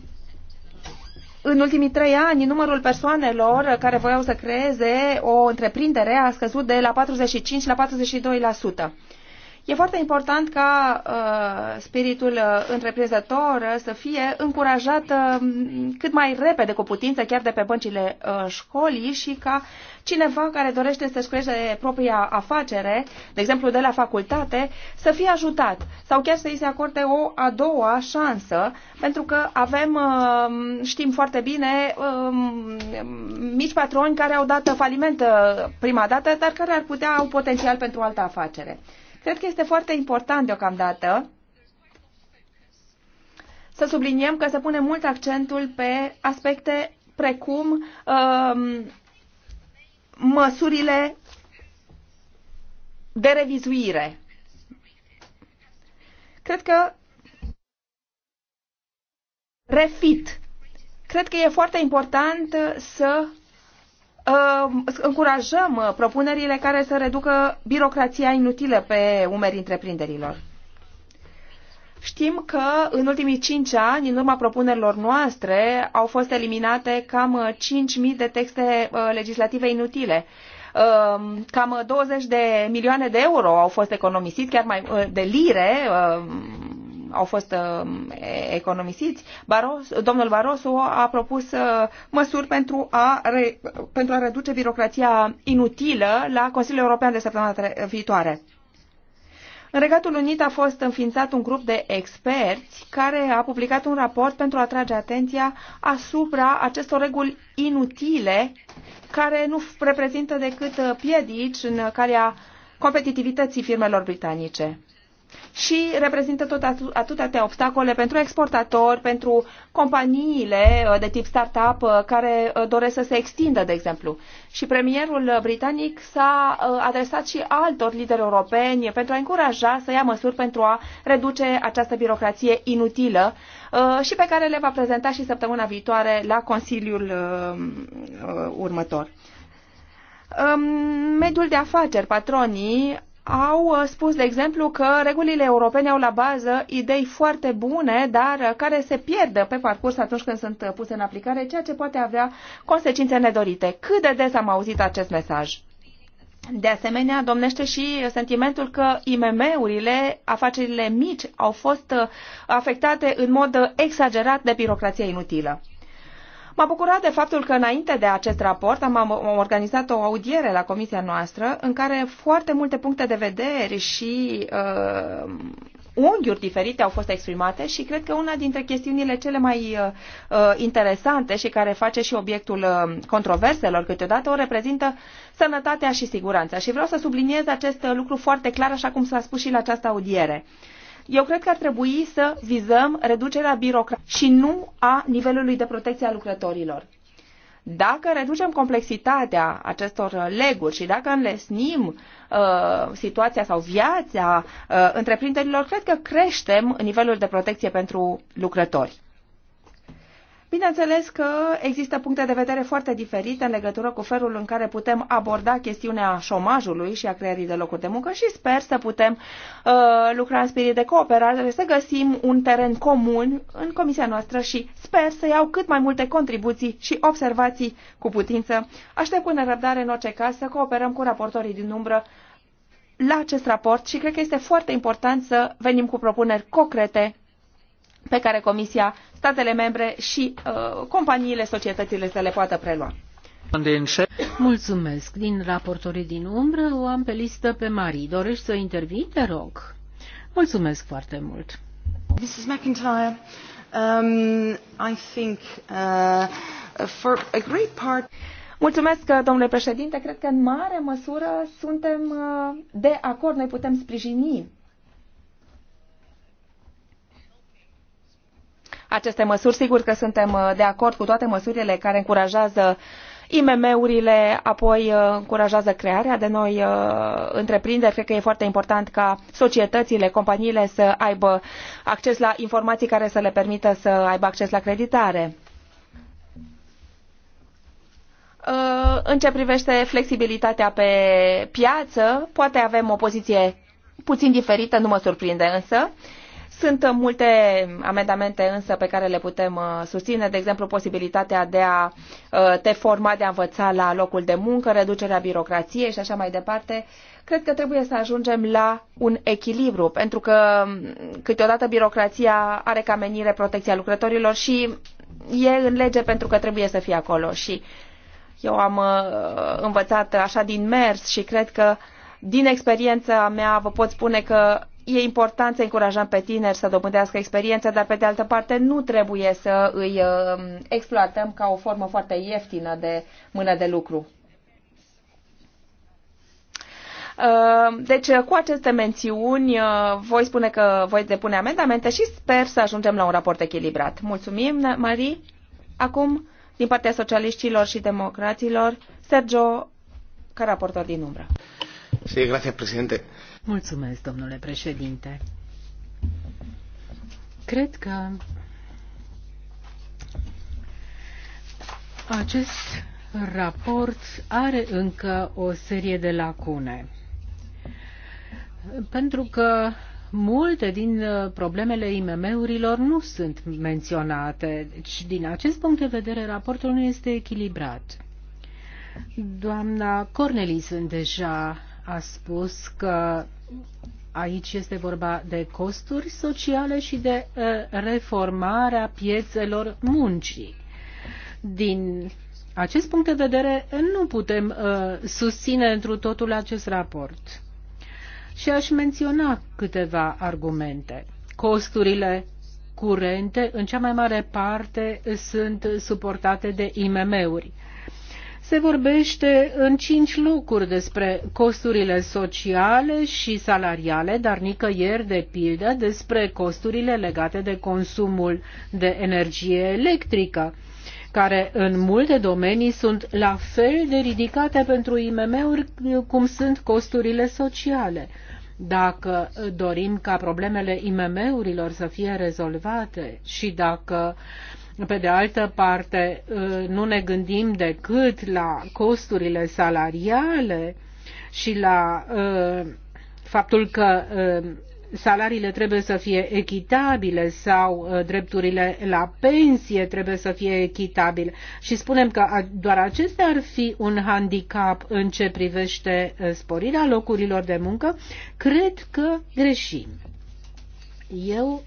în ultimii trei ani, numărul persoanelor care voiau să creeze o întreprindere a scăzut de la 45 la 42%. E foarte important ca uh, spiritul uh, întreprinzător uh, să fie încurajat uh, cât mai repede cu putință, chiar de pe băncile uh, școlii și ca cineva care dorește să-și crește propria afacere, de exemplu de la facultate, să fie ajutat sau chiar să-i se acorde o a doua șansă, pentru că avem, uh, știm foarte bine, um, mici patroni care au dat faliment uh, prima dată, dar care ar putea au potențial pentru altă afacere. Cred că este foarte important deocamdată să subliniem că se pune mult accentul pe aspecte precum um, măsurile de revizuire. Cred că refit. Cred că e foarte important să Uh, încurajăm uh, propunerile care să reducă birocrația inutilă pe umerii întreprinderilor. Știm că în ultimii 5 ani, în urma propunerilor noastre, au fost eliminate cam 5.000 uh, de texte legislative inutile. Cam 20 de milioane de euro au fost economisiți, chiar mai de lire, au fost uh, economisiți, Baros, domnul Barroso a propus uh, măsuri pentru a, re, pentru a reduce birocrația inutilă la Consiliul European de săptămâna viitoare. În Regatul Unit a fost înființat un grup de experți care a publicat un raport pentru a atrage atenția asupra acestor reguli inutile care nu reprezintă decât uh, piedici în calea competitivității firmelor britanice și reprezintă tot atâtea obstacole pentru exportatori, pentru companiile uh, de tip startup uh, care uh, doresc să se extindă, de exemplu. Și premierul britanic s-a adresat și altor lideri europeni pentru a încuraja să ia măsuri pentru a reduce această birocrație inutilă și pe care le va prezenta și săptămâna viitoare la Consiliul următor um, mediul de afaceri, patronii au uh, spus, de exemplu, că regulile europene au la bază idei foarte bune, dar uh, care se pierd pe parcurs atunci când sunt uh, puse în aplicare, ceea ce poate avea consecințe nedorite. Cât de des am auzit acest mesaj? De asemenea, domnește și sentimentul că IMM-urile, afacerile mici, au fost afectate în mod exagerat de birocrația inutilă. M-a bucurat de faptul că înainte de acest raport am, am organizat o audiere la comisia noastră în care foarte multe puncte de vedere și uh, unghiuri diferite au fost exprimate și cred că una dintre chestiunile cele mai uh, uh interesante și care face și obiectul uh, controverselor câteodată o reprezintă sănătatea și siguranța. Și vreau să subliniez acest lucru foarte clar, așa cum s-a spus și la această audiere. Uh, eu cred că ar trebui să vizăm reducerea birocratiei și nu a nivelului de protecție a lucrătorilor. Dacă reducem complexitatea acestor leguri și dacă înlesnim uh, situația sau viața uh, întreprinderilor, cred că creștem nivelul de protecție pentru lucrători. Bineînțeles că există puncte de vedere foarte diferite în legătură cu felul în care putem aborda chestiunea șomajului și a creării de locuri de muncă și sper să putem uh, lucra în spirit de cooperare, să găsim un teren comun în comisia noastră și sper să iau cât mai multe contribuții și observații cu putință. Aștept cu nerăbdare în orice caz să cooperăm cu raportorii din umbră la acest raport și cred că este foarte important să venim cu propuneri concrete pe care Comisia, statele membre și uh, companiile, societățile să le poată prelua. Mulțumesc. Din raportorii din umbră o am pe listă pe Marie. Dorești să intervii? Te rog. Mulțumesc foarte mult. Mrs. McIntyre, um, I think uh, for a great part... Mulțumesc, domnule președinte. Cred că în mare măsură suntem uh, de acord. Noi putem sprijini aceste măsuri. Sigur că suntem uh, de acord cu toate măsurile care încurajează IMM-urile, apoi uh, încurajează crearea de noi uh, întreprinderi. Cred că e foarte important ca societățile, companiile să aibă acces la informații care să le permită să aibă acces la creditare. În ce privește flexibilitatea pe piață, poate avem o poziție puțin diferită, nu mă surprinde însă. Uh, sunt multe amendamente însă pe care le putem uh, susține, de exemplu posibilitatea de a uh, te forma, de a învăța la locul de muncă, reducerea birocrației și așa mai departe. Cred că trebuie să ajungem la un echilibru, pentru că um, câteodată birocrația are ca menire protecția lucrătorilor și e în lege pentru că trebuie să fie acolo. Și eu am uh, învățat așa din mers și cred că din experiența mea vă pot spune că e important să încurajăm pe tineri să dobândească experiență, dar pe de altă parte nu trebuie să îi um, exploatăm ca o formă foarte ieftină de mână de lucru. Uh, deci, cu aceste mențiuni, uh, voi spune că voi depune amendamente și sper să ajungem la un raport echilibrat. Mulțumim, Marie. Acum, din partea socialiștilor și democraților, Sergio, ca raportor din umbră. Sí, gracias, presidente. Mulțumesc, domnule președinte. Cred că acest raport are încă o serie de lacune. Pentru că multe din problemele IMM-urilor nu sunt menționate. Deci, din acest punct de vedere, raportul nu este echilibrat. Doamna Cornelis deja a spus că Aici este vorba de costuri sociale și de uh, reformarea piețelor muncii. Din acest punct de vedere, nu putem uh, susține întru totul acest raport. Și aș menționa câteva argumente. Costurile curente, în cea mai mare parte, sunt suportate de IMM-uri se vorbește în cinci locuri despre costurile sociale și salariale, dar nicăieri, de pildă, despre costurile legate de consumul de energie electrică care în multe domenii sunt la fel de ridicate pentru IMM-uri cum sunt costurile sociale. Dacă dorim ca problemele IMM-urilor să fie rezolvate și dacă uh, pe de altă parte, uh, nu ne gândim decât la costurile salariale și la uh, faptul că uh, salariile trebuie să fie echitabile sau drepturile la pensie trebuie să fie echitabile. Și spunem că doar acestea ar fi un handicap în ce privește sporirea locurilor de muncă, cred că greșim. Eu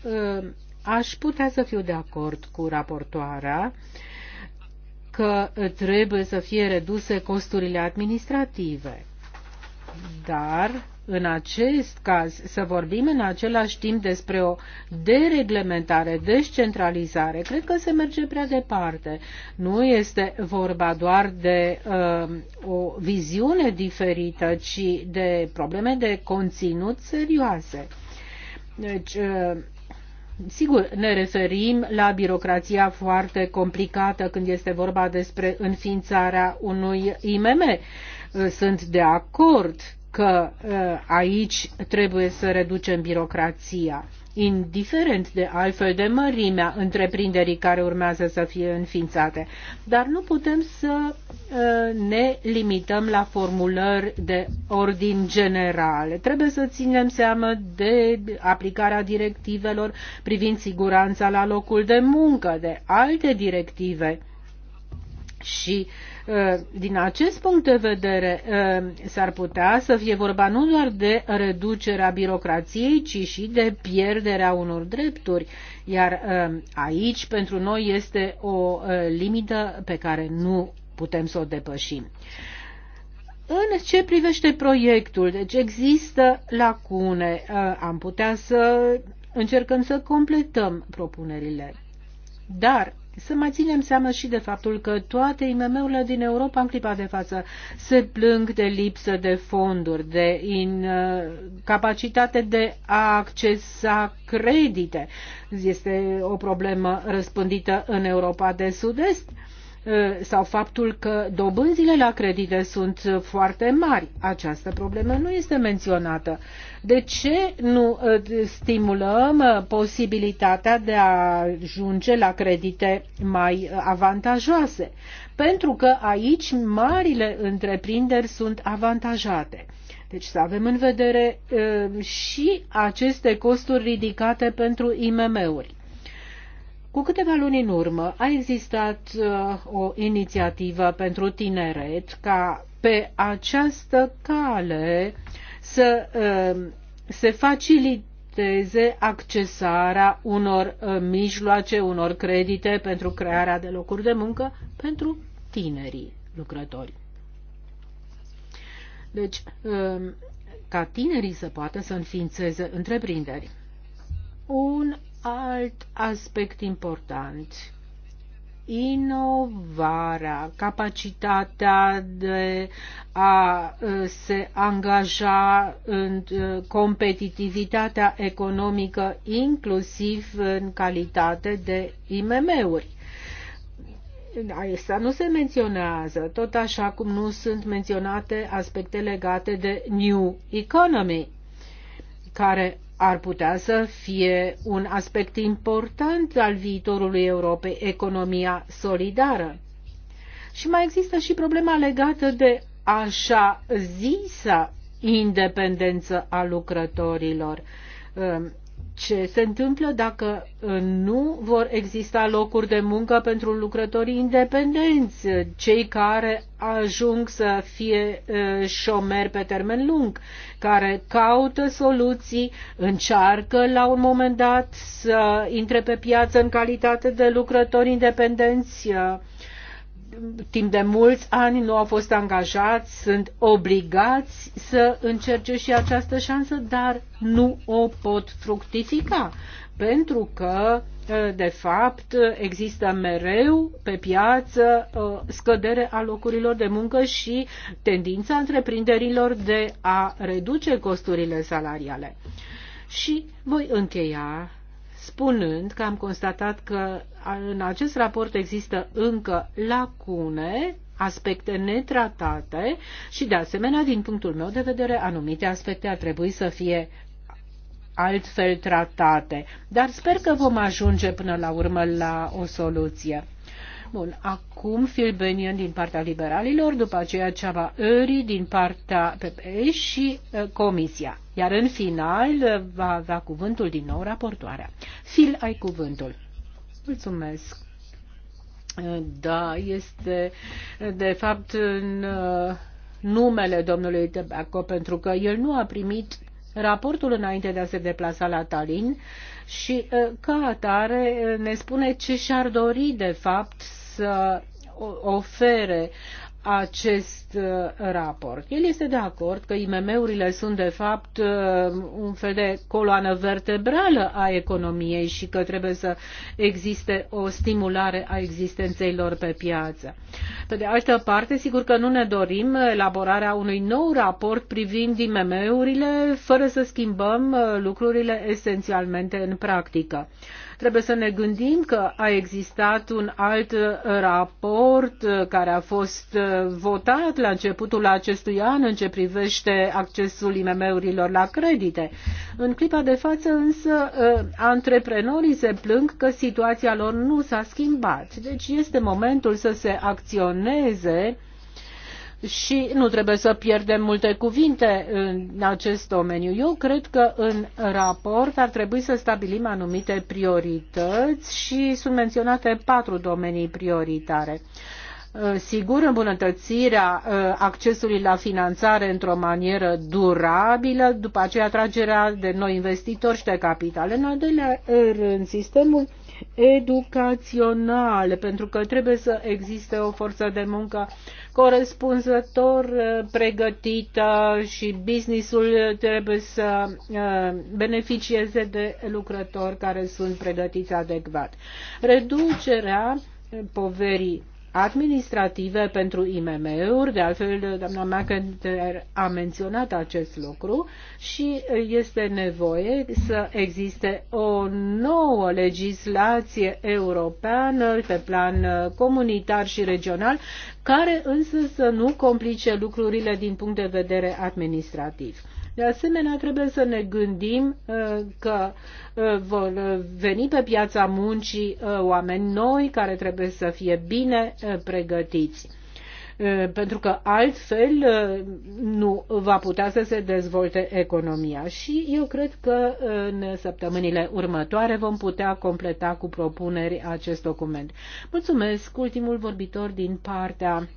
Aș putea să fiu de acord cu raportoarea că trebuie să fie reduse costurile administrative. Dar, în acest caz, să vorbim în același timp despre o dereglementare, descentralizare, cred că se merge prea departe. Nu este vorba doar de uh, o viziune diferită, ci de probleme de conținut serioase. Deci, uh, Sigur, ne referim la birocrația foarte complicată când este vorba despre înființarea unui IMM. Sunt de acord că ă, aici trebuie să reducem birocrația, indiferent de altfel de mărimea întreprinderii care urmează să fie înființate. Dar nu putem să ă, ne limităm la formulări de ordin general. Trebuie să ținem seama de aplicarea directivelor privind siguranța la locul de muncă, de alte directive și uh, Uh, din acest punct de vedere, uh, s-ar putea să fie vorba nu doar de reducerea birocrației, ci și de pierderea unor drepturi. Iar uh, aici, pentru noi, este o limită pe care nu putem să o depășim. În ce privește proiectul, deci există lacune, am putea să încercăm să completăm propunerile. Dar să mai ținem seama și de faptul că toate IMM-urile din Europa în clipa de față se plâng de lipsă de fonduri, de in, uh, capacitate de a accesa credite. Este o problemă răspândită în Europa de Sud-Est sau faptul că dobânzile la credite sunt foarte mari. Această problemă nu este menționată. De ce nu stimulăm posibilitatea de a ajunge la credite mai avantajoase? Pentru că aici marile întreprinderi sunt avantajate. Deci să avem în vedere și aceste costuri ridicate pentru IMM-uri. Cu câteva luni în urmă a existat uh, o inițiativă pentru tineret ca pe această cale să uh, se faciliteze accesarea unor uh, mijloace, unor credite pentru crearea de locuri de muncă pentru tinerii lucrători. Deci, uh, ca tinerii să poată să înființeze întreprinderi. Un alt aspect important. Inovarea, capacitatea de a uh, se angaja în uh, competitivitatea economică, inclusiv în calitate de IMM-uri. Asta nu se menționează, tot așa cum nu sunt menționate aspecte legate de New Economy, care ar putea să fie un aspect important al viitorului Europei, economia solidară. Și mai există și problema legată de așa zisa independență a lucrătorilor. Ehm, ce se întâmplă dacă uh, nu vor exista locuri de muncă pentru lucrătorii independenți, cei care ajung să fie uh, șomeri pe termen lung, care caută soluții, încearcă la un moment dat să intre pe piață în calitate de lucrători independenți, uh, timp de mulți ani nu au fost angajați, sunt obligați să încerce și această șansă, dar nu o pot fructifica, pentru că, ă, de fapt, există mereu pe piață ă, scădere a locurilor de muncă și tendința întreprinderilor de a reduce costurile salariale. Și voi încheia spunând că am constatat că în acest raport există încă lacune, aspecte netratate și, de asemenea, din punctul meu de vedere, anumite aspecte ar trebui să fie altfel tratate. Dar sper că vom ajunge până la urmă la o soluție. Bun, acum Phil Bunyan din partea liberalilor, după aceea Ceaba Öri din partea PPE și uh, Comisia. Iar în final uh, va avea cuvântul din nou raportoarea. Phil, ai cuvântul. Mulțumesc. Uh, da, este uh, de fapt în uh, numele domnului Tebeco, pentru că el nu a primit raportul înainte de a se deplasa la Tallinn și ca atare ne spune ce și-ar dori de fapt să ofere acest uh, raport. El este de acord că IMM-urile sunt de fapt uh, un fel de coloană vertebrală a economiei și că trebuie să existe o stimulare a existenței lor pe piață. Pe de altă parte, sigur că nu ne dorim elaborarea unui nou raport privind IMM-urile fără să schimbăm uh, lucrurile esențialmente în practică. Trebuie să ne gândim că a existat un alt uh, raport uh, care a fost uh, votat la începutul acestui an în ce privește accesul IMM-urilor la credite. În clipa de față însă antreprenorii se plâng că situația lor nu s-a schimbat. Deci este momentul să se acționeze și nu trebuie să pierdem multe cuvinte în acest domeniu. Eu cred că în raport ar trebui să stabilim anumite priorități și sunt menționate patru domenii prioritare. Uh, sigur, îmbunătățirea uh, accesului la finanțare într-o manieră durabilă, după aceea atragerea de noi investitori și de capital. În al doilea rând, sistemul educaționale, pentru că trebuie să existe o forță de muncă corespunzător uh, pregătită și businessul trebuie să uh, beneficieze de lucrători care sunt pregătiți adecvat. Reducerea poverii administrative pentru IMM-uri, de altfel doamna McIntyre a menționat acest lucru și este nevoie să existe o nouă legislație europeană pe plan uh, comunitar și regional, care însă să nu complice lucrurile din punct de vedere administrativ. De asemenea, trebuie să ne gândim uh, că uh, vor veni pe piața muncii uh, oameni noi care trebuie să fie bine pregătiți pentru că altfel nu va putea să se dezvolte economia. Și eu cred că în săptămânile următoare vom putea completa cu propuneri acest document. Mulțumesc! Ultimul vorbitor din partea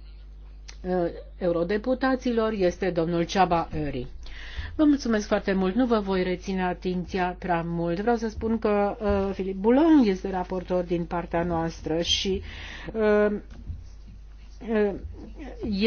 eurodeputaților este domnul Ceaba Eri. Vă mulțumesc foarte mult. Nu vă voi reține atenția prea mult. Vreau să spun că uh, Filip Bulon este raportor din partea noastră și uh, uh,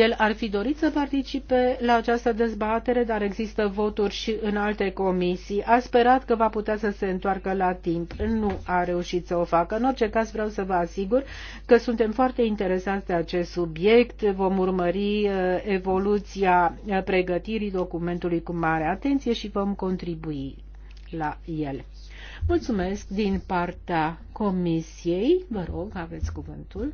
el ar fi dorit să participe la această dezbatere, dar există voturi și în alte comisii. A sperat că va putea să se întoarcă la timp. Nu a reușit să o facă. În orice caz vreau să vă asigur că suntem foarte interesați de acest subiect. Vom urmări uh, evoluția uh, pregătirii documentului cu mare atenție și vom contribui la el. Mulțumesc din partea comisiei. Vă rog, aveți cuvântul.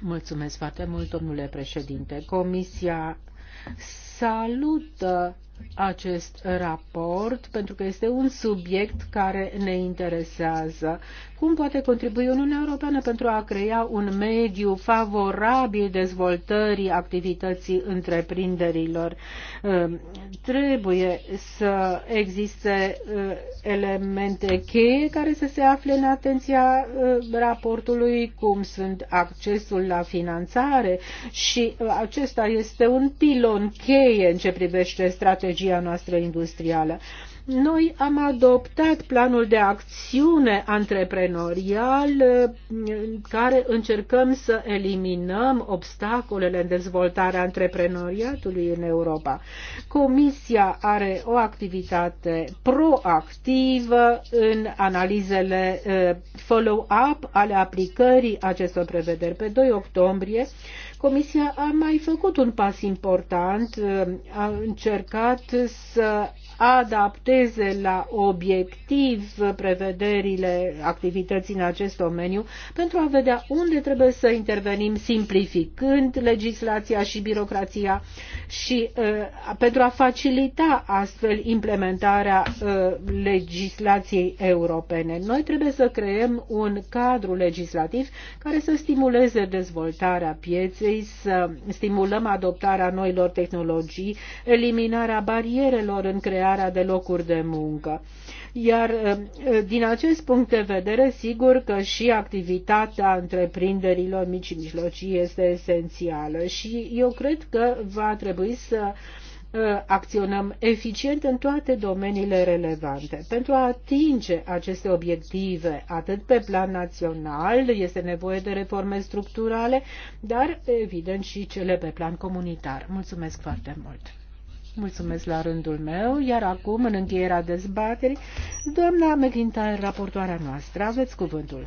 Mulțumesc foarte mult, domnule președinte. Comisia salută acest raport, pentru că este un subiect care ne interesează. Cum poate contribui Uniunea Europeană pentru a crea un mediu favorabil dezvoltării activității întreprinderilor? Ehm, trebuie să existe eh, elemente cheie care să se afle în atenția eh, raportului, cum sunt accesul la finanțare și eh, acesta este un pilon cheie în ce privește strategia strategia noastră industrială. Noi am adoptat planul de acțiune antreprenorial în care încercăm să eliminăm obstacolele în dezvoltarea antreprenoriatului în Europa. Comisia are o activitate proactivă în analizele eh, follow-up ale aplicării acestor prevederi. Pe 2 octombrie, Comisia a mai făcut un pas important, a încercat să adapteze la obiectiv prevederile activității în acest domeniu pentru a vedea unde trebuie să intervenim simplificând legislația și birocrația și uh, pentru a facilita astfel implementarea uh, legislației europene. Noi trebuie să creăm un cadru legislativ care să stimuleze dezvoltarea pieței, să stimulăm adoptarea noilor tehnologii, eliminarea barierelor în crearea crearea de locuri de muncă. Iar eh, din acest punct de vedere, sigur că și activitatea întreprinderilor mici și mijlocii este esențială și eu cred că va trebui să eh, acționăm eficient în toate domeniile relevante. Pentru a atinge aceste obiective, atât pe plan național, este nevoie de reforme structurale, dar evident și cele pe plan comunitar. Mulțumesc foarte mult! Mulțumesc la rândul meu, iar acum, în încheierea dezbaterii, doamna McIntyre, raportoarea noastră, aveți cuvântul.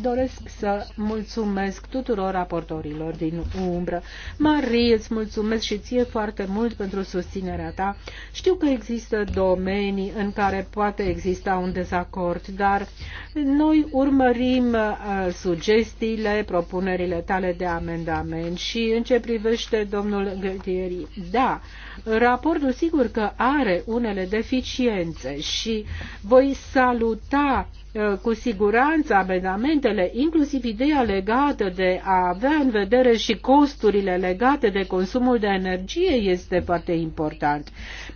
Doresc să mulțumesc tuturor raportorilor din umbră. Marie, îți mulțumesc și ție foarte mult pentru susținerea ta. Știu că există domenii în care poate exista un dezacord, dar noi urmărim uh, sugestiile, propunerile tale de amendament și în ce privește domnul Gătieri. Da, raportul sigur că are unele deficiențe și voi saluta Eh, cu siguranță amendamentele, inclusiv ideea legată de a avea în vedere și costurile legate de consumul de energie este foarte important.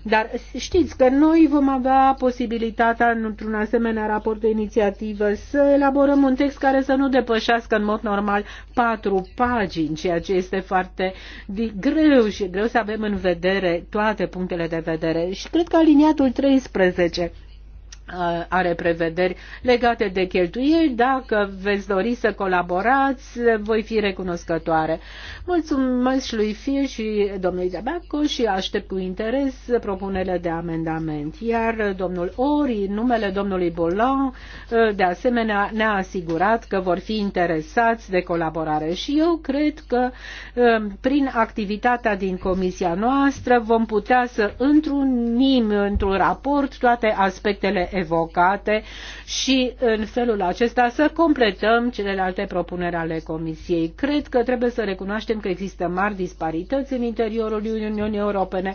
Dar știți că noi vom avea posibilitatea într-un asemenea raport de inițiativă să elaborăm un text care să nu depășească în mod normal patru pagini, ceea ce este foarte greu și greu să avem în vedere toate punctele de vedere. Și cred că aliniatul 13 Uh, are prevederi legate de cheltuieli. Dacă veți dori să colaborați, voi fi recunoscătoare. Mulțumesc și lui Fie și domnului Zabaco și aștept cu interes propunerile de amendament. Iar domnul Ori, numele domnului Bolan, uh, de asemenea ne-a asigurat că vor fi interesați de colaborare și eu cred că uh, prin activitatea din comisia noastră vom putea să întrunim într-un raport toate aspectele evocate și în felul acesta să completăm celelalte propuneri ale Comisiei. Cred că trebuie să recunoaștem că există mari disparități în interiorul Uniunii Europene,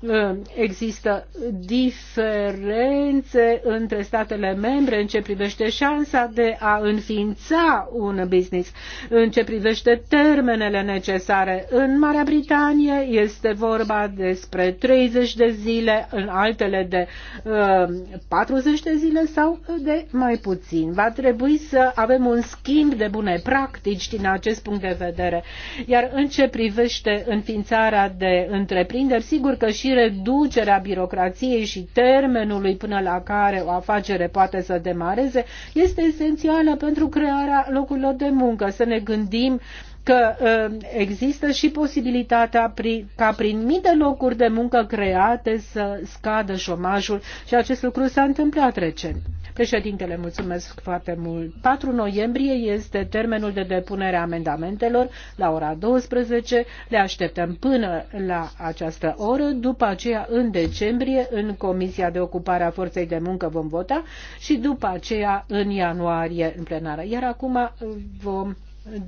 uh, există diferențe între statele membre în ce privește șansa de a înființa un business, în ce privește termenele necesare. În Marea Britanie este vorba despre 30 de zile, în altele de uh, 40 40 de zile sau de mai puțin. Va trebui să avem un schimb de bune practici din acest punct de vedere. Iar în ce privește înființarea de întreprinderi, sigur că și reducerea birocrației și termenului până la care o afacere poate să demareze este esențială pentru crearea locurilor de muncă. Să ne gândim că uh, există și posibilitatea ca prin mii de locuri de muncă create să scadă șomajul și acest lucru s-a întâmplat recent. Președintele, mulțumesc foarte mult. 4 noiembrie este termenul de depunere a amendamentelor la ora 12. Le așteptăm până la această oră. După aceea, în decembrie, în Comisia de Ocupare a Forței de Muncă vom vota și după aceea, în ianuarie, în plenară. Iar acum uh, vom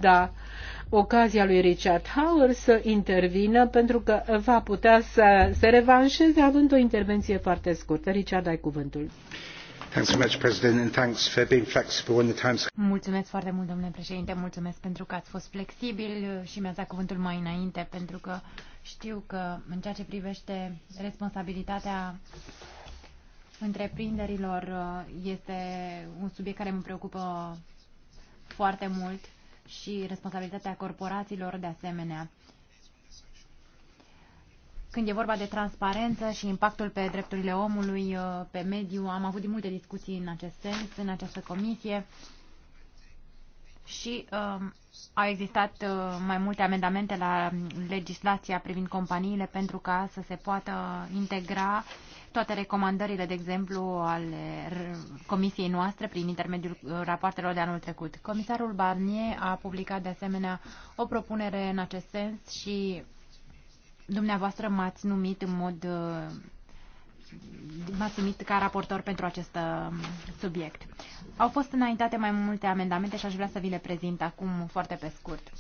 da ocazia lui Richard Howard să intervină pentru că va putea să se revanșeze având o intervenție foarte scurtă. Richard, ai cuvântul. Mulțumesc foarte mult, domnule președinte, mulțumesc pentru că ați fost flexibil și mi-ați dat cuvântul mai înainte, pentru că știu că în ceea ce privește responsabilitatea întreprinderilor este un subiect care mă preocupă foarte mult și responsabilitatea corporațiilor de asemenea. Când e vorba de transparență și impactul pe drepturile omului, uh, pe mediu, am avut multe discuții în acest sens, în această comisie și uh, au existat uh, mai multe amendamente la legislația privind companiile pentru ca să se poată integra uh, toate recomandările, de exemplu, ale comisiei noastre prin intermediul rapoartelor de anul trecut. Comisarul Barnier a publicat de asemenea o propunere în acest sens și dumneavoastră m-ați numit în mod uh, m-ați numit ca raportor pentru acest uh, subiect. Au fost înaintate mai multe amendamente și aș vrea să vi le prezint acum foarte pe scurt.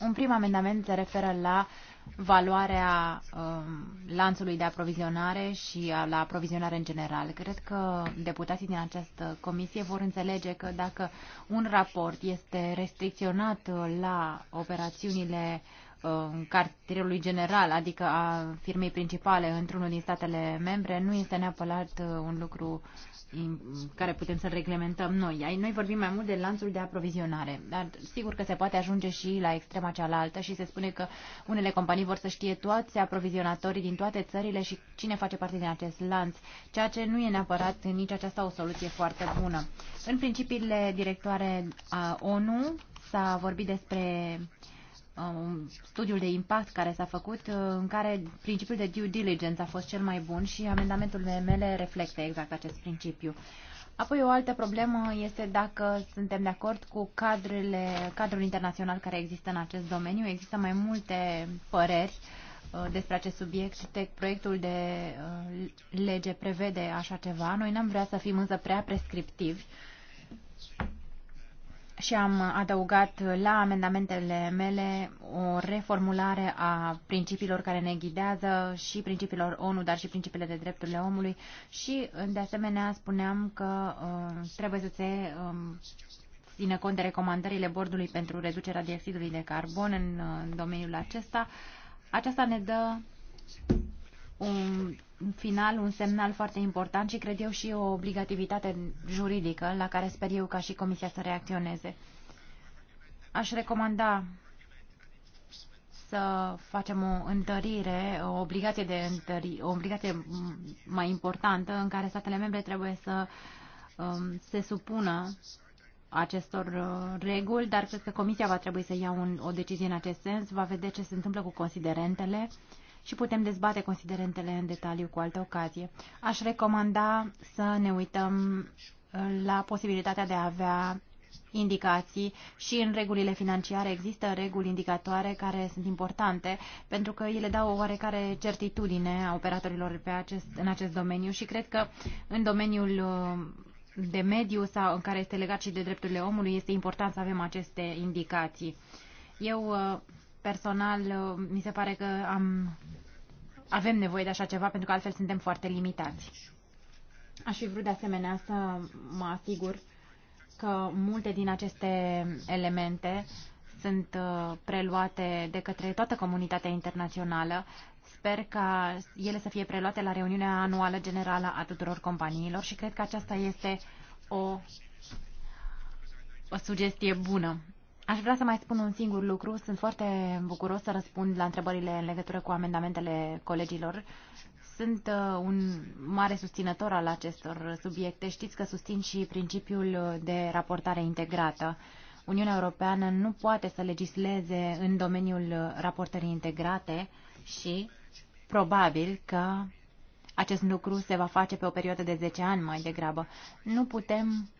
Un prim amendament se referă la valoarea um, lanțului de aprovizionare și a, la aprovizionare în general. Cred că deputații din această comisie vor înțelege că dacă un raport este restricționat la operațiunile um, cartierului general, adică a firmei principale într-unul din statele membre, nu este neapărat uh, un lucru uh, care putem să reglementăm noi. Noi vorbim mai mult de lanțul de aprovizionare, dar sigur că se poate ajunge și la extrema cealaltă și se spune că unele companii vor să știe toți aprovizionatorii din toate țările și cine face parte din acest lanț, ceea ce nu e neapărat nici aceasta o soluție foarte bună. În principiile directoare a ONU s-a vorbit despre uh, Um, un studiul de impact care s-a făcut, uh, în care principiul de due diligence a fost cel mai bun și amendamentul mele reflectă exact acest principiu. Apoi o altă problemă este dacă suntem de acord cu cadrele, cadrul internațional care există în acest domeniu. Există mai multe păreri uh, despre acest subiect. proiectul de uh, lege prevede așa ceva. Noi n-am vrea să fim însă prea prescriptivi și am adăugat la amendamentele mele o reformulare a principiilor care ne ghidează și principiilor ONU, dar și principiile de drepturile omului și, de asemenea, spuneam că uh, trebuie să se uh, țină cont de recomandările bordului pentru reducerea dioxidului de carbon în, în domeniul acesta. Aceasta ne dă un în final un semnal foarte important și cred eu și o obligativitate juridică la care sper eu ca și Comisia să reacționeze. Aș recomanda să facem o întărire, o obligație, de întări, o obligație mai importantă în care statele membre trebuie să um, se supună acestor uh, reguli, dar cred că Comisia va trebui să ia un, o decizie în acest sens, va vedea ce se întâmplă cu considerentele uh, și putem dezbate considerentele în detaliu cu altă ocazie. Aș recomanda să ne uităm la posibilitatea de a avea indicații și în regulile financiare există reguli indicatoare care sunt importante pentru că ele dau o oarecare certitudine a operatorilor pe acest, în acest domeniu și cred că în domeniul uh, de mediu sau în care este legat și de drepturile omului este important să avem aceste indicații. Eu uh, personal uh, mi se pare că am, avem nevoie de așa ceva pentru că altfel suntem foarte limitați. Aș fi vrut de asemenea să mă asigur că multe din aceste elemente sunt uh, preluate de către toată comunitatea internațională. Sper ca ele să fie preluate la reuniunea anuală generală a tuturor companiilor și cred că aceasta este o, o sugestie bună. Aș vrea să mai spun un singur lucru. Sunt foarte bucuros să răspund la întrebările în legătură cu amendamentele colegilor. Sunt uh, un mare susținător al acestor subiecte. Știți că susțin și principiul de raportare integrată. Uniunea Europeană nu poate să legisleze în domeniul raportării integrate și probabil că acest lucru se va face pe o perioadă de 10 ani mai degrabă. Nu putem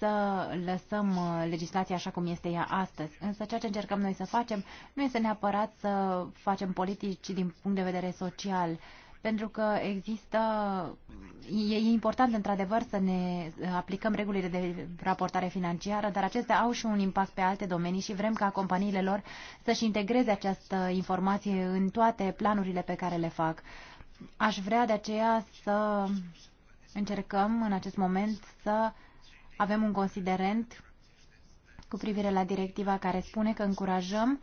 să lăsăm uh, legislația așa cum este ea astăzi. Însă ceea ce încercăm noi să facem nu este neapărat să facem politici din punct de vedere social, pentru că există, e, e important într-adevăr să ne aplicăm regulile de raportare financiară, dar acestea au și un impact pe alte domenii și vrem ca companiile lor să-și integreze această informație în toate planurile pe care le fac. Aș vrea de aceea să încercăm în acest moment să avem un considerent cu privire la directiva care spune că încurajăm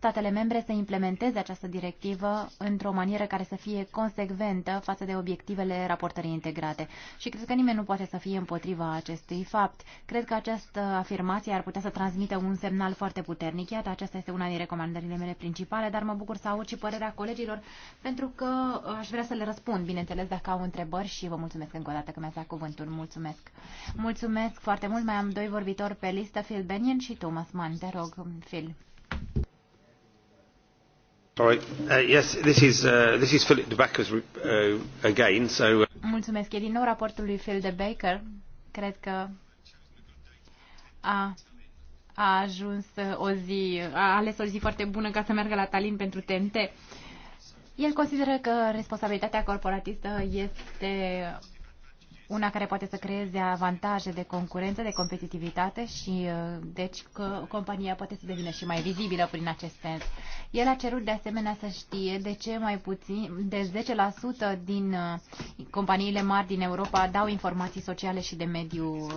statele membre să implementeze această directivă într-o manieră care să fie consecventă față de obiectivele raportării integrate. Și cred că nimeni nu poate să fie împotriva acestui fapt. Cred că această afirmație ar putea să transmită un semnal foarte puternic. Iată, aceasta este una din recomandările mele principale, dar mă bucur să aud și părerea colegilor, pentru că uh, aș vrea să le răspund, bineînțeles, dacă au întrebări și vă mulțumesc încă o dată că mi-ați dat cuvântul. Mulțumesc! Mulțumesc foarte mult! Mai am doi vorbitori pe listă, Phil Benyon și Thomas Mann. Te rog, Phil. Uh, uh, Mulțumesc. E din nou raportul lui Phil de Baker. Cred că a, a ajuns o zi, a ales o zi foarte bună ca să meargă la Talin pentru TNT. El consideră că responsabilitatea corporatistă este una care poate să creeze avantaje de concurență, de competitivitate și uh, deci că compania poate să devină și mai vizibilă prin acest sens. El a cerut de asemenea să știe de ce mai puțin de 10% din uh, companiile mari din Europa dau informații sociale și de mediu uh,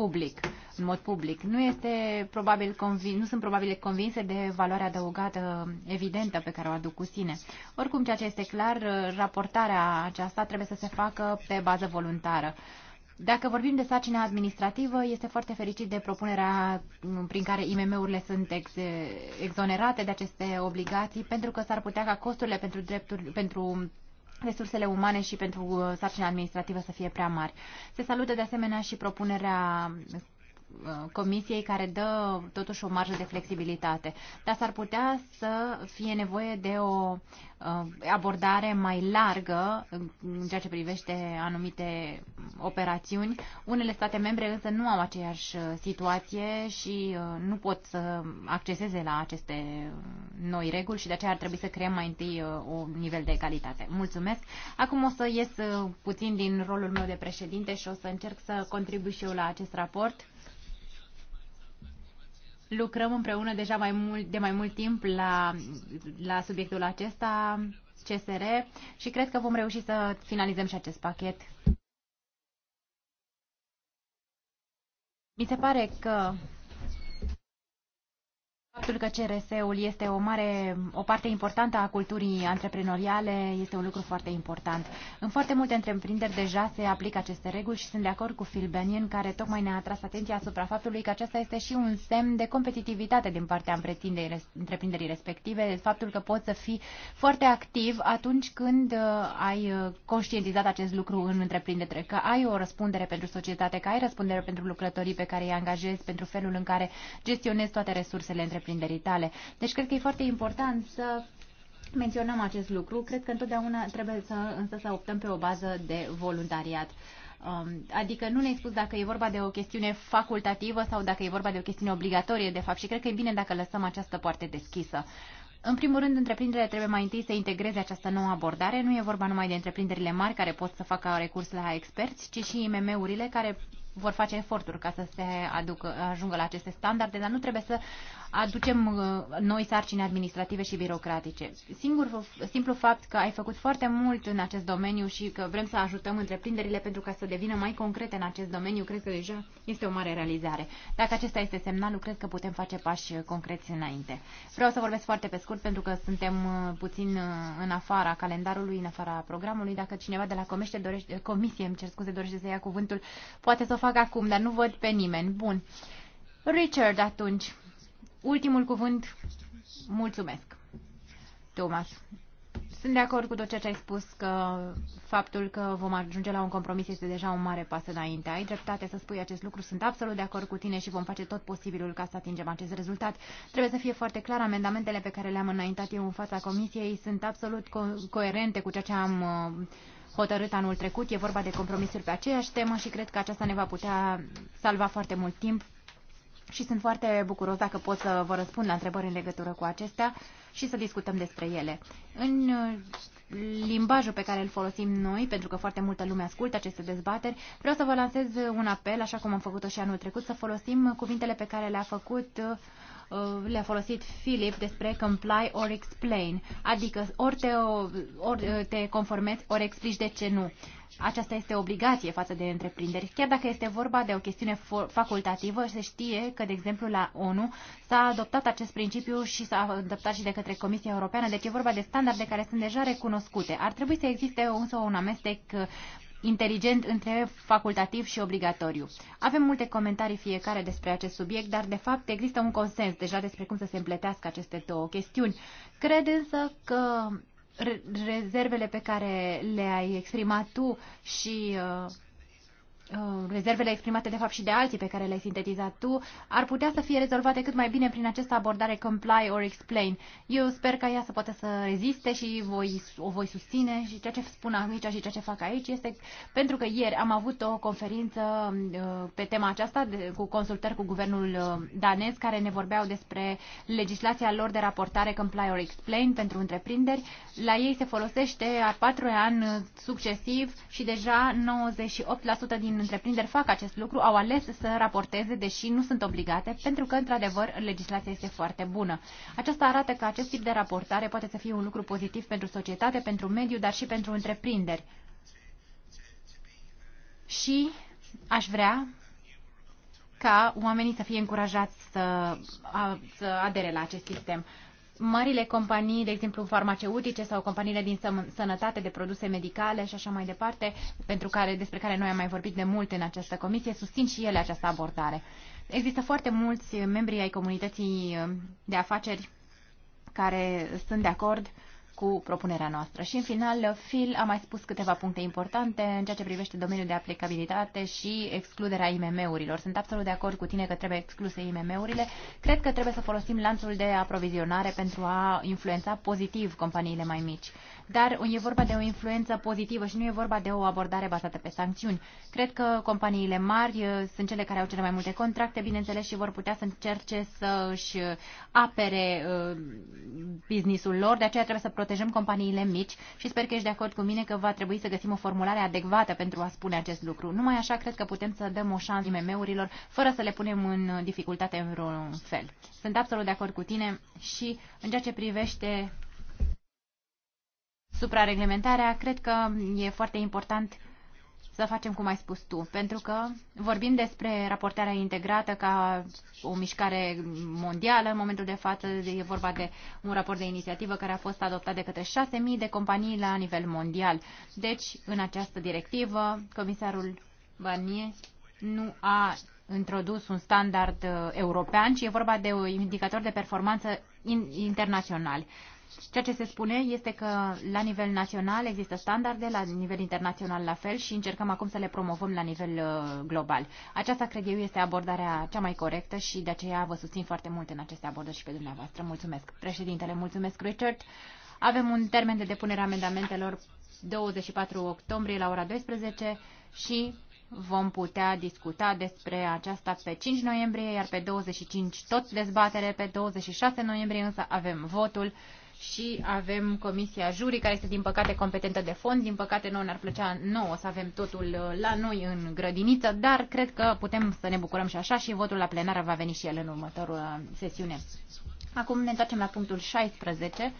public, în mod public. Nu, este probabil convins, nu sunt probabil convinse de valoarea adăugată evidentă pe care o aduc cu sine. Oricum, ceea ce este clar, raportarea aceasta trebuie să se facă pe bază voluntară. Dacă vorbim de sarcina administrativă, este foarte fericit de propunerea prin care IMM-urile sunt ex exonerate de aceste obligații, pentru că s-ar putea ca costurile pentru, drepturi, pentru resursele umane și pentru uh, sarcina administrativă să fie prea mari. Se salută de asemenea și propunerea Comisiei care dă totuși o marjă de flexibilitate. Dar s-ar putea să fie nevoie de o uh, abordare mai largă în ceea ce privește anumite operațiuni. Unele state membre însă nu au aceeași uh, situație și uh, nu pot să acceseze la aceste noi reguli și de aceea ar trebui să creăm mai întâi un nivel de egalitate. Mulțumesc! Acum o să ies puțin din rolul meu de președinte și o să încerc să contribui și eu la acest raport lucrăm împreună deja mai mult, de mai mult timp la, la subiectul acesta, CSR, și cred că vom reuși să finalizăm și acest pachet. Mi se pare că Faptul că CRS-ul este o mare, o parte importantă a culturii antreprenoriale este un lucru foarte important. În foarte multe întreprinderi deja se aplică aceste reguli și sunt de acord cu Phil Bennion, care tocmai ne-a atras atenția asupra faptului că acesta este și un semn de competitivitate din partea întreprinderii respective, faptul că poți să fii foarte activ atunci când uh, ai uh, conștientizat acest lucru în întreprindere, că ai o răspundere pentru societate, că ai răspundere pentru lucrătorii pe care îi angajezi, pentru felul în care gestionezi toate resursele întreprinderii surprinderii tale. Deci cred că e foarte important să menționăm acest lucru. Cred că întotdeauna trebuie să, însă să optăm pe o bază de voluntariat. Um, adică nu ne-ai spus dacă e vorba de o chestiune facultativă sau dacă e vorba de o chestiune obligatorie, de fapt, și cred că e bine dacă lăsăm această parte deschisă. În primul rând, întreprinderile trebuie mai întâi să integreze această nouă abordare. Nu e vorba numai de întreprinderile mari care pot să facă recurs la experți, ci și IMM-urile care vor face eforturi ca să se aducă, ajungă la aceste standarde, dar nu trebuie să aducem uh, noi sarcini administrative și birocratice. Singur, simplu fapt că ai făcut foarte mult în acest domeniu și că vrem să ajutăm întreprinderile pentru ca să devină mai concrete în acest domeniu, cred că deja este o mare realizare. Dacă acesta este semnalul, cred că putem face pași uh, concreți înainte. Vreau să vorbesc foarte pe scurt pentru că suntem uh, puțin în afara calendarului, în afara programului. Dacă cineva de la comisie dorește, comisie, îmi cer scuze, dorește să ia cuvântul, poate să o fac acum, dar nu văd pe nimeni. Bun. Richard, atunci, Ultimul cuvânt, mulțumesc, Thomas. Sunt de acord cu tot ceea ce ai spus că faptul că vom ajunge la un compromis este deja un mare pas înainte. Ai dreptate să spui acest lucru, sunt absolut de acord cu tine și vom face tot posibilul ca să atingem acest rezultat. Trebuie să fie foarte clar, amendamentele pe care le-am înaintat eu în fața comisiei sunt absolut co- coerente cu ceea ce am uh, hotărât anul trecut. E vorba de compromisuri pe aceeași temă și cred că aceasta ne va putea salva foarte mult timp și sunt foarte bucuros dacă pot să vă răspund la întrebări în legătură cu acestea și să discutăm despre ele. În uh, limbajul pe care îl folosim noi, pentru că foarte multă lume ascultă aceste dezbateri, vreau să vă lansez un apel, așa cum am făcut-o și anul trecut, să folosim cuvintele pe care le-a făcut uh, Uh, le-a folosit Philip despre comply or explain, adică ori te, ori uh, te conformezi, ori explici de ce nu. Aceasta este obligație față de întreprinderi. Chiar dacă este vorba de o chestiune facultativă, se știe că, de exemplu, la ONU s-a adoptat acest principiu și s-a adoptat și de către Comisia Europeană, deci e vorba de standarde care sunt deja recunoscute. Ar trebui să existe însă un amestec uh, inteligent între facultativ și obligatoriu. Avem multe comentarii fiecare despre acest subiect, dar de fapt există un consens deja despre cum să se împletească aceste două chestiuni. Cred însă că rezervele pe care le-ai exprimat tu și uh, Uh, rezervele exprimate de fapt și de alții pe care le-ai sintetizat tu, ar putea să fie rezolvate cât mai bine prin această abordare comply or explain. Eu sper ca ea să poată să reziste și voi, o voi susține și ceea ce spun aici și ceea ce fac aici este pentru că ieri am avut o conferință uh, pe tema aceasta de, cu consultări cu guvernul uh, danez care ne vorbeau despre legislația lor de raportare comply or explain pentru întreprinderi. La ei se folosește a patru ani succesiv și deja 98% din în întreprinderi fac acest lucru, au ales să raporteze, deși nu sunt obligate, pentru că, într-adevăr, legislația este foarte bună. Aceasta arată că acest tip de raportare poate să fie un lucru pozitiv pentru societate, pentru mediu, dar și pentru întreprinderi. Și aș vrea ca oamenii să fie încurajați să, a, să adere la acest sistem marile companii, de exemplu farmaceutice sau companiile din sănătate de produse medicale și așa mai departe, pentru care, despre care noi am mai vorbit de mult în această comisie, susțin și ele această abordare. Există foarte mulți membri ai comunității de afaceri care sunt de acord cu propunerea noastră. Și în final, Phil a mai spus câteva puncte importante în ceea ce privește domeniul de aplicabilitate și excluderea IMM-urilor. Sunt absolut de acord cu tine că trebuie excluse IMM-urile. Cred că trebuie să folosim lanțul de aprovizionare pentru a influența pozitiv companiile mai mici dar e vorba de o influență pozitivă și nu e vorba de o abordare bazată pe sancțiuni. Cred că companiile mari uh, sunt cele care au cele mai multe contracte, bineînțeles, și vor putea să încerce să își apere uh, businessul lor, de aceea trebuie să protejăm companiile mici și sper că ești de acord cu mine că va trebui să găsim o formulare adecvată pentru a spune acest lucru. Numai așa cred că putem să dăm o șansă IMM-urilor fără să le punem în dificultate în vreun fel. Sunt absolut de acord cu tine și în ceea ce privește suprareglementarea, cred că e foarte important să facem cum ai spus tu, pentru că vorbim despre raportarea integrată ca o mișcare mondială. În momentul de față e vorba de un raport de inițiativă care a fost adoptat de către 6.000 de companii la nivel mondial. Deci, în această directivă, comisarul Barnier nu a introdus un standard uh, european, ci e vorba de un indicator de performanță internațional. Ceea ce se spune este că la nivel național există standarde, la nivel internațional la fel și încercăm acum să le promovăm la nivel uh, global. Aceasta, cred eu, este abordarea cea mai corectă și de aceea vă susțin foarte mult în aceste abordări și pe dumneavoastră. Mulțumesc, președintele, mulțumesc, Richard. Avem un termen de depunere a amendamentelor 24 octombrie la ora 12 și vom putea discuta despre aceasta pe 5 noiembrie, iar pe 25 tot dezbatere, pe 26 noiembrie însă avem votul și avem Comisia Jurii, care este din păcate competentă de fond. Din păcate nouă ne-ar plăcea nouă să avem totul uh, la noi în grădiniță, dar cred că putem să ne bucurăm și așa și votul la plenară va veni și el în următorul uh, sesiune. Acum ne întoarcem la punctul 16,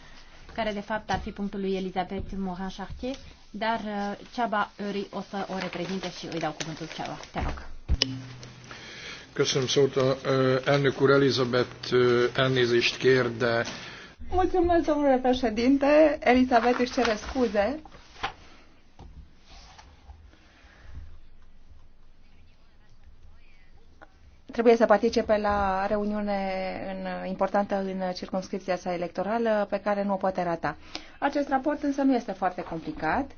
care de fapt ar fi punctul lui Elisabeth Morin-Chartier, dar uh, Ceaba Uri o să o reprezinte și îi dau cuvântul Ceaba. Te rog. Köszönöm szót, elnök úr Elizabeth elnézést kér, de Mulțumesc, domnule președinte. Elisabet își cere scuze. Trebuie să participe la reuniune în, importantă în circunscripția sa electorală, pe care nu o poate rata. Acest raport însă nu este foarte complicat.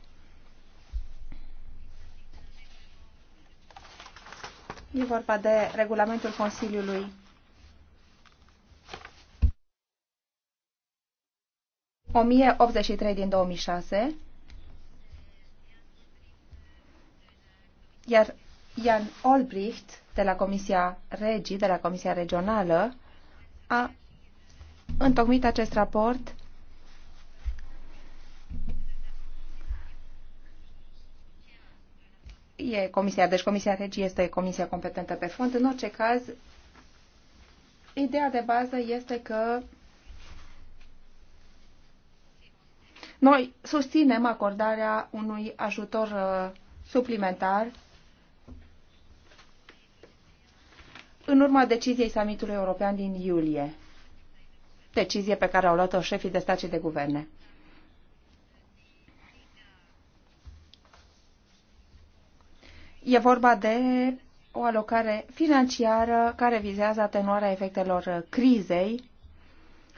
E vorba de regulamentul Consiliului 1083 din 2006, iar Jan Olbricht de la Comisia Regii, de la Comisia Regională, a întocmit acest raport E comisia, deci Comisia Regii este comisia competentă pe fond. În orice caz, ideea de bază este că Noi susținem acordarea unui ajutor uh, suplimentar în urma deciziei summitului european din iulie, decizie pe care au luat-o șefii de stat și de guverne. E vorba de o alocare financiară care vizează atenuarea efectelor crizei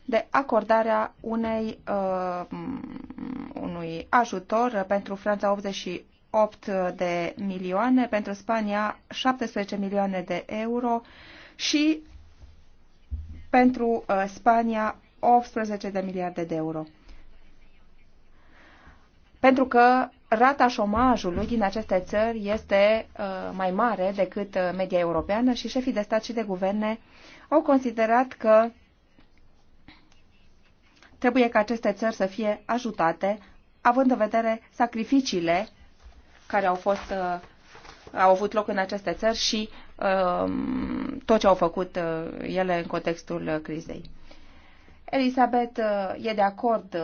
de acordarea unei, uh, unui ajutor pentru Franța 88 de milioane, pentru Spania 17 milioane de euro și pentru uh, Spania 18 de miliarde de euro. Pentru că rata șomajului din aceste țări este uh, mai mare decât uh, media europeană și șefii de stat și de guverne au considerat că Trebuie ca aceste țări să fie ajutate, având în vedere sacrificiile care au fost uh, au avut loc în aceste țări și um, tot ce au făcut uh, ele în contextul crizei. Elisabeth uh, e de acord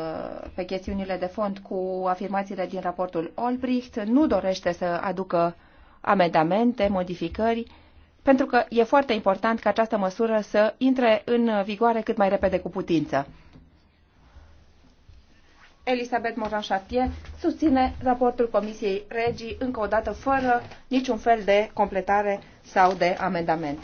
pe chestiunile de fond cu afirmațiile din raportul Olbricht, nu dorește să aducă amendamente, modificări, pentru că e foarte important ca această măsură să intre în vigoare cât mai repede cu putință. Elisabeth Moran-Chartier susține raportul Comisiei Regii încă o dată fără niciun fel de completare sau de amendament.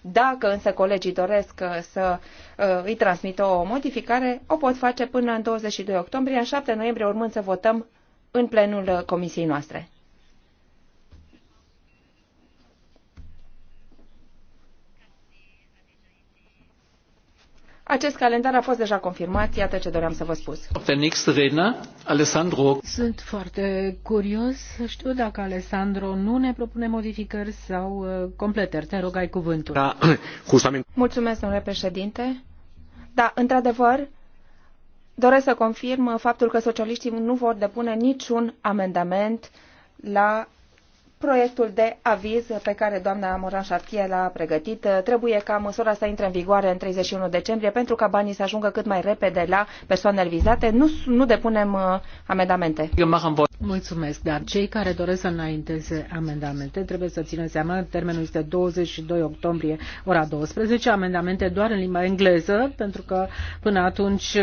Dacă însă colegii doresc uh, să uh, îi transmită o modificare, o pot face până în 22 octombrie, în 7 noiembrie urmând să votăm în plenul uh, comisiei noastre. Acest calendar a fost deja confirmat, iată ce doream să vă spus. Sunt foarte curios să știu dacă Alessandro nu ne propune modificări sau uh, completări. Te rog, ai cuvântul. Da, *clears throat* justament. Mulțumesc, domnule președinte. Da, într-adevăr, doresc să confirm faptul că socialiștii nu vor depune niciun amendament la proiectul de aviz pe care doamna Moran Chartier l-a pregătit. Trebuie ca măsura să intre în vigoare în 31 decembrie pentru ca banii să ajungă cât mai repede la persoanele vizate. Nu, nu depunem uh, amendamente. Eu Mulțumesc, dar cei care doresc să înainteze amendamente trebuie să țină seama, termenul este 22 octombrie, ora 12, amendamente doar în limba engleză, pentru că până atunci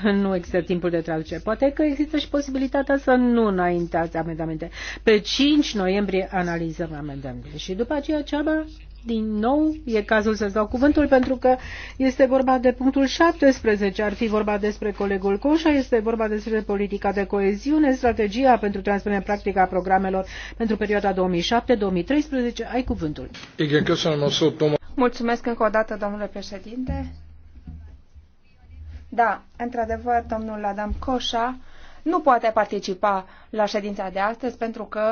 uh, nu există timpul de traducere. Poate că există și posibilitatea să nu înaintați amendamente. Pe 5 noiembrie analizăm amendamentele. Și după aceea ceaba, din nou, e cazul să-ți dau cuvântul pentru că este vorba de punctul 17, ar fi vorba despre colegul Coșa, este vorba despre politica de coeziune, strategia pentru transpunerea practică a programelor pentru perioada 2007-2013. Ai cuvântul. Mulțumesc încă o dată, domnule președinte. Da, într-adevăr, domnul Adam Coșa nu poate participa la ședința de astăzi pentru că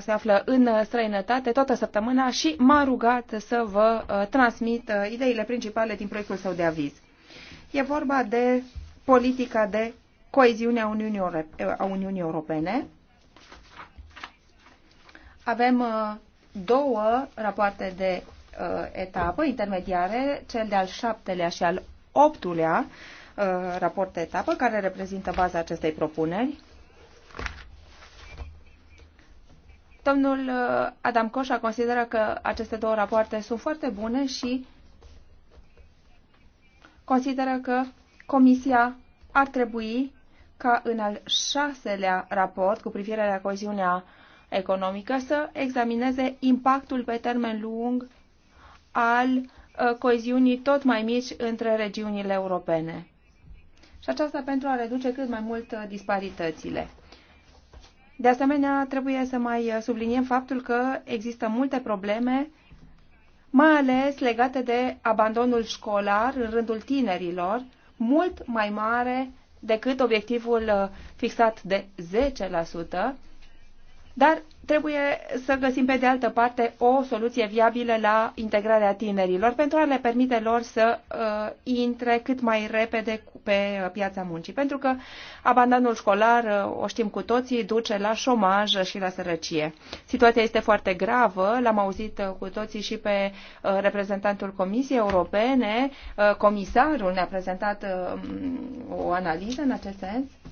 se află în străinătate toată săptămâna și m-a rugat să vă uh, transmit uh, ideile principale din proiectul său de aviz. E vorba de politica de coeziune a Uniunii, uh, Europene. Avem două rapoarte de etapă intermediare, cel de-al șaptelea și al optulea, Uh, raport de etapă care reprezintă baza acestei propuneri. Domnul uh, Adam Coșa consideră că aceste două rapoarte sunt foarte bune și consideră că Comisia ar trebui ca în al șaselea raport cu privire la coziunea economică să examineze impactul pe termen lung al uh, coeziunii tot mai mici între regiunile europene. Și aceasta pentru a reduce cât mai mult uh, disparitățile. De asemenea, trebuie să mai uh, subliniem faptul că există multe probleme, mai ales legate de abandonul școlar în rândul tinerilor, mult mai mare decât obiectivul uh, fixat de 10%, dar trebuie să găsim pe de altă parte o soluție viabilă la integrarea tinerilor pentru a le permite lor să uh, intre cât mai repede pe uh, piața muncii. Pentru că abandonul școlar, uh, o știm cu toții, duce la șomaj și la sărăcie. Situația este foarte gravă, l-am auzit uh, cu toții și pe uh, reprezentantul Comisiei Europene, uh, comisarul ne-a prezentat uh, o analiză în acest sens. Uh,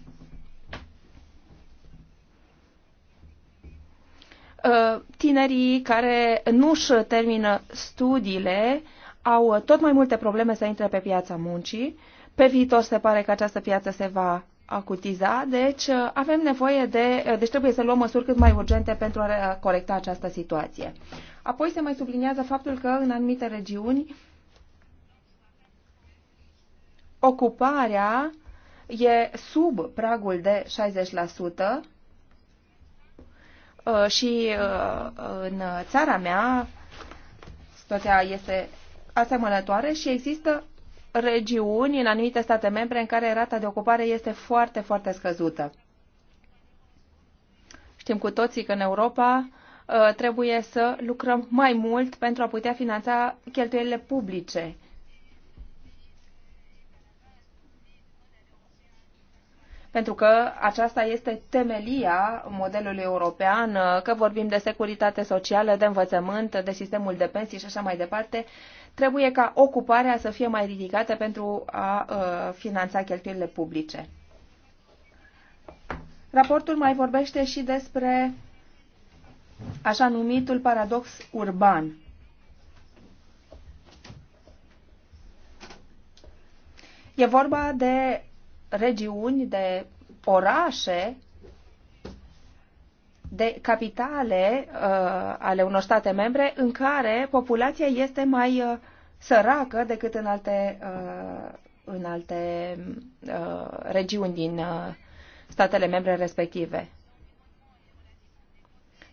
Ă, tinerii care nu își termină studiile au tot mai multe probleme să intre pe piața muncii. Pe viitor se pare că această piață se va acutiza, deci ă, avem nevoie de, ă, deci trebuie să luăm măsuri cât mai urgente pentru a corecta această situație. Apoi se mai subliniază faptul că în anumite regiuni ocuparea e sub pragul de 60%, Uh, și uh, în țara mea situația este asemănătoare și există regiuni în anumite state membre în care rata de ocupare este foarte, foarte scăzută. Știm cu toții că în Europa uh, trebuie să lucrăm mai mult pentru a putea finanța cheltuielile publice pentru că aceasta este temelia modelului european, că vorbim de securitate socială, de învățământ, de sistemul de pensii și așa mai departe, trebuie ca ocuparea să fie mai ridicată pentru a uh, finanța cheltuielile publice. Raportul mai vorbește și despre așa numitul paradox urban. E vorba de regiuni, de orașe, de capitale uh, ale unor state membre în care populația este mai uh, săracă decât în alte, uh, în alte uh, regiuni din uh, statele membre respective.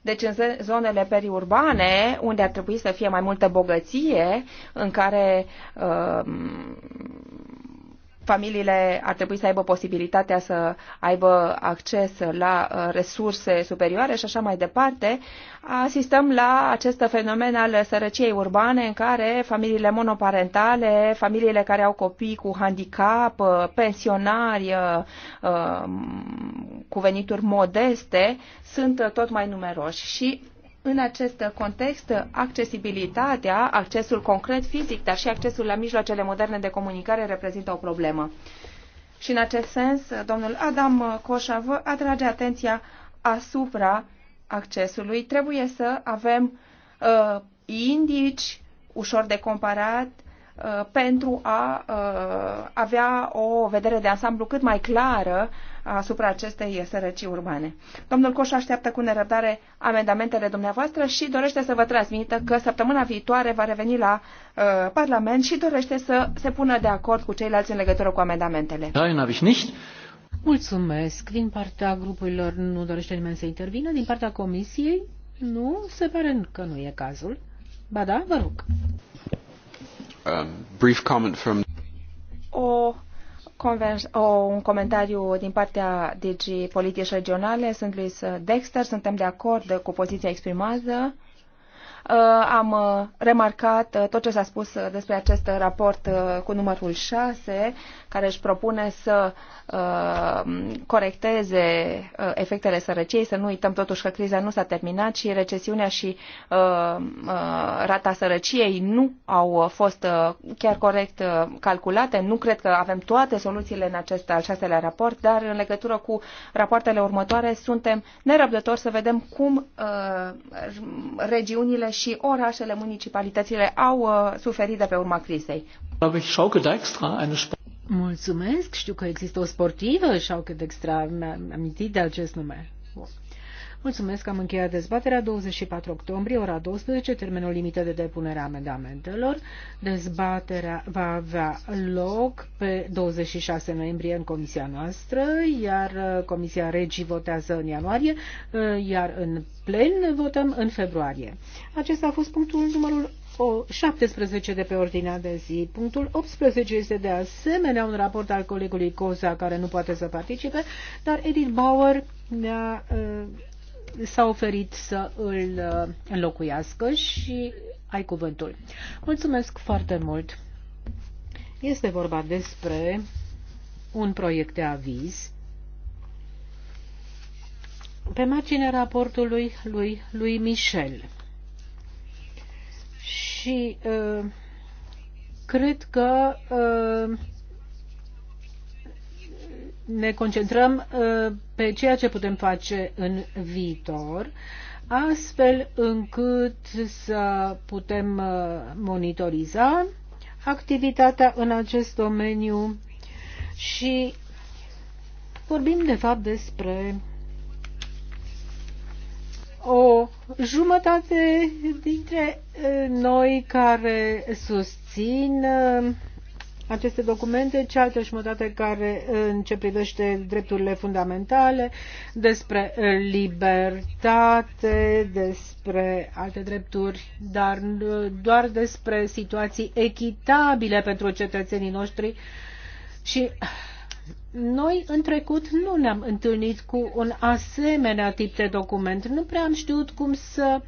Deci în zonele periurbane, unde ar trebui să fie mai multă bogăție, în care uh, familiile ar trebui să aibă posibilitatea să aibă acces la uh, resurse superioare și așa mai departe, asistăm la acest fenomen al sărăciei urbane în care familiile monoparentale, familiile care au copii cu handicap, uh, pensionari uh, cu venituri modeste, sunt tot mai numeroși și în acest context, accesibilitatea, accesul concret fizic, dar și accesul la mijloacele moderne de comunicare reprezintă o problemă. Și în acest sens, domnul Adam Coșa vă atrage atenția asupra accesului. Trebuie să avem uh, indici ușor de comparat Uh, pentru a uh, avea o vedere de ansamblu cât mai clară asupra acestei sărăcii urbane. Domnul Coș așteaptă cu nerăbdare amendamentele dumneavoastră și dorește să vă transmită că săptămâna viitoare va reveni la uh, Parlament și dorește să se pună de acord cu ceilalți în legătură cu amendamentele. Mulțumesc. Din partea grupurilor nu dorește nimeni să intervină. Din partea comisiei nu, se pare că nu e cazul. Ba da, vă rog. Um, brief comment from o o, un comentariu din partea DG Politici Regionale. Sunt Luis Dexter, suntem de acord cu poziția exprimată. Uh, am uh, remarcat uh, tot ce s-a spus despre acest raport cu numărul 6 care își propune să uh, corecteze uh, efectele sărăciei, să nu uităm totuși că criza nu s-a terminat și recesiunea și uh, rata sărăciei nu au fost chiar corect calculate. Nu cred că avem toate soluțiile în acest al șaselea raport, dar în legătură cu rapoartele următoare suntem nerăbdători să vedem cum regiunile și orașele, municipalitățile au suferit de pe urma crizei. Mulțumesc, știu că există o sportivă, Șauchet Extra, mi-am amintit de acest nume. Mulțumesc Mulțumesc, am încheiat dezbaterea 24 octombrie, ora 12, termenul limită de depunere a amendamentelor. Dezbaterea va avea loc pe 26 noiembrie în comisia noastră, iar uh, comisia regii votează în ianuarie, uh, iar în plen votăm în februarie. Acesta a fost punctul numărul o 17 de pe ordinea de zi. Punctul 18 este de asemenea un raport al colegului Coza, care nu poate să participe, dar Edith Bauer ne-a, uh, s-a oferit să îl uh, înlocuiască și ai cuvântul. Mulțumesc foarte mult! Este vorba despre un proiect de aviz pe marginea raportului lui, lui Michel și ă, cred că ă, ne concentrăm ă, pe ceea ce putem face în viitor, astfel încât să putem monitoriza activitatea în acest domeniu și vorbim de fapt despre o jumătate dintre noi care susțin aceste documente, cealaltă jumătate care în ce privește drepturile fundamentale, despre libertate, despre alte drepturi, dar doar despre situații echitabile pentru cetățenii noștri și noi în trecut nu ne-am întâlnit cu un asemenea tip de document. Nu prea am știut cum să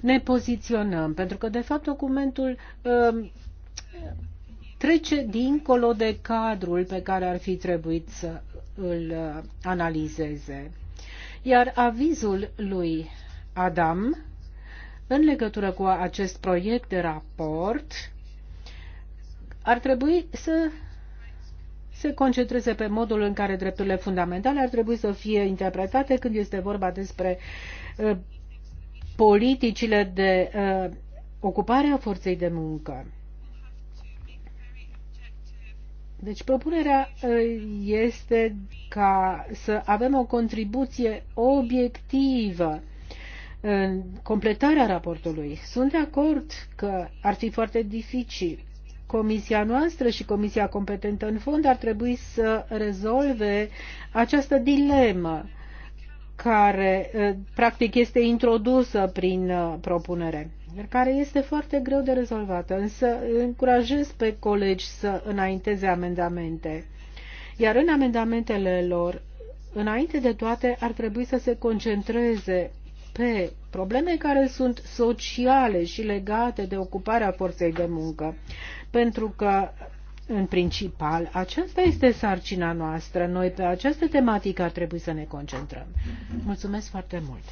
ne poziționăm, pentru că de fapt documentul uh, trece dincolo de cadrul pe care ar fi trebuit să îl uh, analizeze. Iar avizul lui Adam în legătură cu acest proiect de raport ar trebui să se concentreze pe modul în care drepturile fundamentale ar trebui să fie interpretate când este vorba despre uh, politicile de uh, ocupare a forței de muncă. Deci propunerea uh, este ca să avem o contribuție obiectivă în completarea raportului. Sunt de acord că ar fi foarte dificil Comisia noastră și Comisia competentă în fond ar trebui să rezolve această dilemă care eh, practic este introdusă prin eh, propunere, care este foarte greu de rezolvată, însă încurajez pe colegi să înainteze amendamente. Iar în amendamentele lor, înainte de toate, ar trebui să se concentreze pe probleme care sunt sociale și legate de ocuparea forței de muncă pentru că în principal, aceasta este sarcina noastră. Noi pe această tematică ar trebui să ne concentrăm. Mulțumesc foarte mult!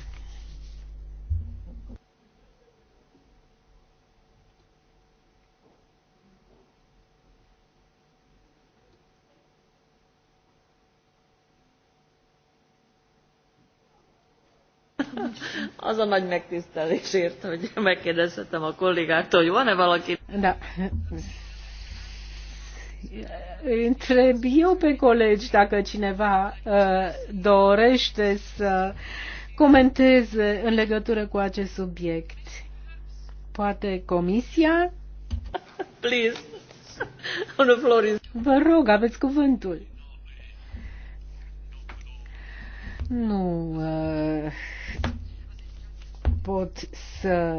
*laughs* Az a nagy megtisztelésért, hogy megkérdezhetem a kollégától, hogy van-e valaki... Da. Întreb eu pe colegi dacă cineva uh, dorește să comenteze în legătură cu acest subiect. Poate comisia? *laughs* Please. Vă rog, aveți cuvântul. Nu uh, pot să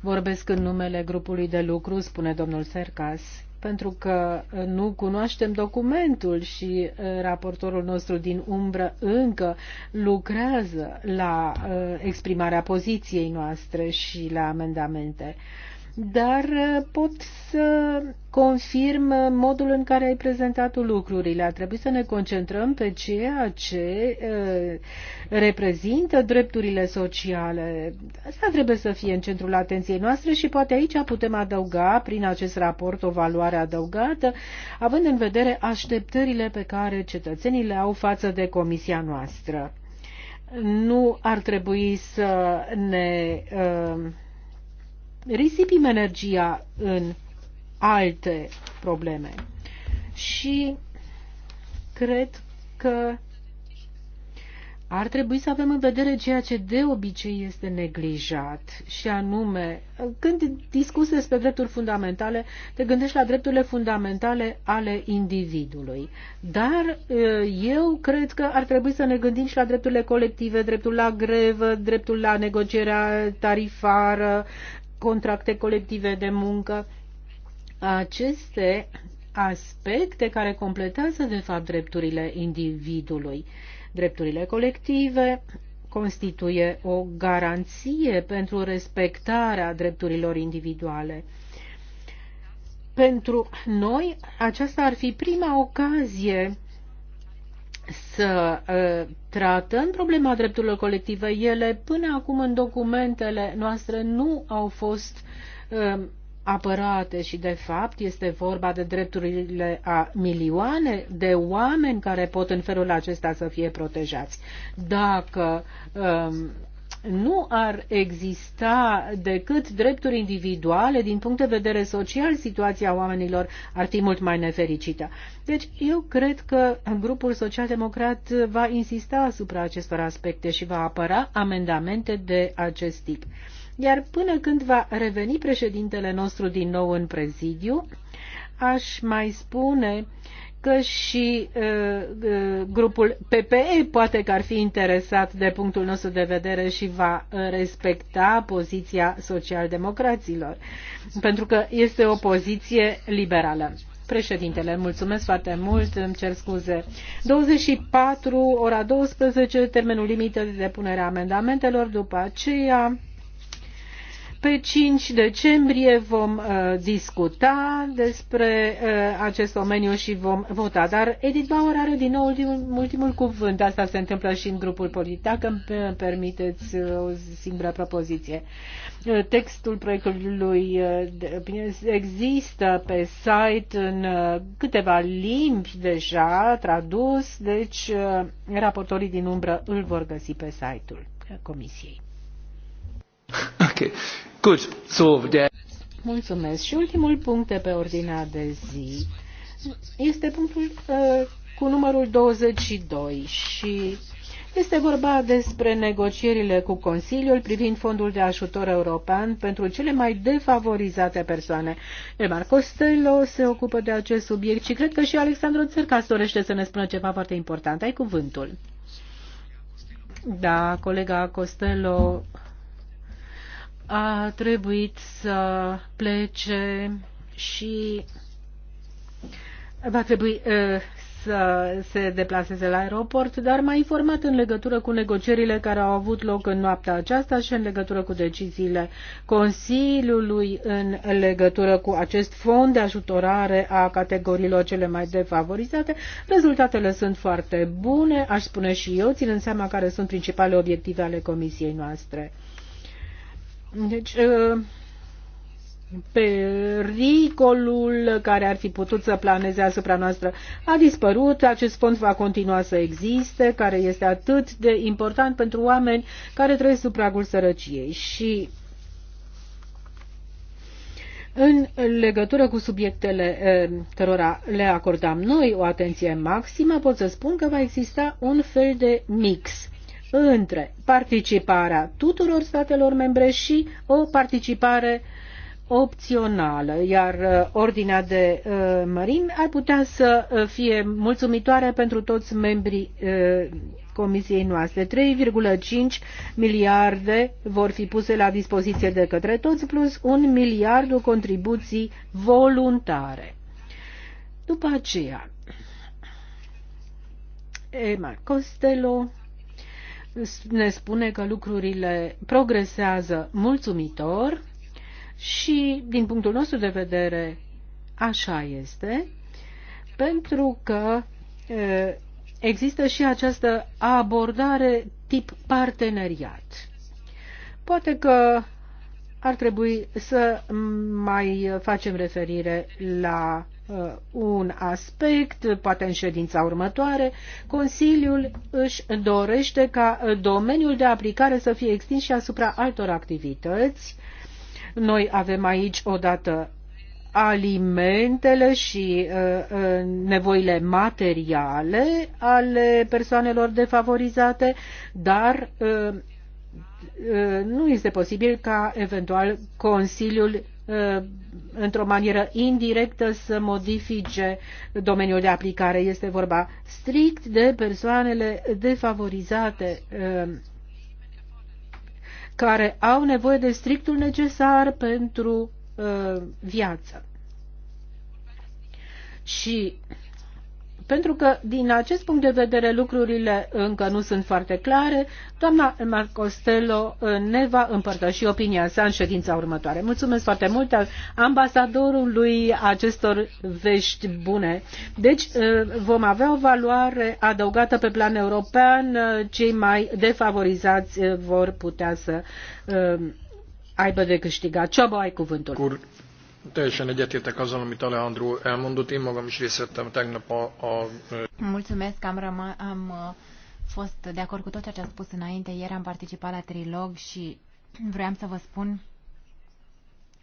vorbesc în numele grupului de lucru, spune domnul Sercas, pentru că nu cunoaștem documentul și uh, raportorul nostru din umbră încă lucrează la uh, exprimarea poziției noastre și la amendamente. Uh, dar uh, pot să confirm uh, modul în care ai prezentat lucrurile. A trebuit să ne concentrăm pe ceea ce uh, reprezintă drepturile sociale. Asta trebuie să fie în centrul atenției noastre și poate aici putem adăuga prin acest raport o valoare adăugată, având în vedere așteptările pe care cetățenii le au față de comisia noastră. Nu ar trebui să ne uh, risipim energia în alte probleme. Și cred că ar trebui să avem în vedere ceea ce de obicei este neglijat, și anume, când discuți despre drepturi fundamentale, te gândești la drepturile fundamentale ale individului. Dar eu cred că ar trebui să ne gândim și la drepturile colective, dreptul la grevă, dreptul la negocierea tarifară, contracte colective de muncă. Aceste aspecte care completează, de fapt, drepturile individului. Drepturile colective constituie o garanție pentru respectarea drepturilor individuale. Pentru noi, aceasta ar fi prima ocazie să ă, tratăm problema drepturilor colective. Ele până acum în documentele noastre nu au fost ă, apărate și de fapt este vorba de drepturile a milioane de oameni care pot în felul acesta să fie protejați. Dacă uh, nu ar exista decât drepturi individuale, din punct de vedere social, situația oamenilor ar fi mult mai nefericită. Deci, eu cred că grupul social-democrat va insista asupra acestor aspecte și va apăra amendamente de acest tip. Iar până când va reveni președintele nostru din nou în prezidiu, aș mai spune că și uh, uh, grupul PPE poate că ar fi interesat de punctul nostru de vedere și va uh, respecta poziția socialdemocraților, pentru că este o poziție liberală. Președintele, mulțumesc foarte mult, îmi cer scuze. 24, ora 12, termenul limită de depunere a amendamentelor, după aceea pe 5 decembrie vom uh, discuta despre uh, acest domeniu și vom vota. Dar Edith Bauer are din nou ultimul, ultimul cuvânt. Asta se întâmplă și în grupul politic. Dacă îmi permiteți uh, o singură propoziție. Uh, textul proiectului uh, există pe site în uh, câteva limbi deja tradus, deci uh, raportorii din umbră îl vor găsi pe site-ul Comisiei. Okay. Mulțumesc. Și ultimul punct de pe ordinea de zi este punctul uh, cu numărul 22 și este vorba despre negocierile cu Consiliul privind fondul de ajutor european pentru cele mai defavorizate persoane. Elmar Costello se ocupă de acest subiect și cred că și Alexandru Țărcas dorește să ne spună ceva foarte important. Ai cuvântul. Da, colega Costello a trebuit să plece și va trebui uh, să se deplaseze la aeroport, dar m-a informat în legătură cu negocierile care au avut loc în noaptea aceasta și în legătură cu deciziile Consiliului în legătură cu acest fond de ajutorare a categoriilor cele mai defavorizate. Rezultatele sunt foarte bune, aș spune și eu, ținând seama care sunt principalele obiective ale comisiei noastre. Deci, ă, pericolul care ar fi putut să planeze asupra noastră a dispărut, acest fond va continua să existe, care este atât de important pentru oameni care trăiesc sub pragul sărăciei. Și în legătură cu subiectele ă, cărora le acordam noi o atenție maximă, pot să spun că va exista un fel de mix între participarea tuturor statelor membre și o participare opțională, iar uh, ordinea de uh, mărimi ar putea să uh, fie mulțumitoare pentru toți membrii comisiei noastre. 3,5 miliarde vor fi puse la dispoziție de către toți, plus un miliard de contribuții voluntare. După aceea, Emma Costello ne spune că lucrurile progresează mulțumitor și, din punctul nostru de vedere, așa este, pentru că există și această abordare tip parteneriat. Poate că ar trebui să mai facem referire la uh, un aspect, poate în ședința următoare, Consiliul își dorește ca uh, domeniul de aplicare să fie extins și asupra altor activități. Noi avem aici odată alimentele și uh, uh nevoile materiale ale persoanelor defavorizate, dar uh, Uh, nu este posibil ca eventual Consiliul uh, într-o manieră indirectă să modifice domeniul de aplicare. Este vorba strict de persoanele defavorizate uh, care au nevoie de strictul necesar pentru viață. Și pentru că, din acest punct de vedere, lucrurile încă nu sunt foarte clare. Doamna Marcostello uh, ne va împărtăși opinia sa în ședința următoare. Mulțumesc foarte mult ambasadorului acestor vești bune. Deci, uh, vom avea o valoare adăugată pe plan european. Uh, cei mai defavorizați vor putea să aibă de câștigat. Ciobo, ai cuvântul. Cur Teljesen egyetértek azzal, amit Alejandro elmondott. Én magam is részt vettem tegnap a... a... Mulțumesc, am, am fost de acord cu tot ce a spus înainte. Ieri am participat la trilog și vreau să vă spun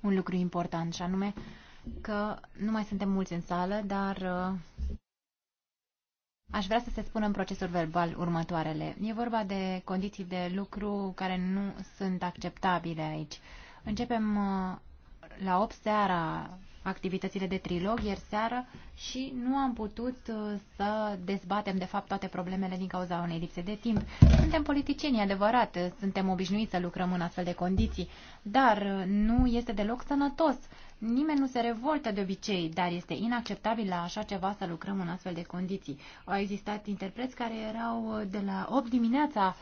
un lucru important, și anume că nu mai suntem mulți în sală, dar aș vrea să se spună în procesul verbal următoarele. E vorba de condiții de lucru care nu sunt acceptabile aici. Începem la 8 seara activitățile de trilog ieri seară și nu am putut uh, să dezbatem de fapt toate problemele din cauza unei lipse de timp. Suntem politicieni, adevărat, uh, suntem obișnuiți să lucrăm în astfel de condiții, dar uh, nu este deloc sănătos. Nimeni nu se revoltă de obicei, dar este inacceptabil la așa ceva să lucrăm în astfel de condiții. Au existat interpreți care erau de la 8 dimineața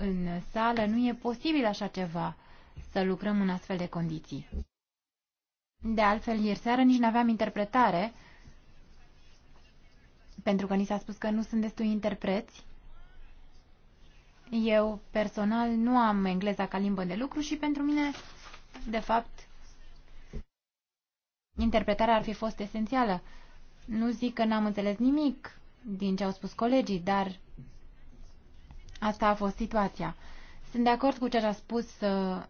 în sală, nu e posibil așa ceva să lucrăm în astfel de condiții. De altfel, ieri seară nici n-aveam interpretare, pentru că ni s-a spus că nu sunt destui interpreți. Eu, personal, nu am engleza ca limbă de lucru și pentru mine, de fapt, interpretarea ar fi fost esențială. Nu zic că n-am înțeles nimic din ce au spus colegii, dar asta a fost situația. Sunt de acord cu ce a spus uh,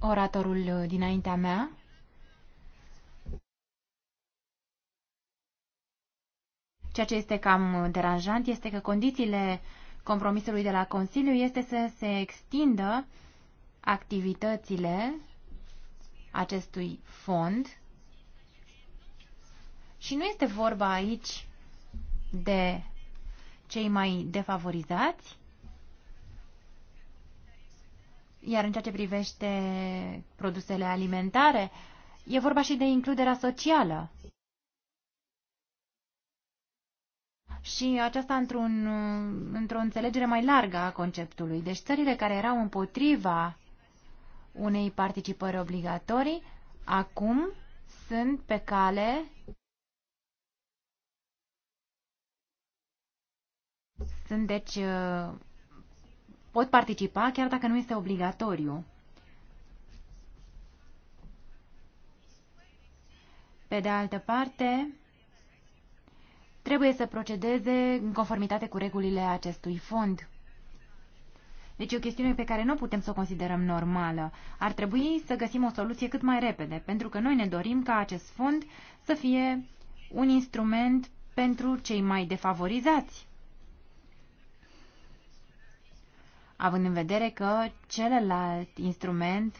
oratorul dinaintea mea. Ceea ce este cam deranjant este că condițiile compromisului de la Consiliu este să se extindă activitățile acestui fond și nu este vorba aici de cei mai defavorizați, iar în ceea ce privește produsele alimentare, e vorba și de includerea socială. și aceasta într-un, într-o înțelegere mai largă a conceptului. Deci țările care erau împotriva unei participări obligatorii, acum sunt pe cale sunt deci pot participa chiar dacă nu este obligatoriu. Pe de altă parte, trebuie să procedeze în conformitate cu regulile acestui fond. Deci e o chestiune pe care nu putem să o considerăm normală. Ar trebui să găsim o soluție cât mai repede, pentru că noi ne dorim ca acest fond să fie un instrument pentru cei mai defavorizați. Având în vedere că celălalt instrument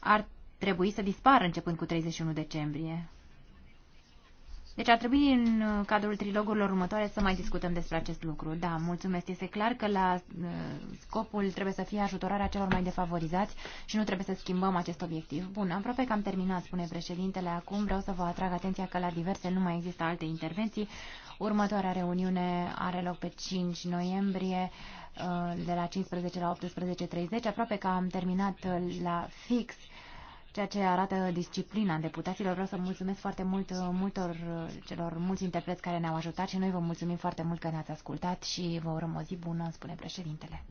ar trebui să dispară începând cu 31 decembrie. Deci ar trebui în uh, cadrul trilogurilor următoare să mai discutăm despre acest lucru. Da, mulțumesc. Este clar că la uh, scopul trebuie să fie ajutorarea celor mai defavorizați și nu trebuie să schimbăm acest obiectiv. Bun, aproape că am terminat, spune președintele. Acum vreau să vă atrag atenția că la diverse nu mai există alte intervenții. Următoarea reuniune are loc pe 5 noiembrie uh, de la 15 la 18.30. Aproape că am terminat la fix ceea ce arată disciplina deputaților. Vreau să mulțumesc foarte mult uh, multor uh, celor mulți interpreți care ne-au ajutat și noi vă mulțumim foarte mult că ne-ați ascultat și vă urăm o zi bună, spune președintele.